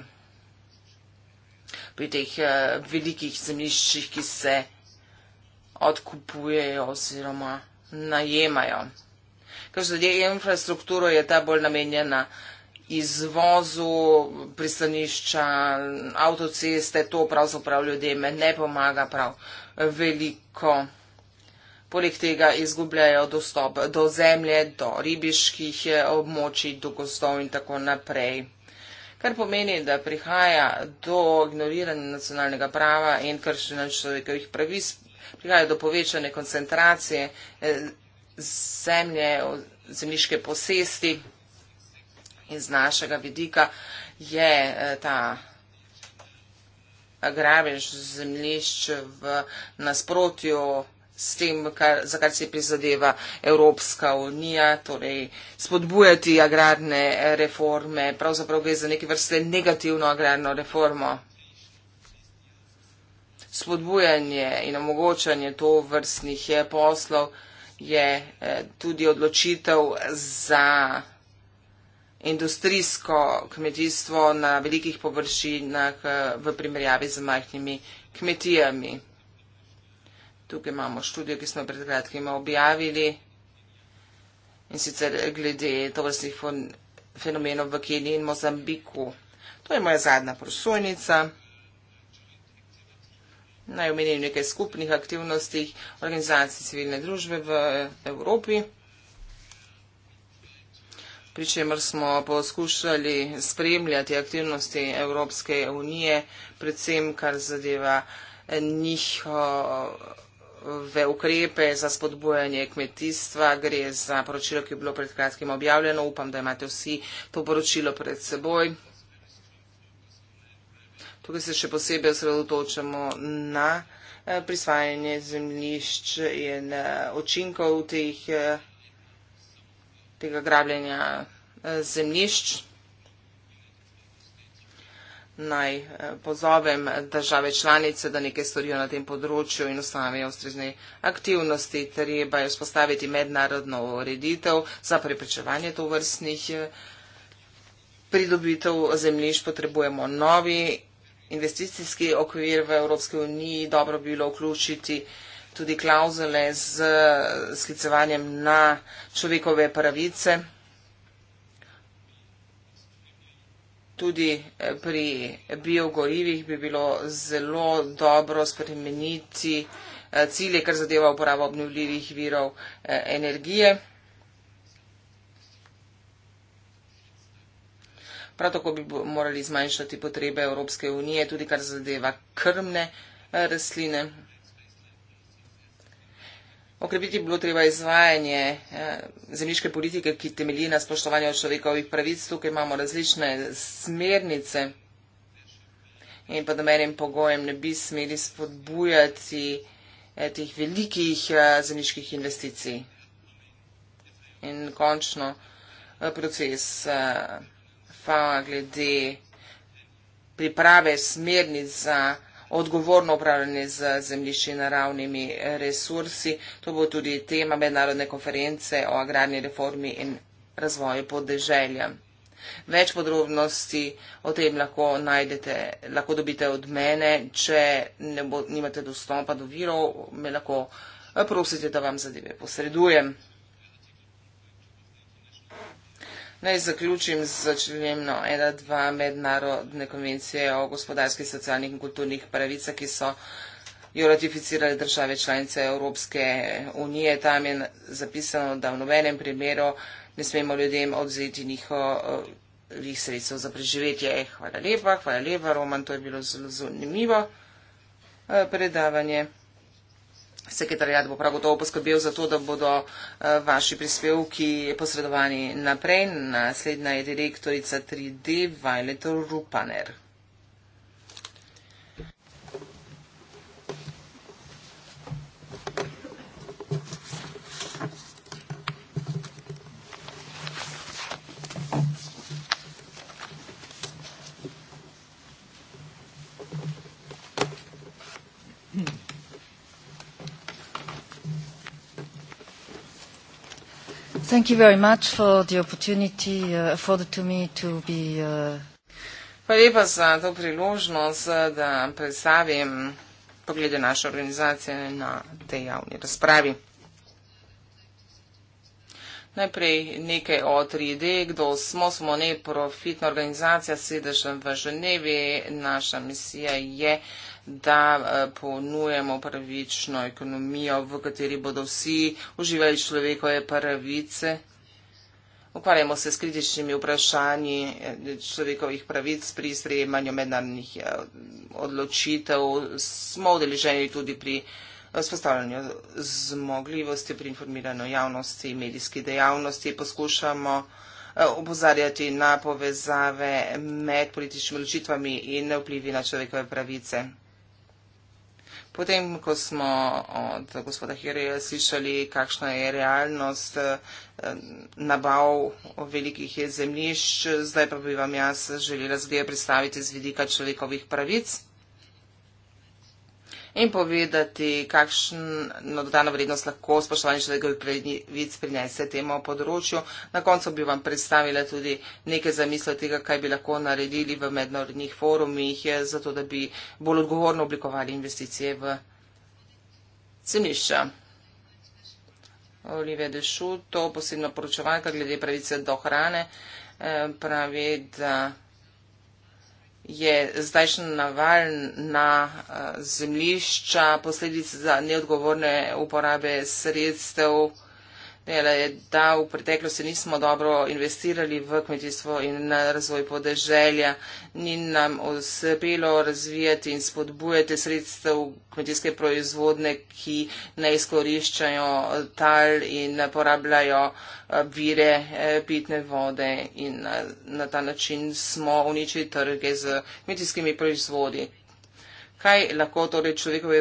pri teh uh, velikih zemljiščih, ki se odkupujejo oziroma najemajo. Kar zadeva infrastrukturo, je ta bolj namenjena uh, izvozu pristanišča, avtoceste, to pravzaprav ljudem ne pomaga prav veliko. Poleg tega izgubljajo dostop do zemlje, do ribiških območij, do gozdov in tako naprej. Kar pomeni, da prihaja do ignoriranja nacionalnega prava in kršenja človekovih pravic, prihaja do povečane koncentracije eh, zemlje, zemljiške posesti iz našega vidika je eh, ta grabež zemljišč v nasprotju s tem, kar, za kar se prizadeva Evropska unija, torej spodbujati agrarne reforme. Pravzaprav gre za neke vrste negativno agrarno reformo. Spodbujanje in omogočanje to vrstnih eh, poslov je eh, tudi odločitev za industrijsko kmetijstvo na velikih površinah eh, v primerjavi z majhnimi kmetijami. Tukaj imamo študijo, ki smo pred kratkim objavili in sicer glede tovrstnih fenomenov v Keniji in Mozambiku. To je moja zadnja prosojnica. Naj omenim nekaj skupnih aktivnosti organizacij civilne družbe v eh, Evropi pri čemer smo poskušali spremljati aktivnosti Evropske unije, predvsem kar zadeva njihove ukrepe za spodbujanje kmetijstva. Gre za poročilo, ki je bilo pred kratkim objavljeno. Upam, da imate vsi to poročilo pred seboj. Tukaj se še posebej osredotočamo na eh, prisvajanje zemljišč in eh, učinkov teh eh, tega grabljenja eh, zemljišč. Naj eh, pozovem države članice, da nekaj storijo na tem področju in ustavijo ustrezne aktivnosti. Treba je vzpostaviti mednarodno ureditev za preprečevanje tovrstnih eh, pridobitev zemljišč. Potrebujemo novi investicijski okvir v Evropski uniji. Dobro bi bilo vključiti tudi klauzule z sklicevanjem na človekove pravice. Tudi eh, pri biogorivih bi bilo zelo dobro spremeniti eh, cilje, kar zadeva uporabo obnovljivih virov eh, energije. Prav tako bi morali zmanjšati potrebe Evropske unije, tudi kar zadeva krmne rastline. Okrepiti bi bilo treba izvajanje eh, zemljiške politike, ki temelji na spoštovanju človekovih pravic. Tukaj imamo različne smernice in pa domenim pogojem ne bi smeli spodbujati eh, teh velikih eh, zemljiških investicij. In končno proces FAO glede priprave smernic za odgovorno upravljanje z zemljišči naravnimi resursi. To bo tudi tema mednarodne konference o agrarni reformi in razvoju podeželja. Več podrobnosti o tem lahko najdete, lahko dobite od mene, če ne bo, nimate dostopa do virov, me lahko prosite, da vam zadeve posredujem. Naj zaključim z začnemno 1-2 mednarodne konvencije o gospodarskih, socialnih in kulturnih pravicah, ki so jo ratificirale države članice Evropske unije. Tam je zapisano, da v nobenem primeru ne smemo ljudem odzeti njihovih sredstev za preživetje. Eh, hvala lepa, hvala lepa, Roman, to je bilo zelo zanimivo eh, predavanje sekretarjat bo prav gotovo poskrbel za to, da bodo eh, vaši prispevki posredovani naprej. Naslednja je direktorica 3D Violet Rupaner. Thank you very much for the opportunity uh, afforded to me to be uh, Hvala lepa za to priložnost, da predstavim poglede naše organizacije na tej javni razpravi. Najprej nekaj o 3D, kdo smo, smo neprofitna organizacija, sedež v Ženevi, naša misija je uh, da eh, ponujemo pravično ekonomijo, v kateri bodo vsi uživali človekove pravice. Ukvarjamo se s kritičnimi vprašanji eh, človekovih pravic pri sprejemanju mednarodnih eh, odločitev. Smo udeleženi tudi pri vzpostavljanju zmogljivosti, pri informiranju javnosti, medijski dejavnosti. Poskušamo opozarjati na povezave med političnimi odločitvami in vplivi na človekove pravice. Potem, ko smo od gospoda Hirija slišali, kakšna je realnost eh, nabav velikih zemljišč, zdaj pa bi vam jaz želela zadeve predstaviti z vidika človekovih pravic in povedati, kakšno dodano vrednost lahko spoštovanje človekovih pravic prinese temu področju. Na koncu bi vam predstavila tudi nekaj zamislov tega, kaj bi lahko naredili v mednarodnih forumih, eh, zato da bi bolj odgovorno oblikovali investicije v cenišča. Olive Dešu, to posebno poročevalka glede pravice do hrane, eh, pravi, da je zdajšen naval na eh, zemljišča posledica neodgovorne uporabe sredstev. Le, da v preteklosti nismo dobro investirali v kmetijstvo in na razvoj podeželja, ni nam uspelo razvijati in spodbujati sredstev kmetijske proizvodne, ki ne izkoriščajo tal in porabljajo eh, vire eh, pitne vode in eh, na ta način smo uničili trge z kmetijskimi proizvodi kaj lahko torej človekove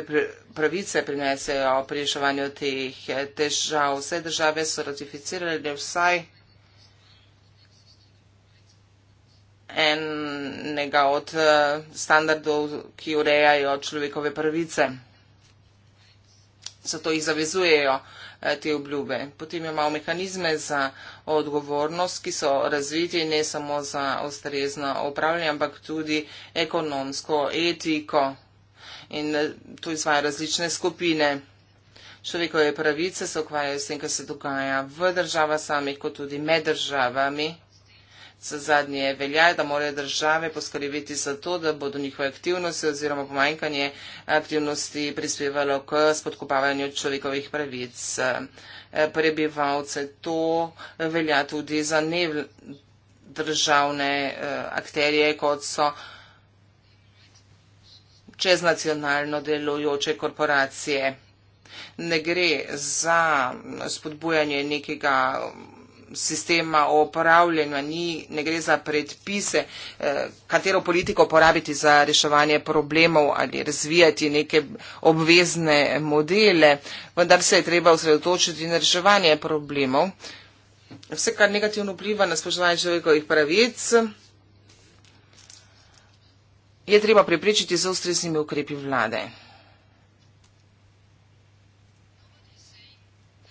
pravice prinesejo pri reševanju teh eh, težav. Vse države so ratificirale vsaj enega od eh, standardov, ki urejajo človekove pravice. Zato jih zavezujejo eh, te obljube. Potem imamo mehanizme za odgovornost, ki so razviti ne samo za ustrezno upravljanje, ampak tudi ekonomsko etiko in eh, to izvaja različne skupine. Človekove pravice se ukvarjajo s tem, kar se dogaja v državah samih, kot tudi med državami. Za zadnje velja, da morajo države poskrbeti za to, da bodo njihove aktivnosti oziroma pomanjkanje aktivnosti prispevalo k spodkopavanju človekovih pravic eh, prebivalce. To velja tudi za nevl državne uh, akterje, kot so uh, čeznacionalno delujoče korporacije. Ne gre za spodbujanje nekega sistema o upravljanju, ne gre za predpise, eh, katero politiko uporabiti za reševanje problemov ali razvijati neke obvezne modele, vendar se je treba osredotočiti na reševanje problemov. Vse, kar negativno vpliva na spoštovanje človekovih pravic, je treba preprečiti z ustreznimi ukrepi vlade.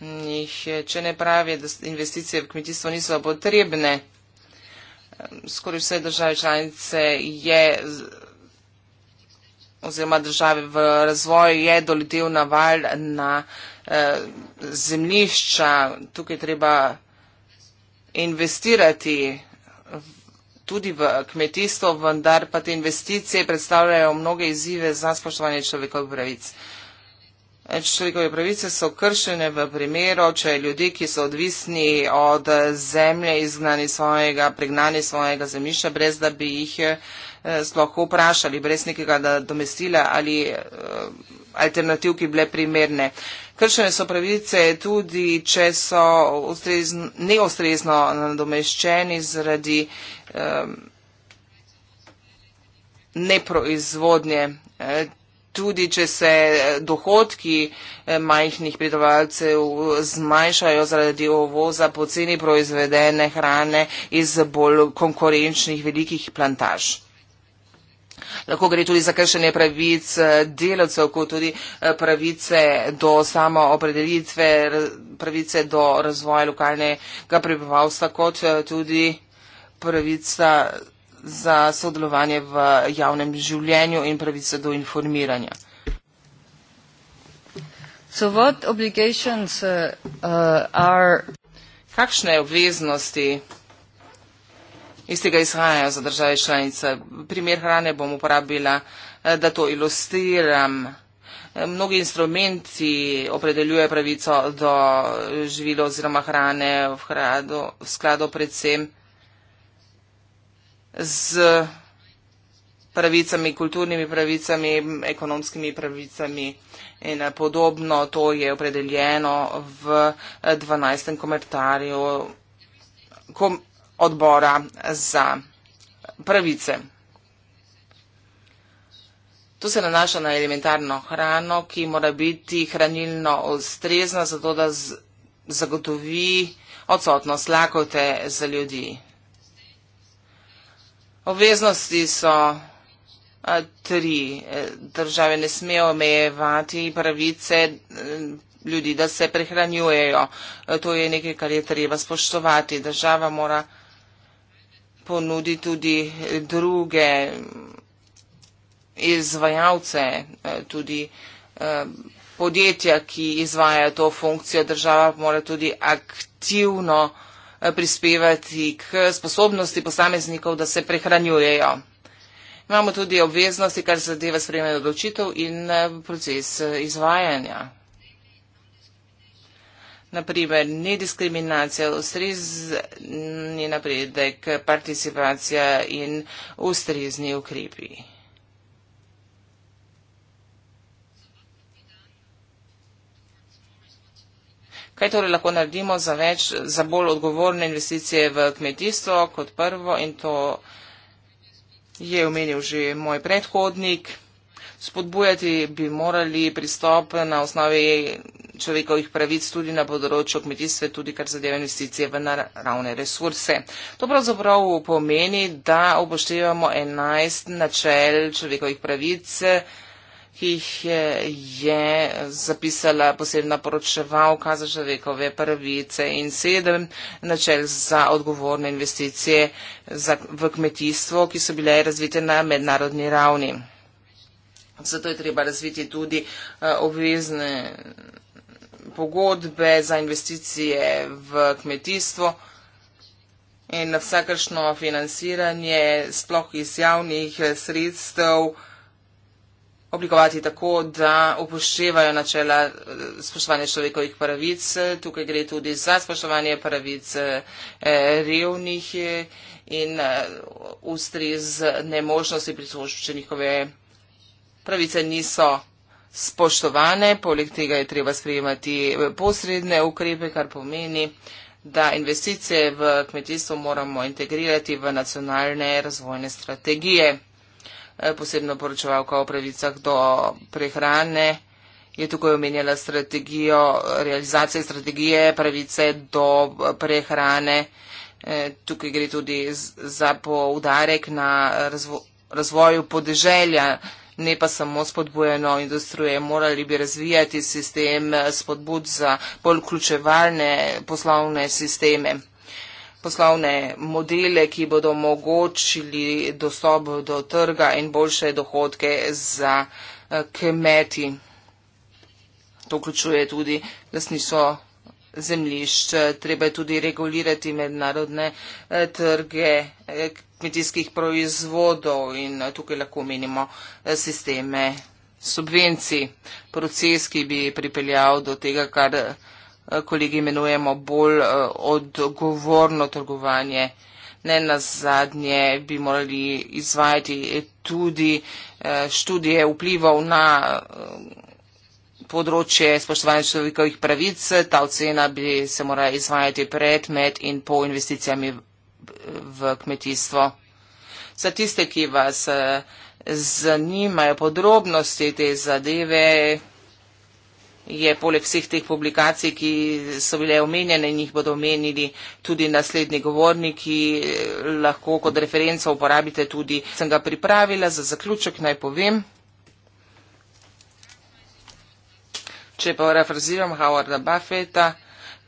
Njih, če ne pravi, da investicije v kmetijstvo niso potrebne, skoraj vse države članice je oziroma države v razvoju je doletel naval na eh, zemljišča. Tukaj treba investirati tudi v kmetijstvo, vendar pa te investicije predstavljajo mnoge izzive za spoštovanje človekovih pravic. Eh, človekove pravice so kršene v primeru, če ljudje, ki so odvisni od zemlje, izgnani svojega, pregnani svojega zemljišča, brez da bi jih eh, sploh vprašali, brez nekega domestila ali. Eh, alternativ, ki bile primerne. Kršene so pravice tudi, če so ustrezno, neustrezno nadomeščeni zaradi um, neproizvodnje. E, tudi, če se e, dohodki e, majhnih pridovalcev zmanjšajo zaradi ovoza poceni proizvedene hrane iz bolj konkurenčnih velikih plantaž lahko gre tudi za kršenje pravic eh, delavcev, kot tudi eh, pravice do samoopredelitve, pravice do razvoja lokalnega prebivalstva, kot eh, tudi pravica za sodelovanje v javnem življenju in pravice do informiranja. So what obligations uh, are... Kakšne obveznosti iz tega izhajajo za države članice. Primer hrane bom uporabila, eh, da to ilustriram. Eh, mnogi instrumenti opredeljuje pravico do živilo oziroma hrane v, hrado, v skladu predvsem z pravicami, kulturnimi pravicami, ekonomskimi pravicami in eh, podobno. To je opredeljeno v 12. komentarju. Kom odbora za pravice. To se nanaša na elementarno hrano, ki mora biti hranilno ustrezna, zato da zagotovi odsotnost lakote za ljudi. Obveznosti so tri. Države ne smejo omejevati pravice ljudi, da se prehranjujejo. To je nekaj, kar je treba spoštovati. Država mora ponudi tudi druge izvajalce, eh, tudi eh, podjetja, ki izvajajo to funkcijo. Država mora tudi aktivno eh, prispevati k sposobnosti posameznikov, da se prehranjujejo. Imamo tudi obveznosti, kar zadeva sprejemanje odločitev in proces izvajanja. Naprimer, nediskriminacija, ustrezni napredek, participacija in ustrezni ukrepi. Kaj torej lahko naredimo za, več, za bolj odgovorne investicije v kmetijstvo kot prvo in to je omenil že moj predhodnik. Spodbujati bi morali pristop na osnovi človekovih pravic tudi na področju kmetijstva, tudi kar zadeva investicije v naravne resurse. To pravzaprav pomeni, da upoštevamo 11 načel človekovih pravic, ki jih je zapisala posebna poročevalka za človekove pravice in sedem načel za odgovorne investicije v kmetijstvo, ki so bile razvite na mednarodni ravni. Zato je treba razviti tudi eh, obvezne pogodbe za investicije v kmetijstvo in vsakršno financiranje sploh iz javnih eh, sredstev oblikovati tako, da upoštevajo načela eh, spoštovanja človekovih pravic. Tukaj gre tudi za spoštovanje pravic revnih in ustrez nemožnosti pritožbe njihove pravice niso spoštovane, poleg tega je treba sprejemati posredne ukrepe, kar pomeni, da investicije v kmetijstvo moramo integrirati v nacionalne razvojne strategije. Eh, posebno poročevalka o pravicah do prehrane je tukaj omenjala strategijo realizacije strategije pravice do prehrane. Eh, tukaj gre tudi za poudarek na razvo razvoju podeželja ne pa samo spodbujajo nove industrije. Morali bi razvijati sistem spodbud za bolj vključevalne poslovne sisteme poslovne modele, ki bodo omogočili dostop do trga in boljše dohodke za eh, kmeti. To vključuje tudi lasništvo zemljišč. Treba je tudi regulirati mednarodne eh, trge eh, kmetijskih proizvodov in eh, tukaj lahko menimo sisteme subvencij, proces, ki bi pripeljal do tega, kar kolegi imenujemo bolj odgovorno trgovanje. Ne na zadnje bi morali izvajati tudi študije vplivov na področje spoštovanja človekovih pravic, ta ocena bi se morala izvajati pred, med in po investicijami v kmetijstvo. Za tiste, ki vas eh, zanimajo podrobnosti te zadeve, je poleg vseh teh publikacij, ki so bile omenjene in jih bodo omenili tudi naslednji govorniki, eh, lahko kot referenco uporabite tudi. Sem ga pripravila za zaključek, naj povem. Če parafraziram Howarda Buffetta,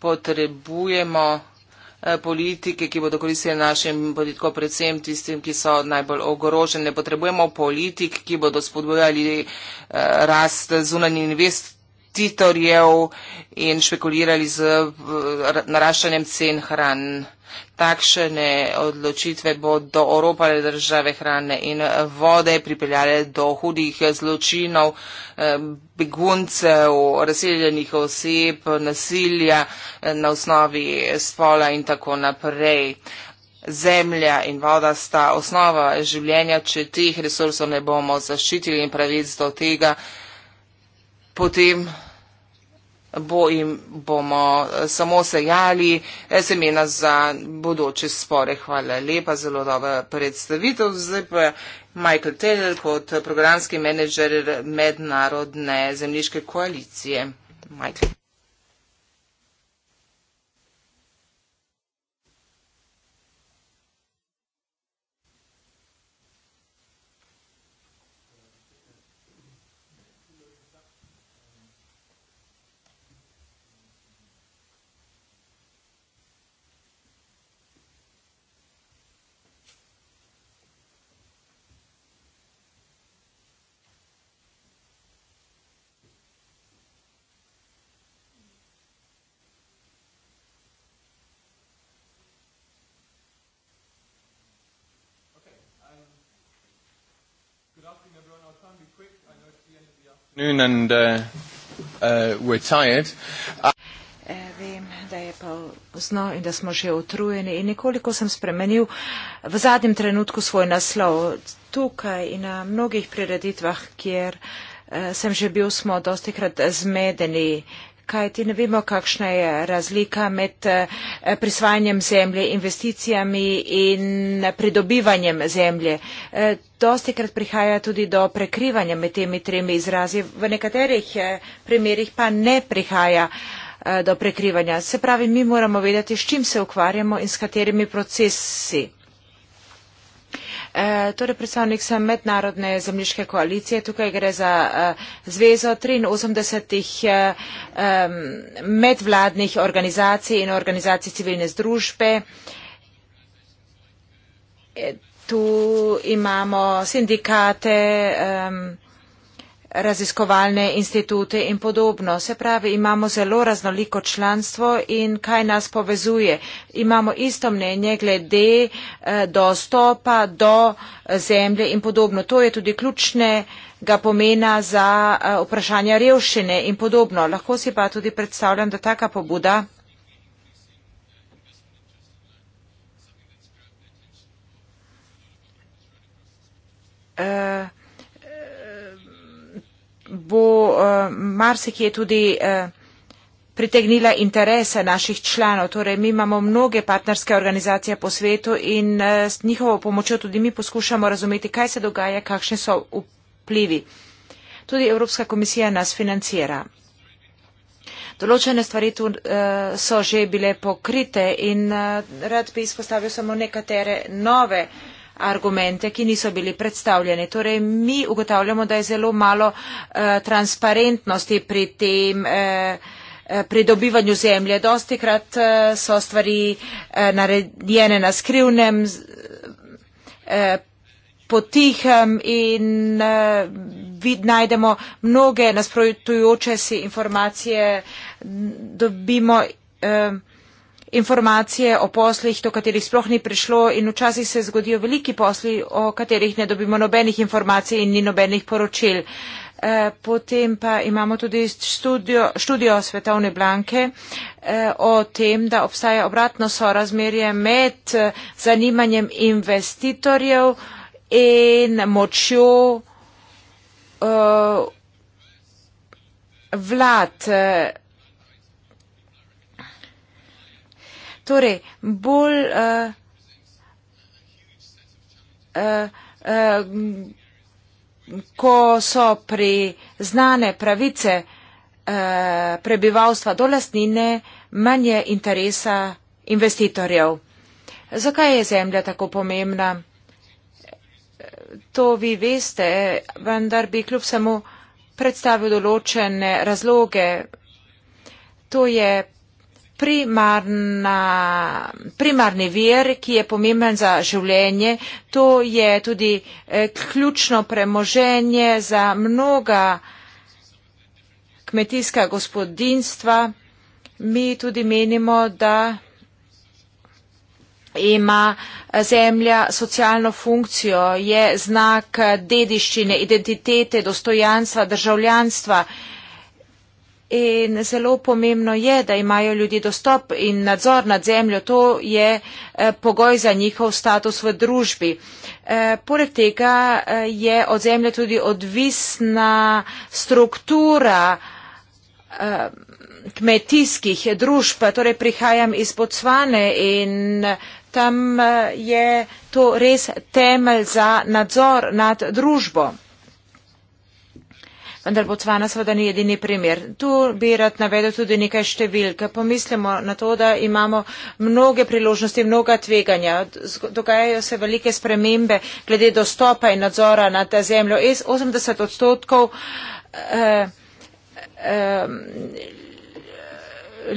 potrebujemo eh, politike, ki bodo koristile našim podjetkom, predvsem tistim, ki so najbolj ogrožene. Potrebujemo politik, ki bodo spodbojali eh, rast zunanje investicije investitorjev in špekulirali z eh, naraščanjem cen hran. Takšne odločitve bodo oropale države hrane in vode, pripeljale do hudih zločinov, eh, beguncev, razseljenih oseb, nasilja eh, na osnovi spola in tako naprej. Zemlja in voda sta osnova življenja, če teh resursov ne bomo zaščitili in pravic do tega, potem bo jim bomo eh, samo sejali eh, semena za bodoče spore. Hvala lepa, zelo dobra predstavitev. Zdaj pa Michael Taylor kot programski menedžer mednarodne zemljiške koalicije. Michael. afternoon and uh, uh, we're tired. Uh, eh, vem, da je pa zno in da smo že otrujeni in nekoliko sem spremenil v zadnjem trenutku svoj naslov. Tukaj in na mnogih prireditvah, kjer uh, sem že bil, smo dostikrat zmedeni, kajti ne vemo, kakšna je razlika med eh, prisvajanjem zemlje, investicijami in pridobivanjem zemlje. Eh, Dosti krat prihaja tudi do prekrivanja med temi tremi izrazi, v nekaterih eh, primerjih pa ne prihaja do prekrivanja. Se pravi, mi moramo vedeti, s čim se ukvarjamo in s katerimi procesi. E, torej predstavnik sem mednarodne zemljiške koalicije, tukaj gre za e, zvezo 83 e, medvladnih organizacij in organizacij civilne združbe. Tu imamo sindikate, raziskovalne institute in podobno. Se pravi, imamo zelo raznoliko članstvo in kaj nas povezuje. Imamo isto mnenje glede eh, dostopa do eh, zemlje in podobno. To je tudi ključnega pomena za eh, vprašanje revščine in podobno. Lahko si pa tudi predstavljam, da taka pobuda. Uh, bo uh, marsikje tudi uh, pritegnila interese naših članov. Torej, mi imamo mnoge partnerske organizacije po svetu in uh, s njihovo pomočjo tudi mi poskušamo razumeti, kaj se dogaja, kakšne so vplivi. Tudi Evropska komisija nas financira. Določene stvari tu uh, so že bile pokrite in uh, rad bi izpostavil samo nekatere nove uh, argumente, ki niso bili predstavljeni. Torej, mi ugotavljamo, da je zelo malo eh, transparentnosti pri tem eh, eh pri dobivanju zemlje. Dosti krat eh, so stvari eh, naredjene na skrivnem. Eh, potihem in uh, vid najdemo mnoge nasprotujoče si informacije, dobimo uh, informacije o poslih, do katerih sploh ni prišlo in včasih se zgodijo veliki posli, o katerih ne dobimo nobenih informacij in ni nobenih poročil. Eh, potem pa imamo tudi studio, študijo Svetovne blanke eh, o tem, da obstaja obratno sorazmerje med eh, zanimanjem investitorjev in močjo vlad Torej, bolj uh, uh, uh, ko so priznane pravice uh, prebivalstva do lastnine, manje interesa investitorjev. Zakaj je zemlja tako pomembna? To vi veste, vendar bi kljub samo predstavil določene razloge. To je primarna, primarni vir, ki je pomemben za življenje, to je tudi eh, ključno premoženje za mnoga kmetijska gospodinstva. Mi tudi menimo, da ima eh, zemlja socialno funkcijo, je znak eh, dediščine, identitete, dostojanstva, državljanstva. In zelo pomembno je, da imajo ljudje dostop in nadzor nad zemljo. To je eh, pogoj za njihov status v družbi. Eh, poleg tega eh, je od zemlje tudi odvisna struktura kmetijskih družb. Torej prihajam iz Botsvane in tam je to res temelj za nadzor nad družbo vendar Botsvana seveda ni edini primer. Tu bi rad navedel tudi nekaj številk. Pomislimo na to, da imamo mnoge priložnosti, mnoga tveganja. Dogajajo se velike spremembe glede dostopa in nadzora nad ta zemljo. 80 odstotkov eh, eh,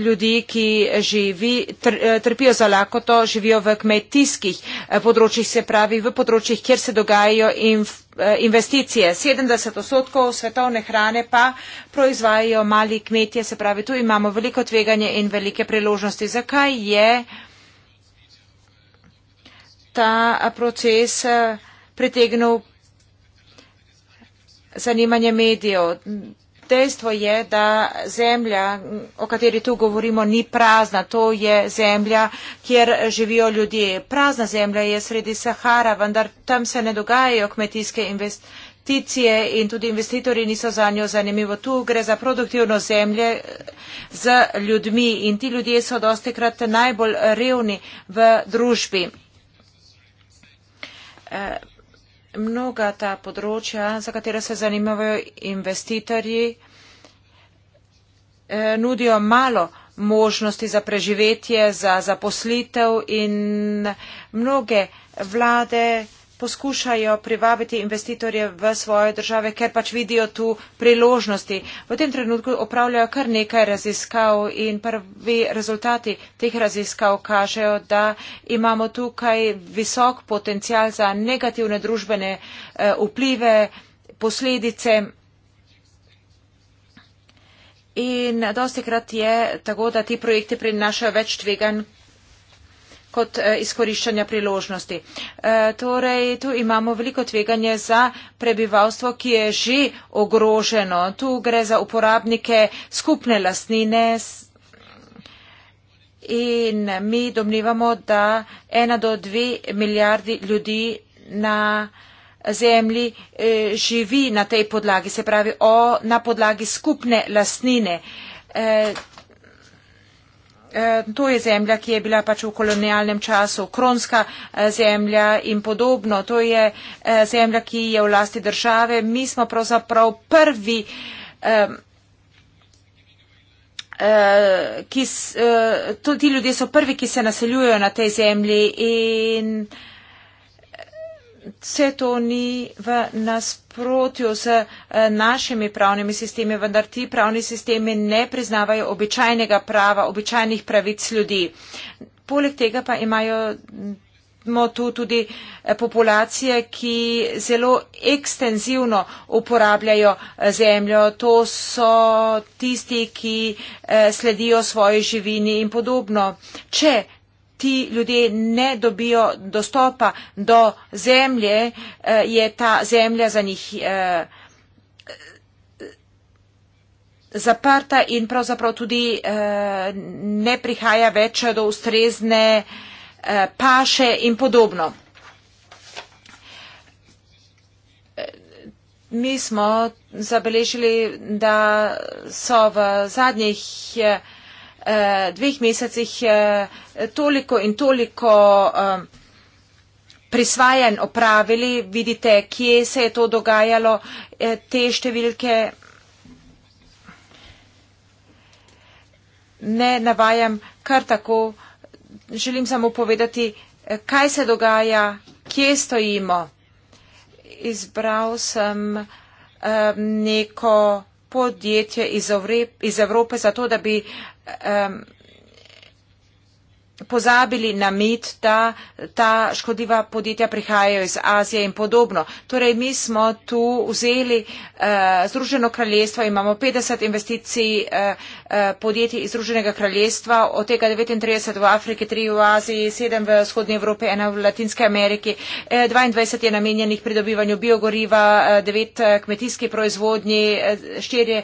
ljudi, ki živi, eh, trpijo za lakoto, živijo v kmetijskih področjih, se pravi v področjih, kjer se dogajajo in Eh, investicije. 70 odstotkov svetovne hrane pa proizvajajo mali kmetje, se pravi, tu imamo veliko tveganje in velike priložnosti. Zakaj je ta proces eh, pritegnil zanimanje medijev? Dejstvo je, da zemlja, o kateri tu govorimo, ni prazna. To je zemlja, kjer živijo ljudje. Prazna zemlja je sredi Sahara, vendar tam se ne dogajajo kmetijske investicije in tudi investitorji niso za njo zanimivo. Tu gre za produktivno zemlje eh, z ljudmi in ti ljudje so dosti krat najbolj revni v družbi. Eh, mnoga ta področja, za katera se zanimajo investitorji, eh, nudijo malo možnosti za preživetje, za zaposlitev in mnoge vlade poskušajo privabiti investitorje v svoje države, ker pač vidijo tu priložnosti. V tem trenutku opravljajo kar nekaj raziskav in prvi rezultati teh raziskav kažejo, da imamo tukaj visok potencial za negativne družbene eh, vplive, posledice. In dosti krat je tako, da ti projekti prinašajo več tveganj kot eh, izkoriščanja priložnosti. Eh, torej, tu imamo veliko tveganje za prebivalstvo, ki je že ogroženo. Tu gre za uporabnike skupne lastnine. In mi domnivamo, da ena do dve milijardi ljudi na zemlji eh, živi na tej podlagi, se pravi o, na podlagi skupne lastnine. Eh, to je zemlja, ki je bila pač v kolonialnem času kronska eh, zemlja in podobno. To je eh, zemlja, ki je v lasti države. Mi smo pravzaprav prvi, ki, ti ljudje so prvi, ki se naseljujejo na tej zemlji in vse to ni v nasprotju z eh, našimi pravnimi sistemi, vendar ti pravni sistemi ne priznavajo običajnega prava, običajnih pravic ljudi. Poleg tega pa imajo tu tudi eh, populacije, ki zelo ekstenzivno uporabljajo eh, zemljo. To so tisti, ki sledijo svoji živini in podobno. Če ti ljudje ne dobijo dostopa do zemlje, eh, je ta zemlja za njih eh, zaprta in pravzaprav tudi eh, ne prihaja več do ustrezne paše in podobno. Mi smo zabeležili, da so v zadnjih eh, dveh mesecih eh, toliko in toliko. Eh, prisvajanj opravili, vidite, kje se je to dogajalo, eh, te številke ne navajam kar tako. Želim samo povedati, eh, kaj se dogaja, kje stojimo. Izbral sem eh, neko podjetje iz Evrope, iz Evrope zato, da bi um, pozabili na mit, da ta škodiva podjetja prihajajo iz Azije in podobno. Torej, mi smo tu vzeli uh, Združeno kraljestvo, imamo 50 investicij uh, uh, podjetij iz Združenega kraljestva, od tega 39 v Afriki, 3 v Aziji, 7 v Vzhodnji Evropi, 1 v Latinske Ameriki, uh, 22 je namenjenih pridobivanju biogoriva, uh, 9 kmetijski proizvodnji, uh, 4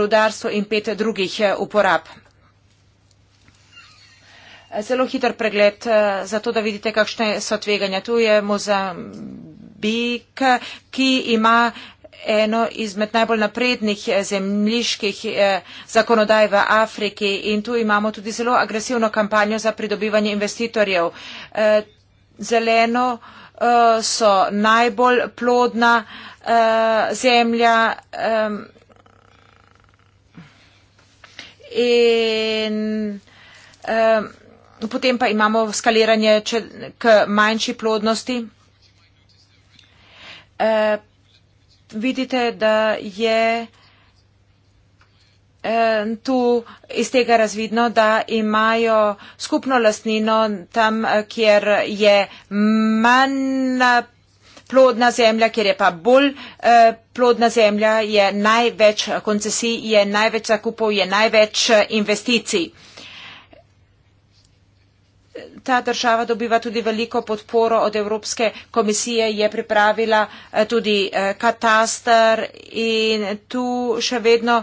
rudarstvo in 5 drugih uh, uporab zelo hiter pregled, eh, zato da vidite, kakšne so tveganja. Tu je Mozambik, ki ima eno izmed najbolj naprednih eh, zemljiških eh, zakonodaj v Afriki in tu imamo tudi zelo agresivno kampanjo za pridobivanje investitorjev. Zeleno so najbolj plodna zemlja in No, potem pa imamo skaliranje če, k manjši plodnosti. E, vidite, da je e, tu iz tega razvidno, da imajo skupno lastnino tam, e, kjer je manj e, plodna zemlja, kjer je pa bolj e, plodna zemlja, je največ koncesij, je največ zakupov, je največ e, investicij ta država dobiva tudi veliko podporo od Evropske komisije, je pripravila eh, tudi eh, katastar in tu še vedno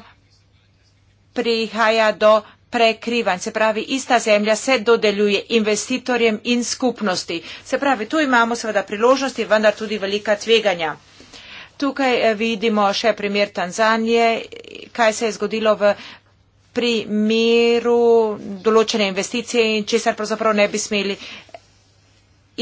prihaja do prekrivanj. Se pravi, ista zemlja se dodeljuje investitorjem in skupnosti. Se pravi, tu imamo seveda priložnosti, vendar tudi velika tveganja. Tukaj eh, vidimo še primer Tanzanije, kaj se je zgodilo v primeru določene investicije in česar pravzaprav ne bi smeli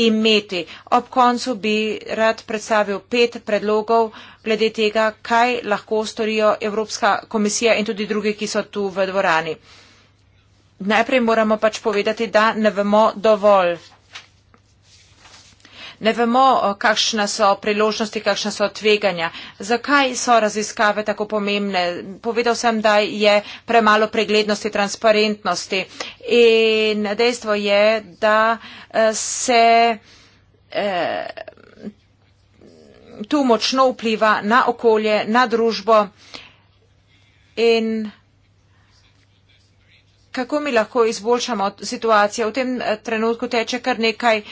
imeti. Ob koncu bi rad predstavil pet predlogov glede tega, kaj lahko storijo Evropska komisija in tudi drugi, ki so tu v dvorani. Najprej moramo pač povedati, da ne vemo dovolj ne vemo, kakšna so priložnosti, kakšna so tveganja. Zakaj so raziskave tako pomembne? Povedal sem, da je premalo preglednosti, transparentnosti in dejstvo je, da e, se. E, tu močno vpliva na okolje, na družbo in kako mi lahko izboljšamo situacijo. V tem eh, trenutku teče kar nekaj eh,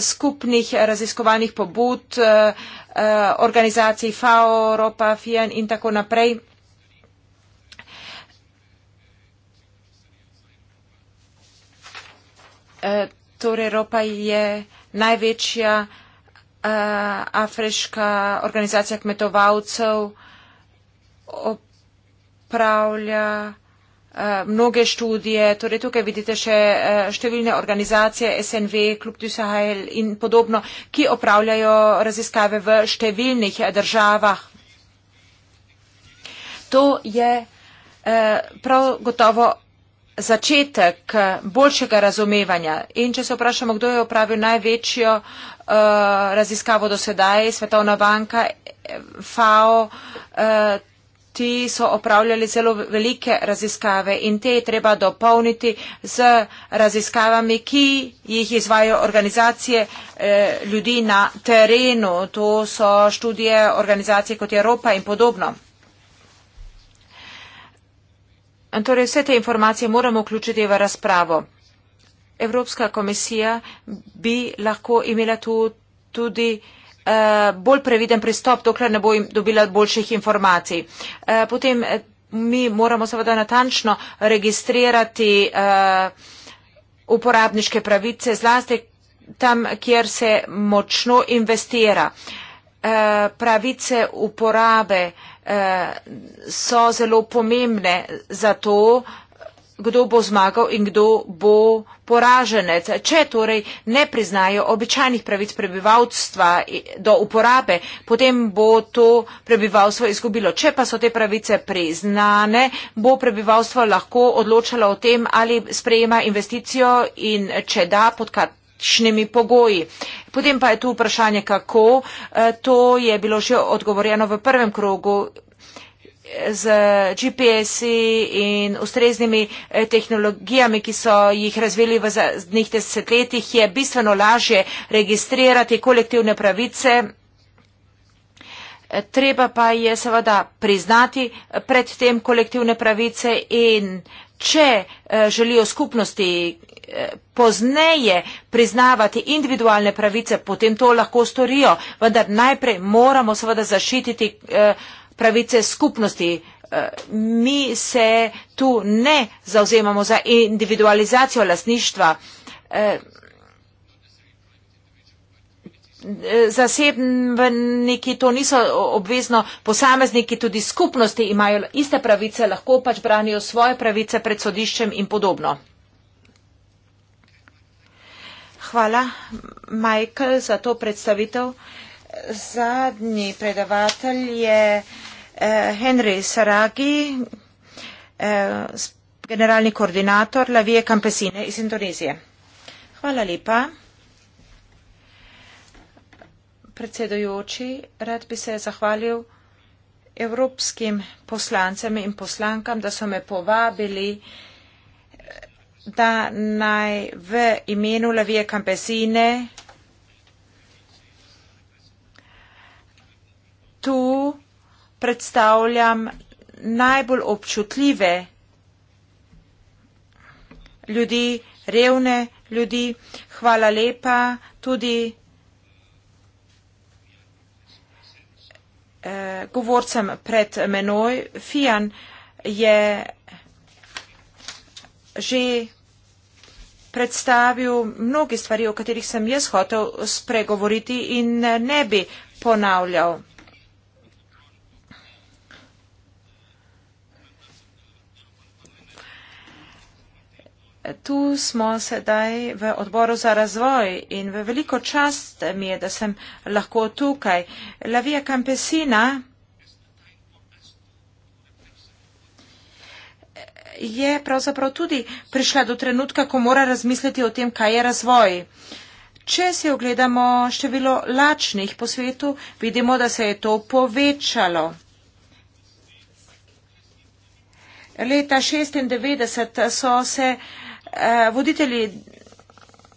skupnih raziskovanih pobud, eh, organizacij FAO, Europa, FIAN in tako naprej. Torej, Evropa je največja uh, afriška organizacija kmetovalcev, opravlja Eh, mnoge študije, torej tukaj vidite še eh, številne organizacije, SNV, Klub Dysahel in podobno, ki opravljajo raziskave v številnih eh, državah. To je prav gotovo začetek boljšega razumevanja in če se vprašamo, kdo je opravil največjo raziskavo do sedaj, Svetovna banka, FAO, to je ti so opravljali zelo velike raziskave in te je treba dopolniti z raziskavami, ki jih izvajo organizacije eh, ljudi na terenu. To so študije organizacije kot Evropa in podobno. Torej, vse te informacije moramo vključiti v razpravo. Evropska komisija bi lahko imela tu tudi. tudi Eh, bolj previden pristop, dokler ne bo jim dobila boljših informacij. Eh, potem eh, mi moramo seveda natančno registrirati uporabniške pravice, zlasti tam, kjer se močno investira. Pravice uporabe so zelo pomembne za to, da se kdo bo zmagal in kdo bo poraženec. Če torej ne priznajo običajnih pravic prebivalstva do uporabe, potem bo to prebivalstvo izgubilo. Če pa so te pravice priznane, bo prebivalstvo lahko odločalo o tem, ali sprejema investicijo in če da, pod kakšnimi pogoji. Potem pa je tu vprašanje, kako. Eh, to je bilo že odgovorjeno v prvem krogu z GPS-i in ustreznimi eh, tehnologijami, ki so jih razvili v zadnjih desetletjih, je bistveno lažje registrirati kolektivne pravice. Eh, treba pa je seveda priznati eh, predtem kolektivne pravice in če želijo skupnosti pozneje priznavati individualne pravice, potem to lahko storijo, vendar najprej moramo seveda zašititi eh, pravice skupnosti. Eh, mi se tu ne zauzemamo za individualizacijo lasništva. Eh, zasebniki to niso obvezno, posamezniki tudi skupnosti imajo iste pravice, lahko pač branijo svoje pravice pred sodiščem in podobno. Hvala, Michael, za to predstavitev. Zadnji predavatelj je eh, Henry Saragi, eh, generalni koordinator La Vie Campesine iz Indonezije. Hvala lepa. Predsedojoči, rad bi se zahvalil evropskim poslancem in poslankam, da so me povabili, eh, da naj v imenu Lavije Kampesine tu predstavljam najbolj občutljive ljudi, revne ljudi. Hvala lepa tudi eh, govorcem pred menoj. Fijan je že predstavil mnogi stvari, o katerih sem jaz hotel spregovoriti in ne bi ponavljal. Tu smo sedaj v odboru za razvoj in v veliko čast mi je, da sem lahko tukaj. Lavija Campesina je pravzaprav tudi prišla do trenutka, ko mora razmisliti o tem, kaj je razvoj. Če si ogledamo število lačnih po svetu, vidimo, da se je to povečalo. Leta 1996 so se Eh, voditelji,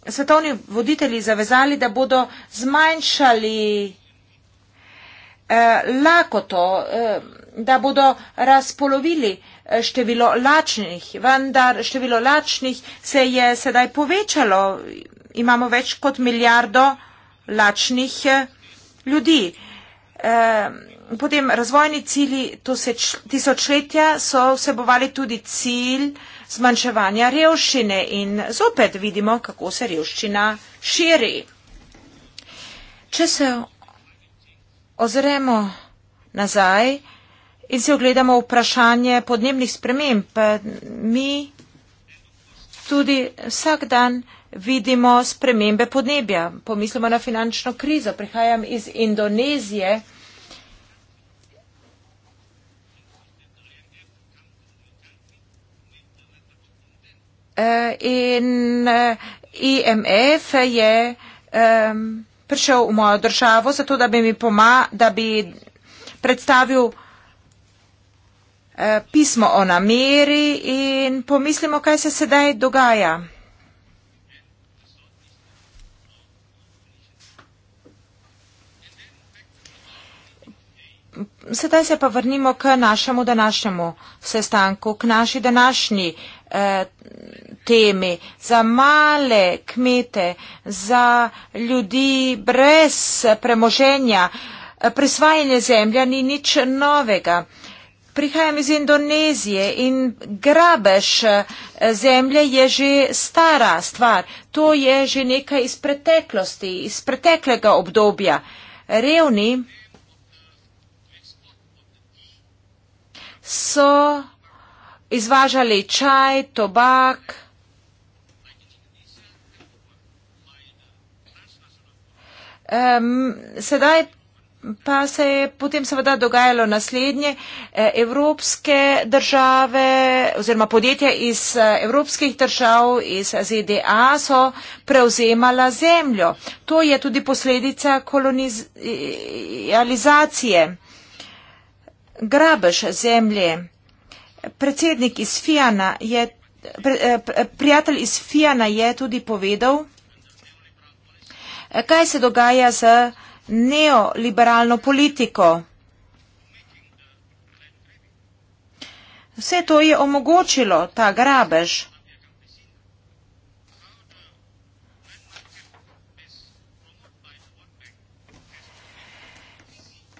svetovni voditelji zavezali, da bodo zmanjšali eh, lakoto, eh, da bodo razpolovili število lačnih, vendar število lačnih se je sedaj povečalo. Imamo več kot milijardo lačnih ljudi. Ehm, potem razvojni cilji tiseč, tisočletja so vsebovali tudi cilj zmanjševanja revščine in zopet vidimo, kako se revščina širi. Če se ozremo nazaj in se ogledamo vprašanje podnebnih sprememb, mi tudi vsak dan vidimo spremembe podnebja. Pomislimo na finančno krizo. Prihajam iz Indonezije. Eh, in eh, IMF je um, prišel v mojo državo, zato da bi mi pomagal, da bi predstavil uh, pismo o nameri in pomislimo, kaj se sedaj dogaja. sedaj se pa vrnimo k našemu današnjemu sestanku, k naši današnji eh, temi. Za male kmete, za ljudi brez premoženja, eh, prisvajanje zemlja ni nič novega. Prihajam iz Indonezije in grabež eh, zemlje je že stara stvar. To je že nekaj iz preteklosti, iz preteklega obdobja. Revni so izvažali čaj, tobak. Um, sedaj pa se je potem seveda dogajalo naslednje. E, evropske države oziroma podjetja iz e, evropskih držav, iz ZDA so prevzemala zemljo. To je tudi posledica kolonizacije. Koloniz e, grabež zemlje. Predsednik iz Fijana je, eh, eh, prijatelj iz Fijana je tudi povedal, eh, kaj se dogaja z neoliberalno politiko. Vse to je omogočilo ta grabež.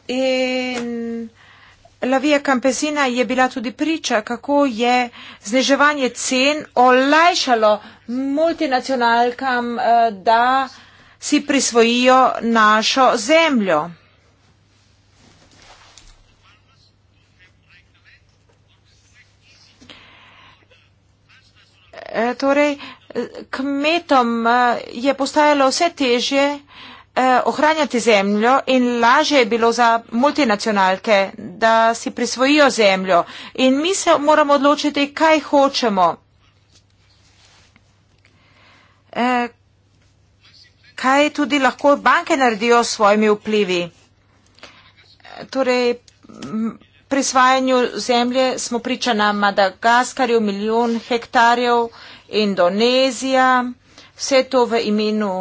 In La Via Campesina je bila tudi priča, kako je zniževanje cen olajšalo multinacionalkam, eh, da si prisvojijo našo zemljo. Eh, torej, eh, kmetom je postajalo vse težje, eh, ohranjati zemljo in laže je bilo za multinacionalke, da si prisvojijo zemljo. In mi se moramo odločiti, kaj hočemo. Eh, kaj tudi lahko banke naredijo s svojimi vplivi? Torej, pri svajanju zemlje smo priča na Madagaskarju, milijon hektarjev, Indonezija, vse to v imenu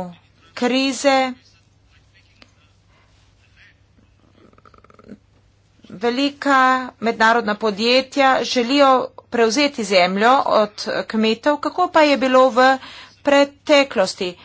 krize. velika mednarodna podjetja želijo prevzeti zemljo od kmetov, kako pa je bilo v preteklosti?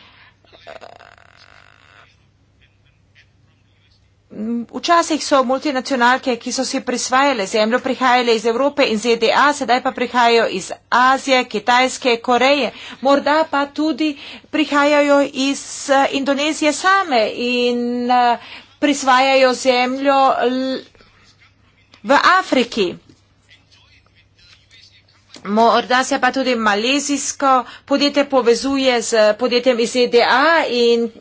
Včasih so multinacionalke, ki so si prisvajale zemljo, prihajale iz Evrope in ZDA, sedaj pa prihajajo iz Azije, Kitajske, Koreje, morda pa tudi prihajajo iz eh, Indonezije same in eh, prisvajajo zemljo V Afriki. Morda se pa tudi malezijsko podjetje povezuje z podjetjem iz EDA in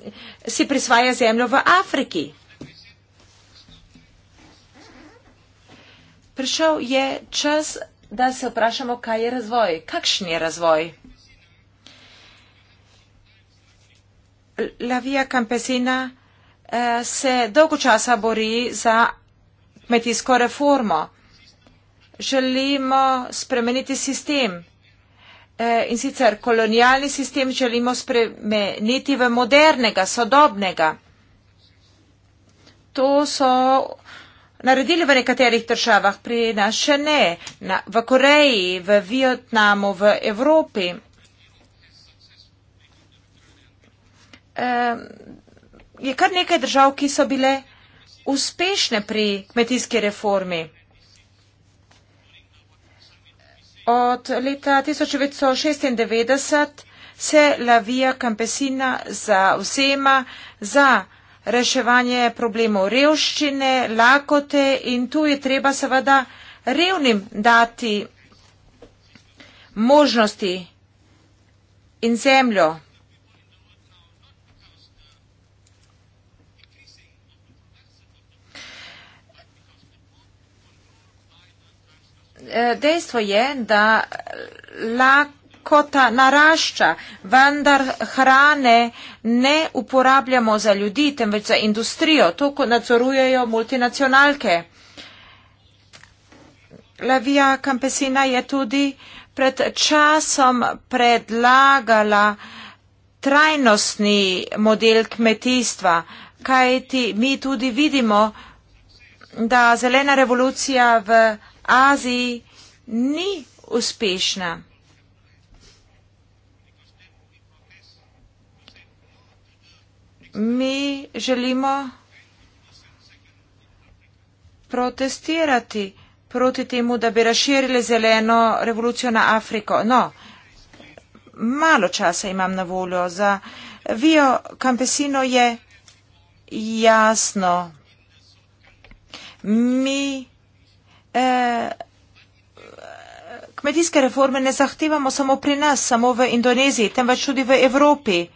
si prisvaja zemljo v Afriki. Prišel je čas, da se vprašamo, kaj je razvoj, kakšen je razvoj. Lavija Campesina eh, se dolgo časa bori za kmetijsko reformo. Želimo spremeniti sistem e, in sicer kolonialni sistem želimo spremeniti v modernega, sodobnega. To so naredili v nekaterih državah, pri nas še ne, na, v Koreji, v Vietnamu, v Evropi. E, je kar nekaj držav, ki so bile uspešne pri kmetijski reformi. Od leta 1996 se Lavija Campesina zauzema za reševanje problemov revščine, lakote in tu je treba seveda revnim dati možnosti in zemljo, dejstvo je, da lakota narašča, vendar hrane ne uporabljamo za ljudi, temveč za industrijo. To nadzorujejo multinacionalke. Lavija Kampesina je tudi pred časom predlagala trajnostni model kmetijstva, kajti mi tudi vidimo, da zelena revolucija v Aziji ni uspešna. Mi želimo protestirati proti temu, da bi razširili zeleno revolucijo na Afriko. No, malo časa imam na voljo za Vio Campesino je jasno. Mi Eh, kmetijske reforme ne zahtevamo samo pri nas, samo v Indoneziji, temveč tudi v Evropi.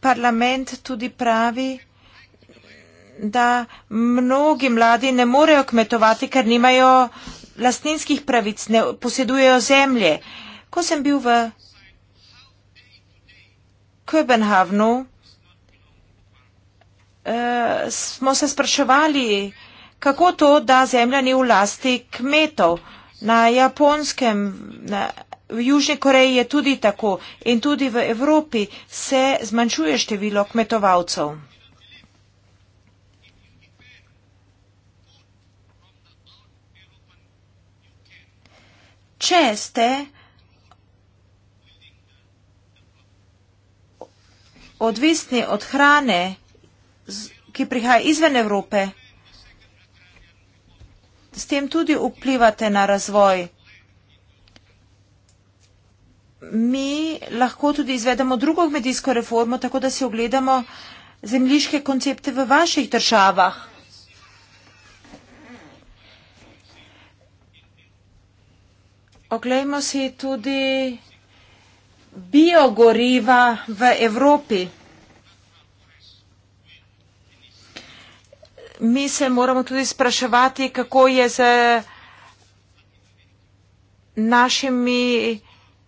Parlament tudi pravi, da mnogi mladi ne morejo kmetovati, ker nimajo lastninskih pravic, ne posedujejo zemlje. Ko sem bil v Köbenhavnu, eh, smo se spraševali, kako kako to, da zemlja ni v lasti kmetov. Na japonskem, na, v Južni Koreji je tudi tako in tudi v Evropi se zmanjšuje število kmetovalcev. Če ste odvisni od hrane, ki prihaja izven Evrope, s tem tudi vplivate na razvoj. Mi lahko tudi izvedemo drugo medijsko reformo, tako da si ogledamo zemljiške koncepte v vaših državah. Oglejmo si tudi biogoriva v Evropi. mi se moramo tudi spraševati, kako je z našimi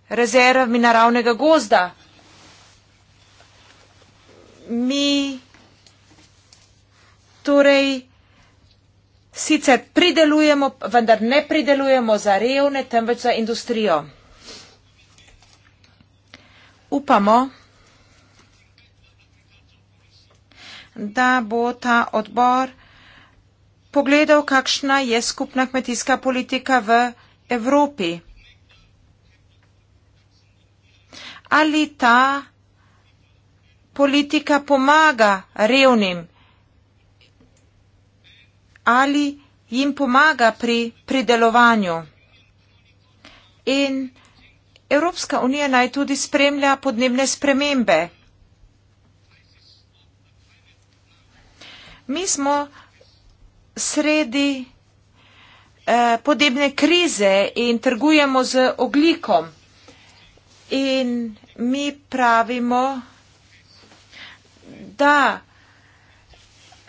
rezervami naravnega gozda. Mi torej sicer pridelujemo, vendar ne pridelujemo za revne, temveč za industrijo. Upamo, da bo ta odbor pogledal, kakšna je skupna kmetijska politika v Evropi. Ali ta politika pomaga revnim? Ali jim pomaga pri pridelovanju? In Evropska unija naj tudi spremlja podnebne spremembe. Mi smo sredi eh, podnebne krize in trgujemo z oglikom. In mi pravimo, da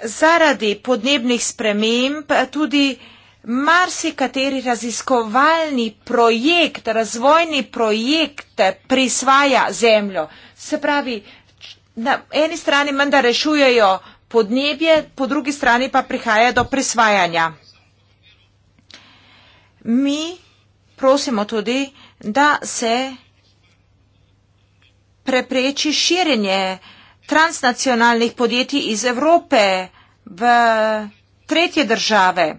zaradi podnebnih sprememb tudi marsikateri raziskovalni projekt, razvojni projekt prisvaja zemljo. Se pravi, na eni strani menda rešujejo podnebje, po drugi strani pa prihaja do prisvajanja. Mi prosimo tudi, da se prepreči širjenje transnacionalnih podjetij iz Evrope v tretje države.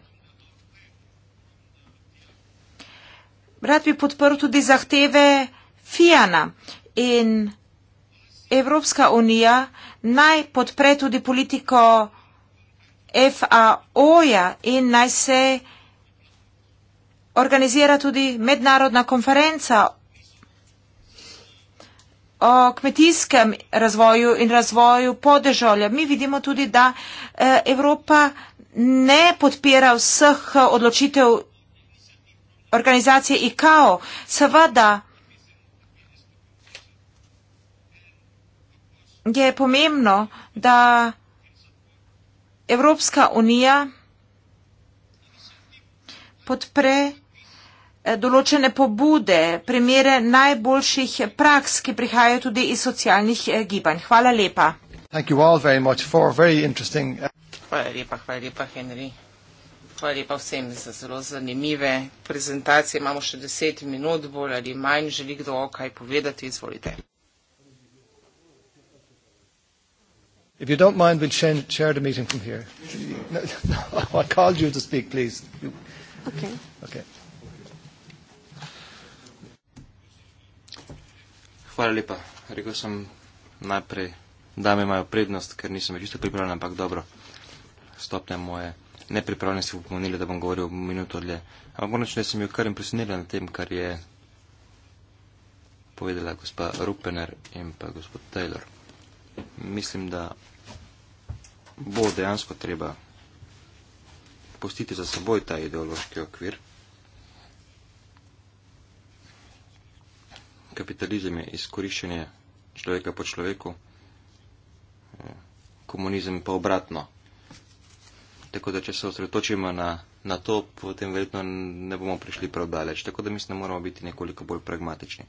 Rad bi podprl tudi zahteve FIANA in Evropska unija naj podpre tudi politiko FAO-ja in naj se organizira tudi mednarodna konferenca o kmetijskem razvoju in razvoju podeželja. Mi vidimo tudi, da e, Evropa ne podpira vseh odločitev organizacije ICAO. Seveda, je pomembno, da Evropska unija podpre eh, določene pobude, primere najboljših praks, ki prihajajo tudi iz socialnih eh, gibanj. Hvala lepa. Eh, hvala lepa, hvala lepa, Henry. Hvala lepa vsem za zelo zanimive prezentacije. Imamo še deset minut, bolj ali manj, želi kdo kaj povedati, izvolite. If you don't mind, we'll chen- chair the meeting from here. No, no, [LAUGHS] I called you to speak, please. You. Okay. Okay. Hvala lepa. Rekel sem najprej, da me imajo prednost, ker nisem več isto pripravljen, ampak dobro, stopne moje nepripravljenosti bo pomenili, da bom govoril minuto dlje. Ampak moram reči, da sem jo kar impresioniran na tem, kar je povedala gospa Rupener in pa gospod Taylor mislim, da bo dejansko treba pustiti za seboj ta ideološki okvir. Kapitalizem je izkoriščenje človeka po človeku, eh, komunizem pa obratno. Tako da, če se osredotočimo na, na to, potem verjetno ne bomo prišli prav daleč. Tako da mislim, da moramo biti nekoliko bolj pragmatični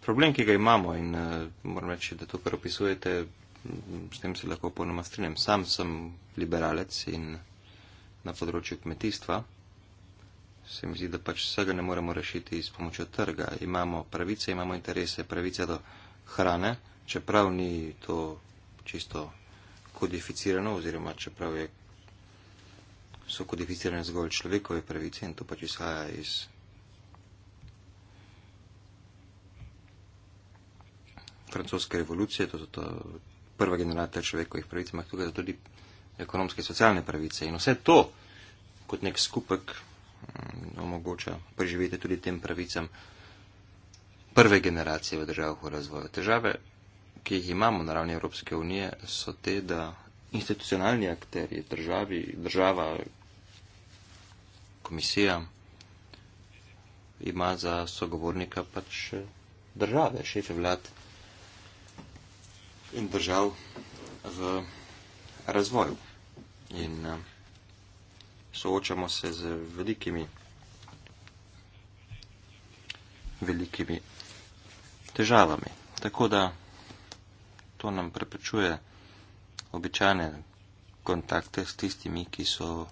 problem, ki ga imamo in uh, moram reči, da to, kar opisujete, s tem se lahko ponoma strinjam. Sam sem liberalec in na področju kmetijstva se mi zdi, da pač vsega ne moremo rešiti s pomočjo trga. Imamo pravice, imamo interese, pravice do hrane, čeprav ni to čisto kodificirano oziroma čeprav je, so kodificirane zgolj človekove pravice in to pač izhaja iz francoske revolucije, to so to prva generacija človekovih pravic, ampak tukaj so tudi ekonomske in socialne pravice. In vse to kot nek skupek mm, omogoča preživeti tudi tem pravicam prve generacije v državah v razvoju. Težave, ki jih imamo na ravni Evropske unije, so te, da institucionalni akterji, državi, država, komisija, ima za sogovornika pač eh, države, šefe vlade in držav v razvoju. In eh, soočamo se z velikimi, velikimi težavami. Tako da to nam preprečuje običajne kontakte s tistimi, ki so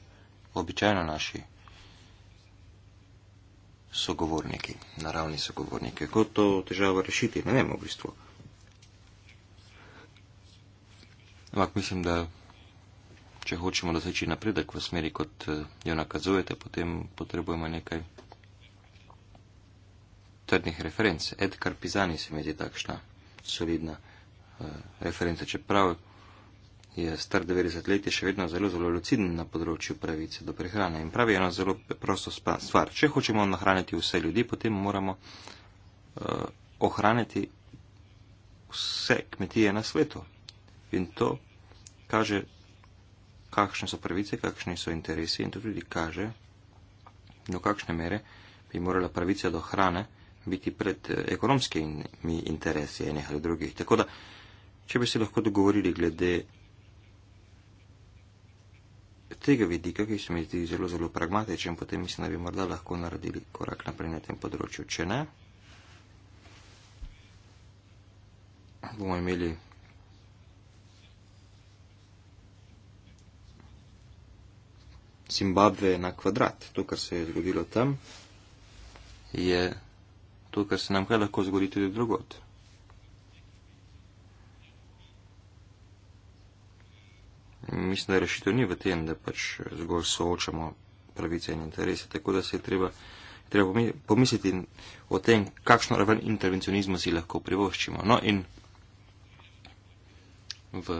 običajno naši sogovorniki, naravni sogovorniki. Kako to težavo rešiti? Ne vem, v bistvu. Ampak mislim, da če hočemo doseči napredek v smeri, kot eh, jo nakazujete, potem potrebujemo nekaj trdnih referenc. Edgar Pizani se mi zdi takšna solidna uh, referenca, čeprav je star 90 let in še vedno zelo, zelo luciden na področju pravice do prehrane. In pravi ena zelo prosta stvar. Če hočemo nahraniti vse ljudi, potem moramo uh, ohraniti vse kmetije na svetu. In to kaže, kakšne so pravice, kakšni so interesi in tudi kaže, do kakšne mere bi morala pravica do hrane biti pred eh, ekonomskimi interesi enih ali drugih. Tako da, če bi se lahko dogovorili glede tega vidika, ki se mi zdi zelo, zelo pragmatičen, potem mislim, da bi morda lahko naredili korak naprej na tem področju. Če ne, bomo imeli Zimbabve na kvadrat. To, kar se je zgodilo tam, je to, kar se nam kaj lahko zgodi tudi drugot. Mislim, da rešitev ni v tem, da pač zgolj soočamo pravice in interese, tako da se je treba, treba pomisliti o tem, kakšno raven intervencionizma si lahko privoščimo. No, in v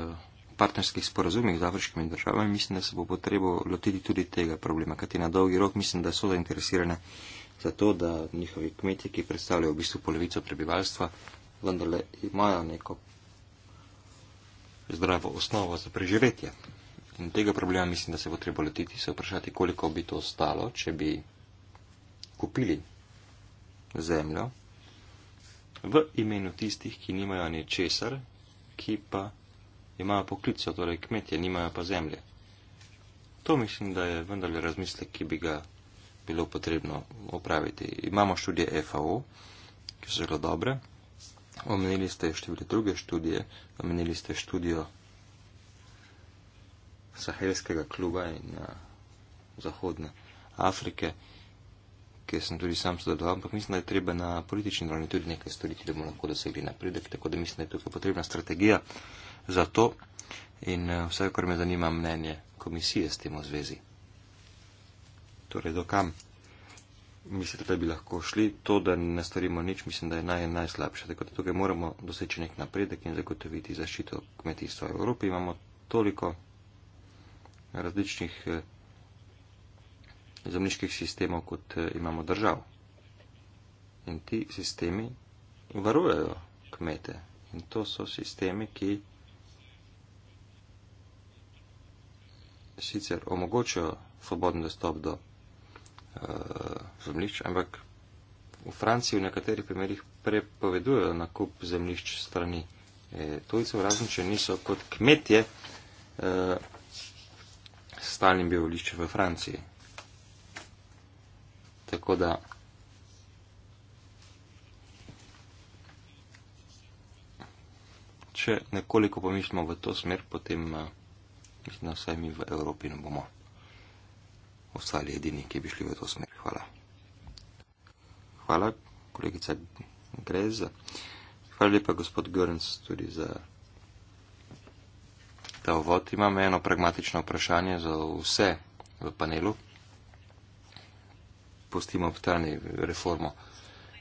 partnerskih sporazumih z afriškimi državami, mislim, da se bo potrebo lotiti tudi tega problema, kajti na dolgi rok mislim, da so zainteresirane za to, da njihovi kmetje, ki predstavljajo v bistvu polovico prebivalstva, vendarle imajo neko zdravo osnovo za preživetje. In tega problema mislim, da se bo treba lotiti, se vprašati, koliko bi to ostalo, če bi kupili zemljo v imenu tistih, ki nimajo ničesar, ki pa imajo poklice, torej kmetje, nimajo pa zemlje. To mislim, da je vendarle razmislek, ki bi ga bilo potrebno opraviti. Imamo študije FAO, ki so zelo dobre. Omenili ste številne druge študije, omenili ste študijo Sahelskega kluba in uh, Zahodne Afrike, kjer sem tudi sam sodeloval, ampak mislim, da je treba na politični ravni tudi nekaj storiti, da bomo lahko dosegli napredek, tako da mislim, da je tukaj potrebna strategija. Uh, za to in eh, vse, kar me zanima mnenje komisije s tem v zvezi. Torej, dokam mislite, da bi lahko šli, to, da ne storimo nič, mislim, da je naj, najslabše. Tako da tukaj moramo doseči nek napredek in zagotoviti zaščito kmetijstva v Evropi. Imamo toliko različnih eh, zemljiških sistemov, kot eh, imamo držav. In ti sistemi varujejo kmete. In to so sistemi, ki sicer omogočajo svoboden dostop do uh, zemljišč, ampak v Franciji v nekaterih primerjih prepovedujejo nakup zemljišč strani eh, tujcev, razen če niso kot kmetje uh, stalnim bivališče v Franciji. Tako da. Če nekoliko pomislimo v to smer, potem. Uh, Praktično vse mi v Evropi ne bomo ostali edini, ki bi šli v to smer. Hvala. Hvala, kolegica Greza. Hvala lepa, gospod Görens, tudi za ta uvod. Imam eno pragmatično vprašanje za vse v panelu. Pustimo ob strani reformo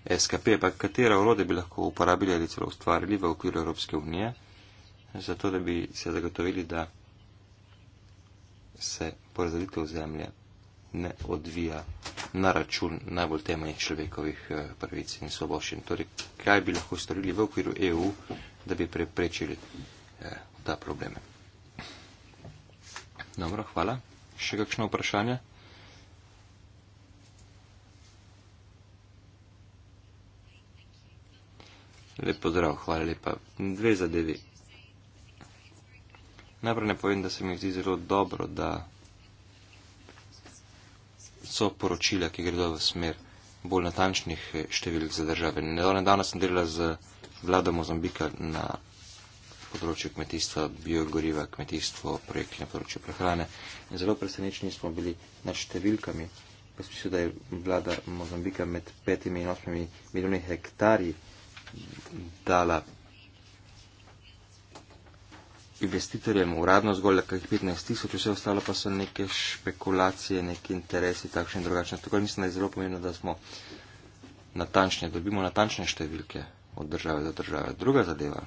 SKP, pa katera urode bi lahko uporabili ali celo ustvarili v okviru Evropske unije, zato da bi se zagotovili, da se porazdelitev zemlje ne odvija na račun najbolj temeljih človekovih eh, pravic in svoboščin. Torej, kaj bi lahko storili v okviru EU, da bi preprečili eh, ta problem? Dobro, hvala. Še kakšno vprašanje? Lep pozdrav, hvala lepa. Dve zadevi. Najprej ne povem, da se mi zdi zelo dobro, da so poročila, ki gredo v smer bolj natančnih eh, številk za države. Nedavno sem delala z vlado Mozambika na področju kmetijstva, biogoriva, kmetijstvo, projekti na področju prehrane. In zelo presenečeni smo bili nad številkami, v smislu, da je vlada Mozambika med petimi in osmimi milijoni hektarji dala investitorjem uradno zgolj nekaj 15 tisoč, vse ostalo pa so neke špekulacije, neki interesi, takšne in drugačne. Tako da mislim, da je zelo pomembno, da smo natančni, dobimo natančne številke od države do države. Druga zadeva,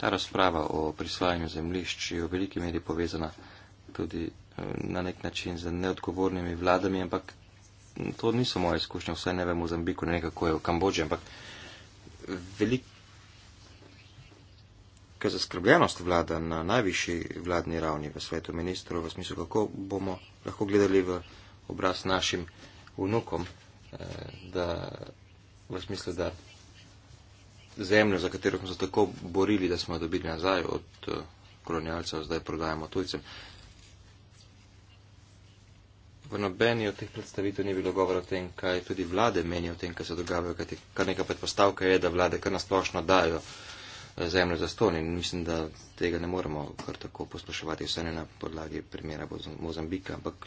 ta razprava o prisvajanju zemljišč je v veliki meri povezana tudi eh, na nek način z neodgovornimi vladami, ampak to niso moje izkušnje, vse ne vem v Zambiku, ne nekako je v Kambodži, ampak velik Ker zaskrbljenost vlada na najvišji vladni ravni v svetu ministrov, v smislu, kako bomo lahko gledali v obraz našim vnukom, eh, da v smislu, da zemljo, za katero smo se tako borili, da smo jo dobili nazaj od eh, kolonialcev, zdaj prodajamo tujcem. V nobeni od teh predstavitev ni bilo govora o tem, kaj tudi vlade menijo o tem, kaj se dogaja, kar neka predpostavka je, da vlade kar nasplošno dajo uh, zemljo za ston in mislim, da tega ne moremo kar tako posploševati, vse ne na podlagi primera Mozambika. Ampak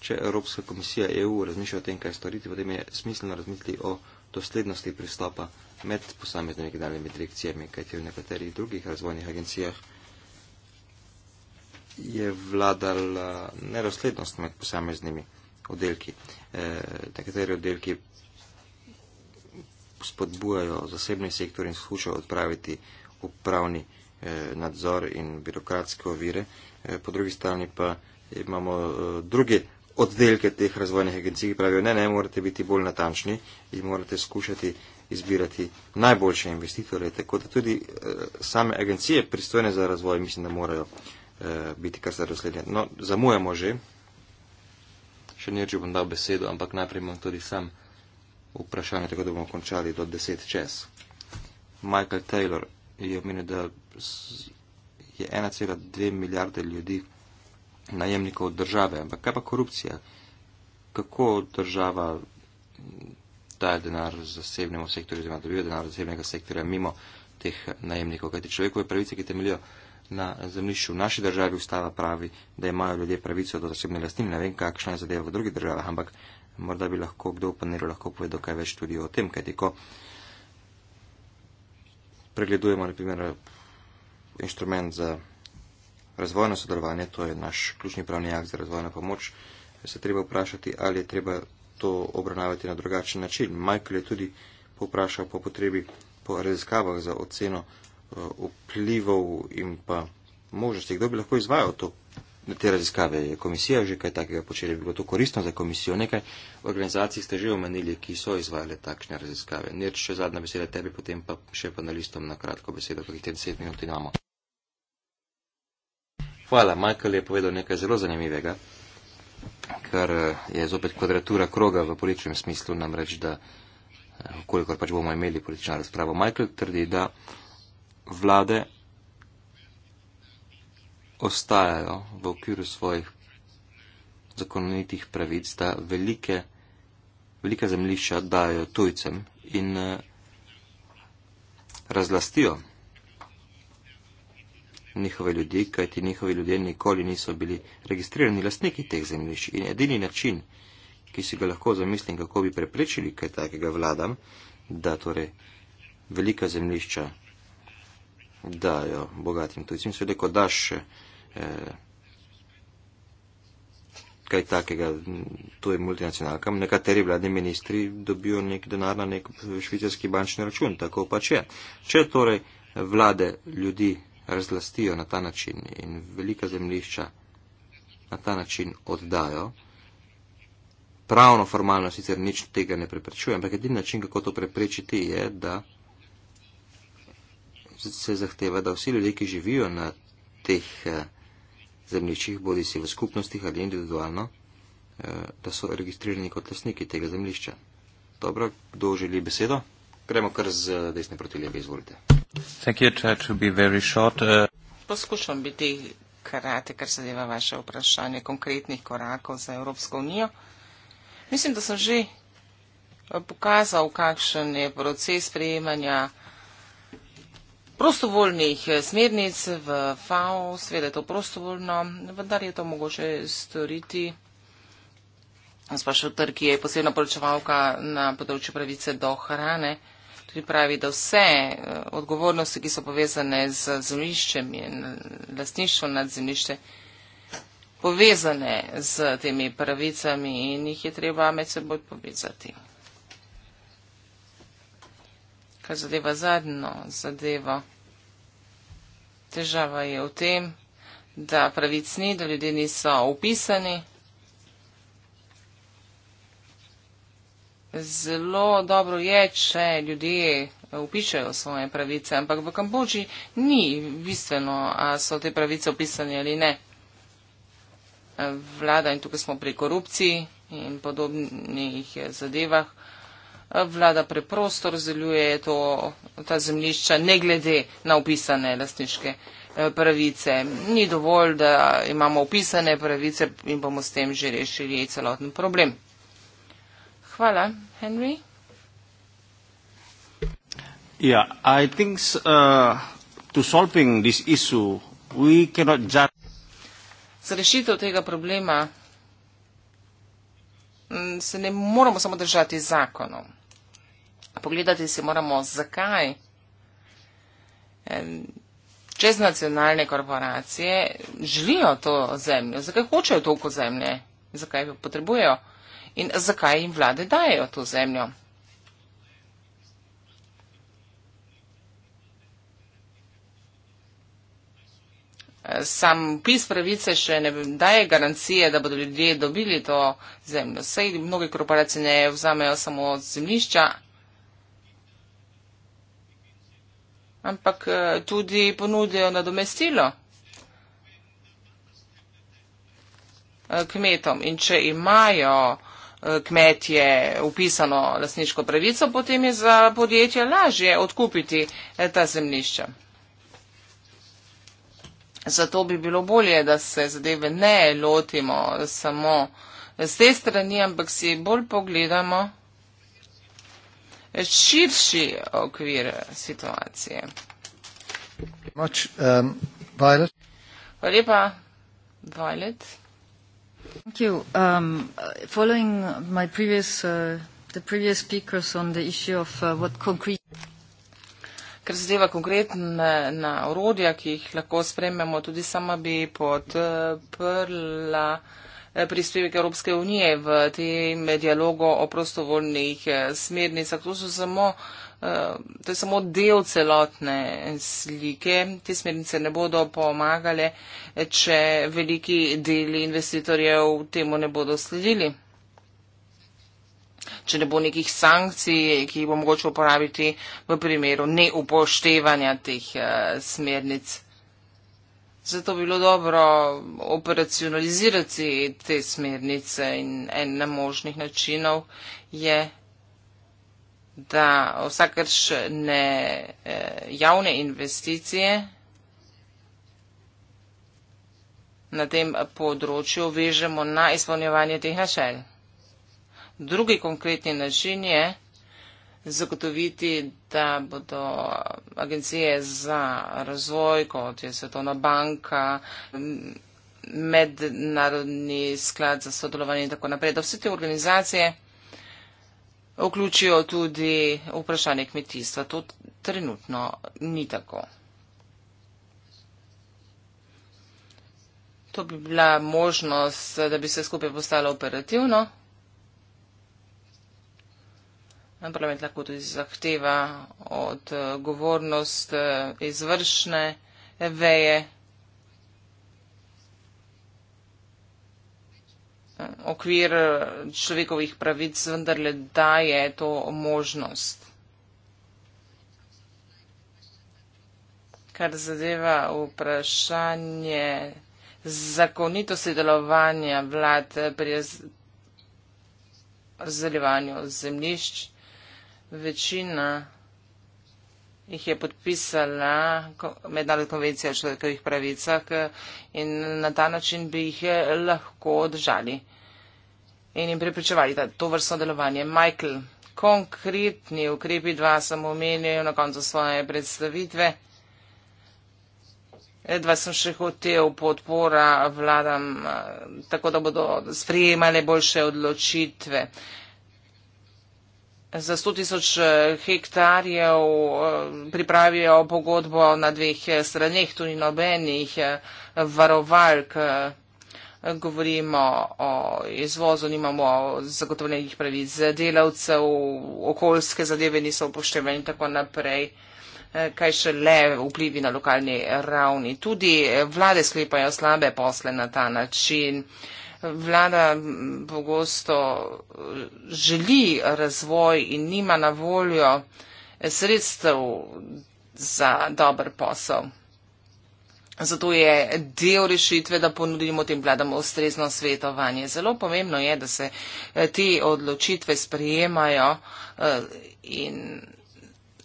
če Evropska komisija EU razmišlja o tem, kaj storiti, potem je smiselno razmisliti o doslednosti pristopa med posameznimi generalnimi direkcijami, kajti v nekaterih drugih razvojnih agencijah je vladala nerazslednost med posameznimi oddelki. E, nekateri oddelki spodbujajo zasebni sektor in skušajo odpraviti upravni eh, nadzor in birokratske ovire. Eh, po drugi strani pa imamo eh, druge oddelke teh razvojnih agencij, ki pravijo, ne, ne, morate biti bolj natančni in morate skušati izbirati najboljše investitore. Tako da tudi eh, same agencije pristojne za razvoj mislim, da morajo eh, biti kar zaroslednje. No, zamujamo že. Še nič, če bom dal besedo, ampak najprej bom tudi sam. Eh, vprašanje, tako da bomo končali do 10 čez. Michael Taylor je omenil, da je 1,2 milijarde ljudi najemnikov države. Ampak kaj pa korupcija? Kako država daje denar zasebnemu sektorju, oziroma dobiva denar zasebnega sektorja mimo teh najemnikov? Kajti človekove pravice, ki temeljijo na zemljišču v naši državi, ustava pravi, da imajo ljudje pravico do zasebne lastnine. Ne vem, kakšna je zadeva v drugih državah, ampak morda bi lahko kdo v panelu lahko povedal kaj več tudi o tem, kajti ko pregledujemo na primer inštrument za razvojno sodelovanje, to je naš ključni pravni akt za razvojno pomoč, se treba vprašati, ali je treba to obravnavati na drugačen način. Michael je tudi poprašal po potrebi po raziskavah za oceno eh, vplivov in pa možnosti, kdo bi lahko izvajal to te raziskave je komisija že kaj takega počela, bi bilo to koristno za komisijo. Nekaj organizacij ste že omenili, ki so izvajale takšne raziskave. Nič, še zadnja beseda tebi, potem pa še panelistom na kratko besedo, kakih te 10 minut imamo. Hvala, Michael je povedal nekaj zelo zanimivega, kar eh, je zopet kvadratura kroga v političnem smislu, namreč, da eh, kolikor pač bomo imeli politično razpravo. Michael trdi, da vlade ostajajo v okviru svojih zakonitih pravic, da velike, velika zemljišča dajo tujcem in eh, razlastijo njihove ljudi, kajti njihovi ljudje nikoli niso bili registrirani lastniki teh zemljišč. In edini način, ki si ga lahko zamislim, kako bi preprečili kaj takega vladam, da torej velika zemljišča dajo bogatim tujcem, seveda, ko daš še eh, kaj takega tu je multinacionalkam, nekateri vladni ministri dobijo nek denar na nek švicarski bančni račun, tako pa če. Če torej vlade ljudi razlastijo na ta način in velika zemljišča na ta način oddajo, pravno, formalno sicer nič tega ne preprečuje, ampak edini način, kako to preprečiti, je, da se zahteva, da vsi ljudje, ki živijo na teh eh, zemljiščih, bodi si v skupnostih ali individualno, eh, da so registrirani kot lasniki tega zemljišča. Dobro, kdo želi besedo? Gremo kar z eh, desne proti levi, izvolite. You, be short, uh... Poskušam biti krati, kar se deva vaše vprašanje konkretnih korakov za Evropsko unijo. Mislim, da sem že pokazal, kakšen je proces prejemanja prostovoljnih eh, smernic v FAO, sveda je to prostovoljno, vendar je to mogoče storiti. Gospa Šutr, ki je posebna poročevalka na področju pravice do hrane, tudi pravi, da vse eh, odgovornosti, ki so povezane z zemljiščem in eh, lastništvom nad zemljiščem, povezane z temi pravicami in jih je treba med seboj povezati kar zadeva zadnjo zadevo. Težava je v tem, da pravic ni, da ljudje niso upisani. Zelo dobro je, če ljudje upišajo svoje pravice, ampak v Kambodži ni bistveno, a so te pravice upisane ali ne. Vlada in tukaj smo pri korupciji in podobnih zadevah vlada preprosto razdeljuje to, ta zemljišča, ne glede na opisane lastniške eh, pravice. Ni dovolj, da imamo opisane pravice in bomo s tem že rešili celoten problem. Hvala, Henry. Ja, I think uh, to solving this issue, we cannot judge. Za rešitev tega problema mm, se ne moramo samo držati zakonov pogledati si moramo, zakaj čez nacionalne korporacije želijo to zemljo, zakaj hočejo toliko zemlje, zakaj jo potrebujejo in zakaj jim vlade dajo to zemljo. Sam pis pravice še ne daje garancije, da bodo ljudje dobili to zemljo. Sej mnogi korporacije ne vzamejo samo zemljišča, ampak eh, tudi ponudijo nadomestilo eh, kmetom. In če imajo eh, kmetje upisano lasniško pravico, potem je za podjetje lažje odkupiti ta zemlišča. Zato bi bilo bolje, da se zadeve ne lotimo samo z te strani, ampak si bolj pogledamo širši okvir situacije. Much, um, Violet. Hvala lepa, Violet. Thank you. Um, following my previous, uh, the previous speakers on the issue of uh, what concrete. Ker zadeva konkretne na orodja, ki jih lahko spremljamo, tudi sama bi podprla. Uh, prispevek Evropske unije v tem dialogu o prostovoljnih eh, smernicah. To, samo, eh, to je samo del celotne slike. Te smernice ne bodo pomagale, če veliki deli investitorjev temu ne bodo sledili. Če ne bo nekih sankcij, ki jih bo mogoče uporabiti v primeru neupoštevanja teh eh, smernic. Zato bi bilo dobro operacionalizirati te smernice in ena možnih načinov je, da vsakršne eh, javne investicije na tem področju vežemo na izpolnjevanje teh načel. Drugi konkretni način je, zagotoviti, da bodo agencije za razvoj, kot je Svetovna banka, mednarodni sklad za sodelovanje in tako naprej, da vse te organizacije vključijo tudi vprašanje kmetijstva. To trenutno ni tako. To bi bila možnost, da bi se skupaj postalo operativno parlament lahko tudi zahteva od eh, govornost eh, izvršne veje eh, okvir človekovih pravic vendarle daje to možnost. Kar zadeva vprašanje zakonitosti delovanja vlad pri razdeljevanju zemljišč, Večina jih je podpisala mednarodno konvencijo o človekovih pravicah eh, in na ta način bi jih eh, lahko držali in jim pripričevali to vrstno delovanje. Michael, konkretni ukrepi dva sem omenil na koncu svoje predstavitve. Eh, dva sem še hotel podpora vladam, tako da bodo sprejemali boljše odločitve za 100 tisoč eh, hektarjev eh, pripravijo pogodbo na dveh eh, straneh, tu ni nobenih varovalk, govorimo o izvozu, nimamo zagotovljenih pravic delavcev, okoljske zadeve niso upoštevene in tako naprej. Eh, kaj še le vplivi na lokalni ravni. Tudi eh, vlade sklepajo slabe posle na ta način. Vlada pogosto eh, želi razvoj in nima na voljo sredstev za dober posel. Zato je del rešitve, da ponudimo tem vladam ustrezno svetovanje. Zelo pomembno je, da se te odločitve sprijemajo in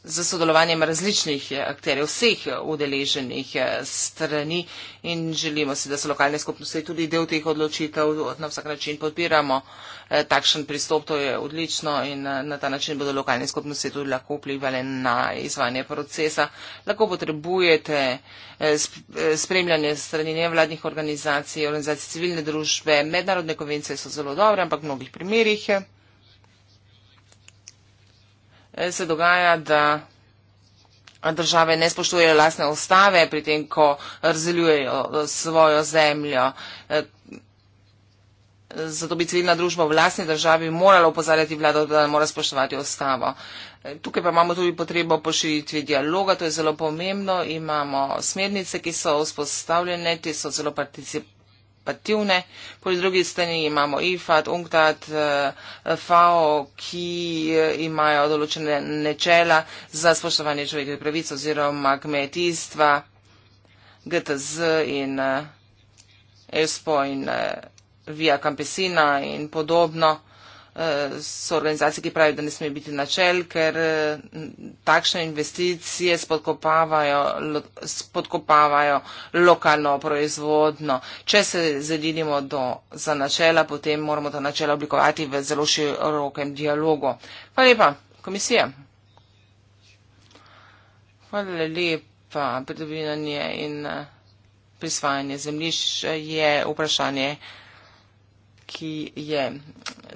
z sodelovanjem različnih eh, akterjev, vseh eh, udeleženih eh, strani in želimo si, da so lokalne skupnosti tudi del teh odločitev, na vsak način podpiramo takšen pristop, to je odlično in na ta način bodo lokalne skupnosti tudi lahko vplivali na izvanje procesa. Lahko potrebujete spremljanje strani nevladnih organizacij, organizacij civilne družbe, mednarodne konvencije so zelo dobre, ampak v mnogih primerjih Eh, se dogaja, da države ne spoštujejo lastne ustave pri tem, ko razdeljujejo eh, svojo zemljo. Eh, zato bi civilna družba v lastni državi morala upozarjati vlado, da mora spoštovati ustavo. Tukaj pa imamo tudi potrebo poširitvi dialoga, to je zelo pomembno. Imamo smernice, ki so vzpostavljene, te so zelo participativne participativne. Po drugi strani imamo IFAD, UNCTAD, eh, FAO, ki eh, imajo določene nečela za spoštovanje človekovih pravic oziroma kmetijstva, GTZ in eh, ESPO in Via Campesina in podobno. Eh, so organizacije, ki pravijo, da ne sme biti načel, ker eh, takšne investicije spodkopavajo, spodkopavajo lokalno proizvodno. Če se zedinimo do, za načela, potem moramo ta načela oblikovati v zelo širokem dialogu. Hvala lepa, komisija. Hvala lepa, predobivanje in eh, prisvajanje zemljišč je vprašanje ki je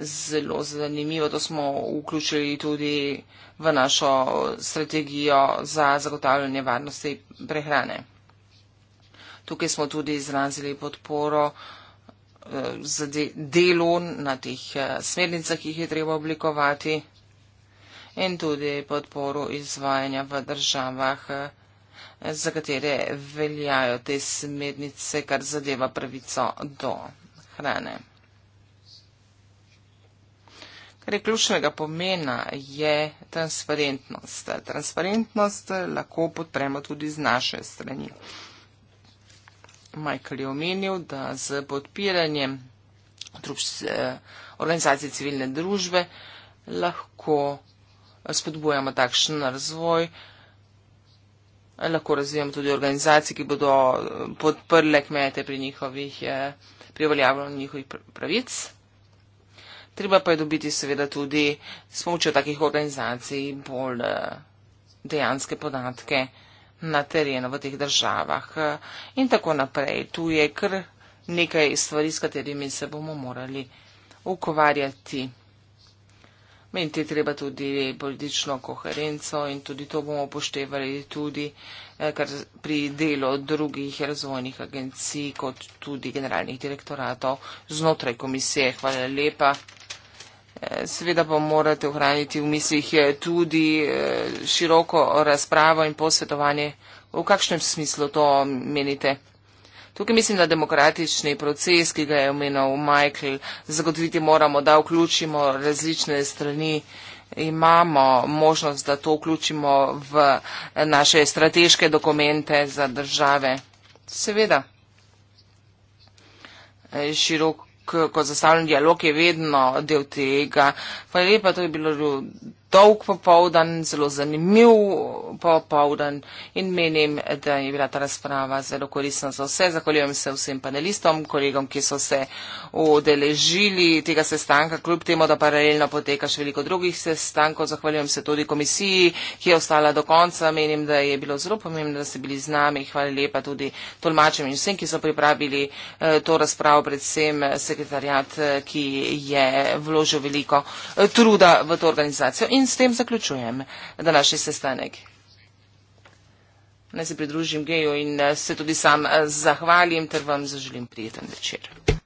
zelo zanimivo. To smo vključili tudi v našo strategijo za zagotavljanje varnosti prehrane. Tukaj smo tudi izrazili podporo eh, za de delo na teh eh, smernicah, ki jih je treba oblikovati in tudi podporo izvajanja v državah, eh, za katere veljajo te smernice, kar zadeva pravico do hrane. Kar je ključnega pomena, je transparentnost. Transparentnost lahko podpremo tudi z naše strani. Michael je omenil, da z podpiranjem eh, organizacije civilne družbe lahko spodbujamo takšen razvoj, lahko razvijamo tudi organizacije, ki bodo eh, podprle kmete pri njihovih, eh, pri uveljavljanju njihovih pravic treba pa je dobiti seveda tudi s pomočjo takih organizacij bolj eh, dejanske podatke na terenu v teh državah eh, in tako naprej. Tu je kar nekaj stvari, s katerimi se bomo morali ukvarjati. Meniti je treba tudi politično koherenco in tudi to bomo upoštevali tudi eh, pri delu drugih razvojnih agencij, kot tudi generalnih direktoratov znotraj komisije. Hvala lepa. Seveda pa morate ohraniti v mislih eh, tudi eh, široko razpravo in posvetovanje. V kakšnem smislu to menite? Tukaj mislim, da demokratični proces, ki ga je omenil Michael, zagotoviti moramo, da vključimo različne strani. Imamo možnost, da to vključimo v naše strateške dokumente za države. Seveda, eh, široko ko zastavljen dialog je vedno del tega. Hvala lepa, to je bilo ljubo dolg popovdan, zelo zanimiv popovdan in menim, da je bila ta razprava zelo korisna za vse. Zahvaljujem se vsem panelistom, kolegom, ki so se odeležili tega sestanka, kljub temu, da paralelno poteka še veliko drugih sestankov. Zahvaljujem se tudi komisiji, ki je ostala do konca. Menim, da je bilo zelo pomembno, da ste bili z nami. Hvala lepa tudi tolmačem in vsem, ki so pripravili eh, to razpravo, predvsem sekretarjat, eh, ki je vložil veliko eh, truda v to organizacijo in s tem zaključujem današnji sestanek. Naj se pridružim geju in eh, se tudi sam eh, zahvalim ter vam zaželim prijeten večer.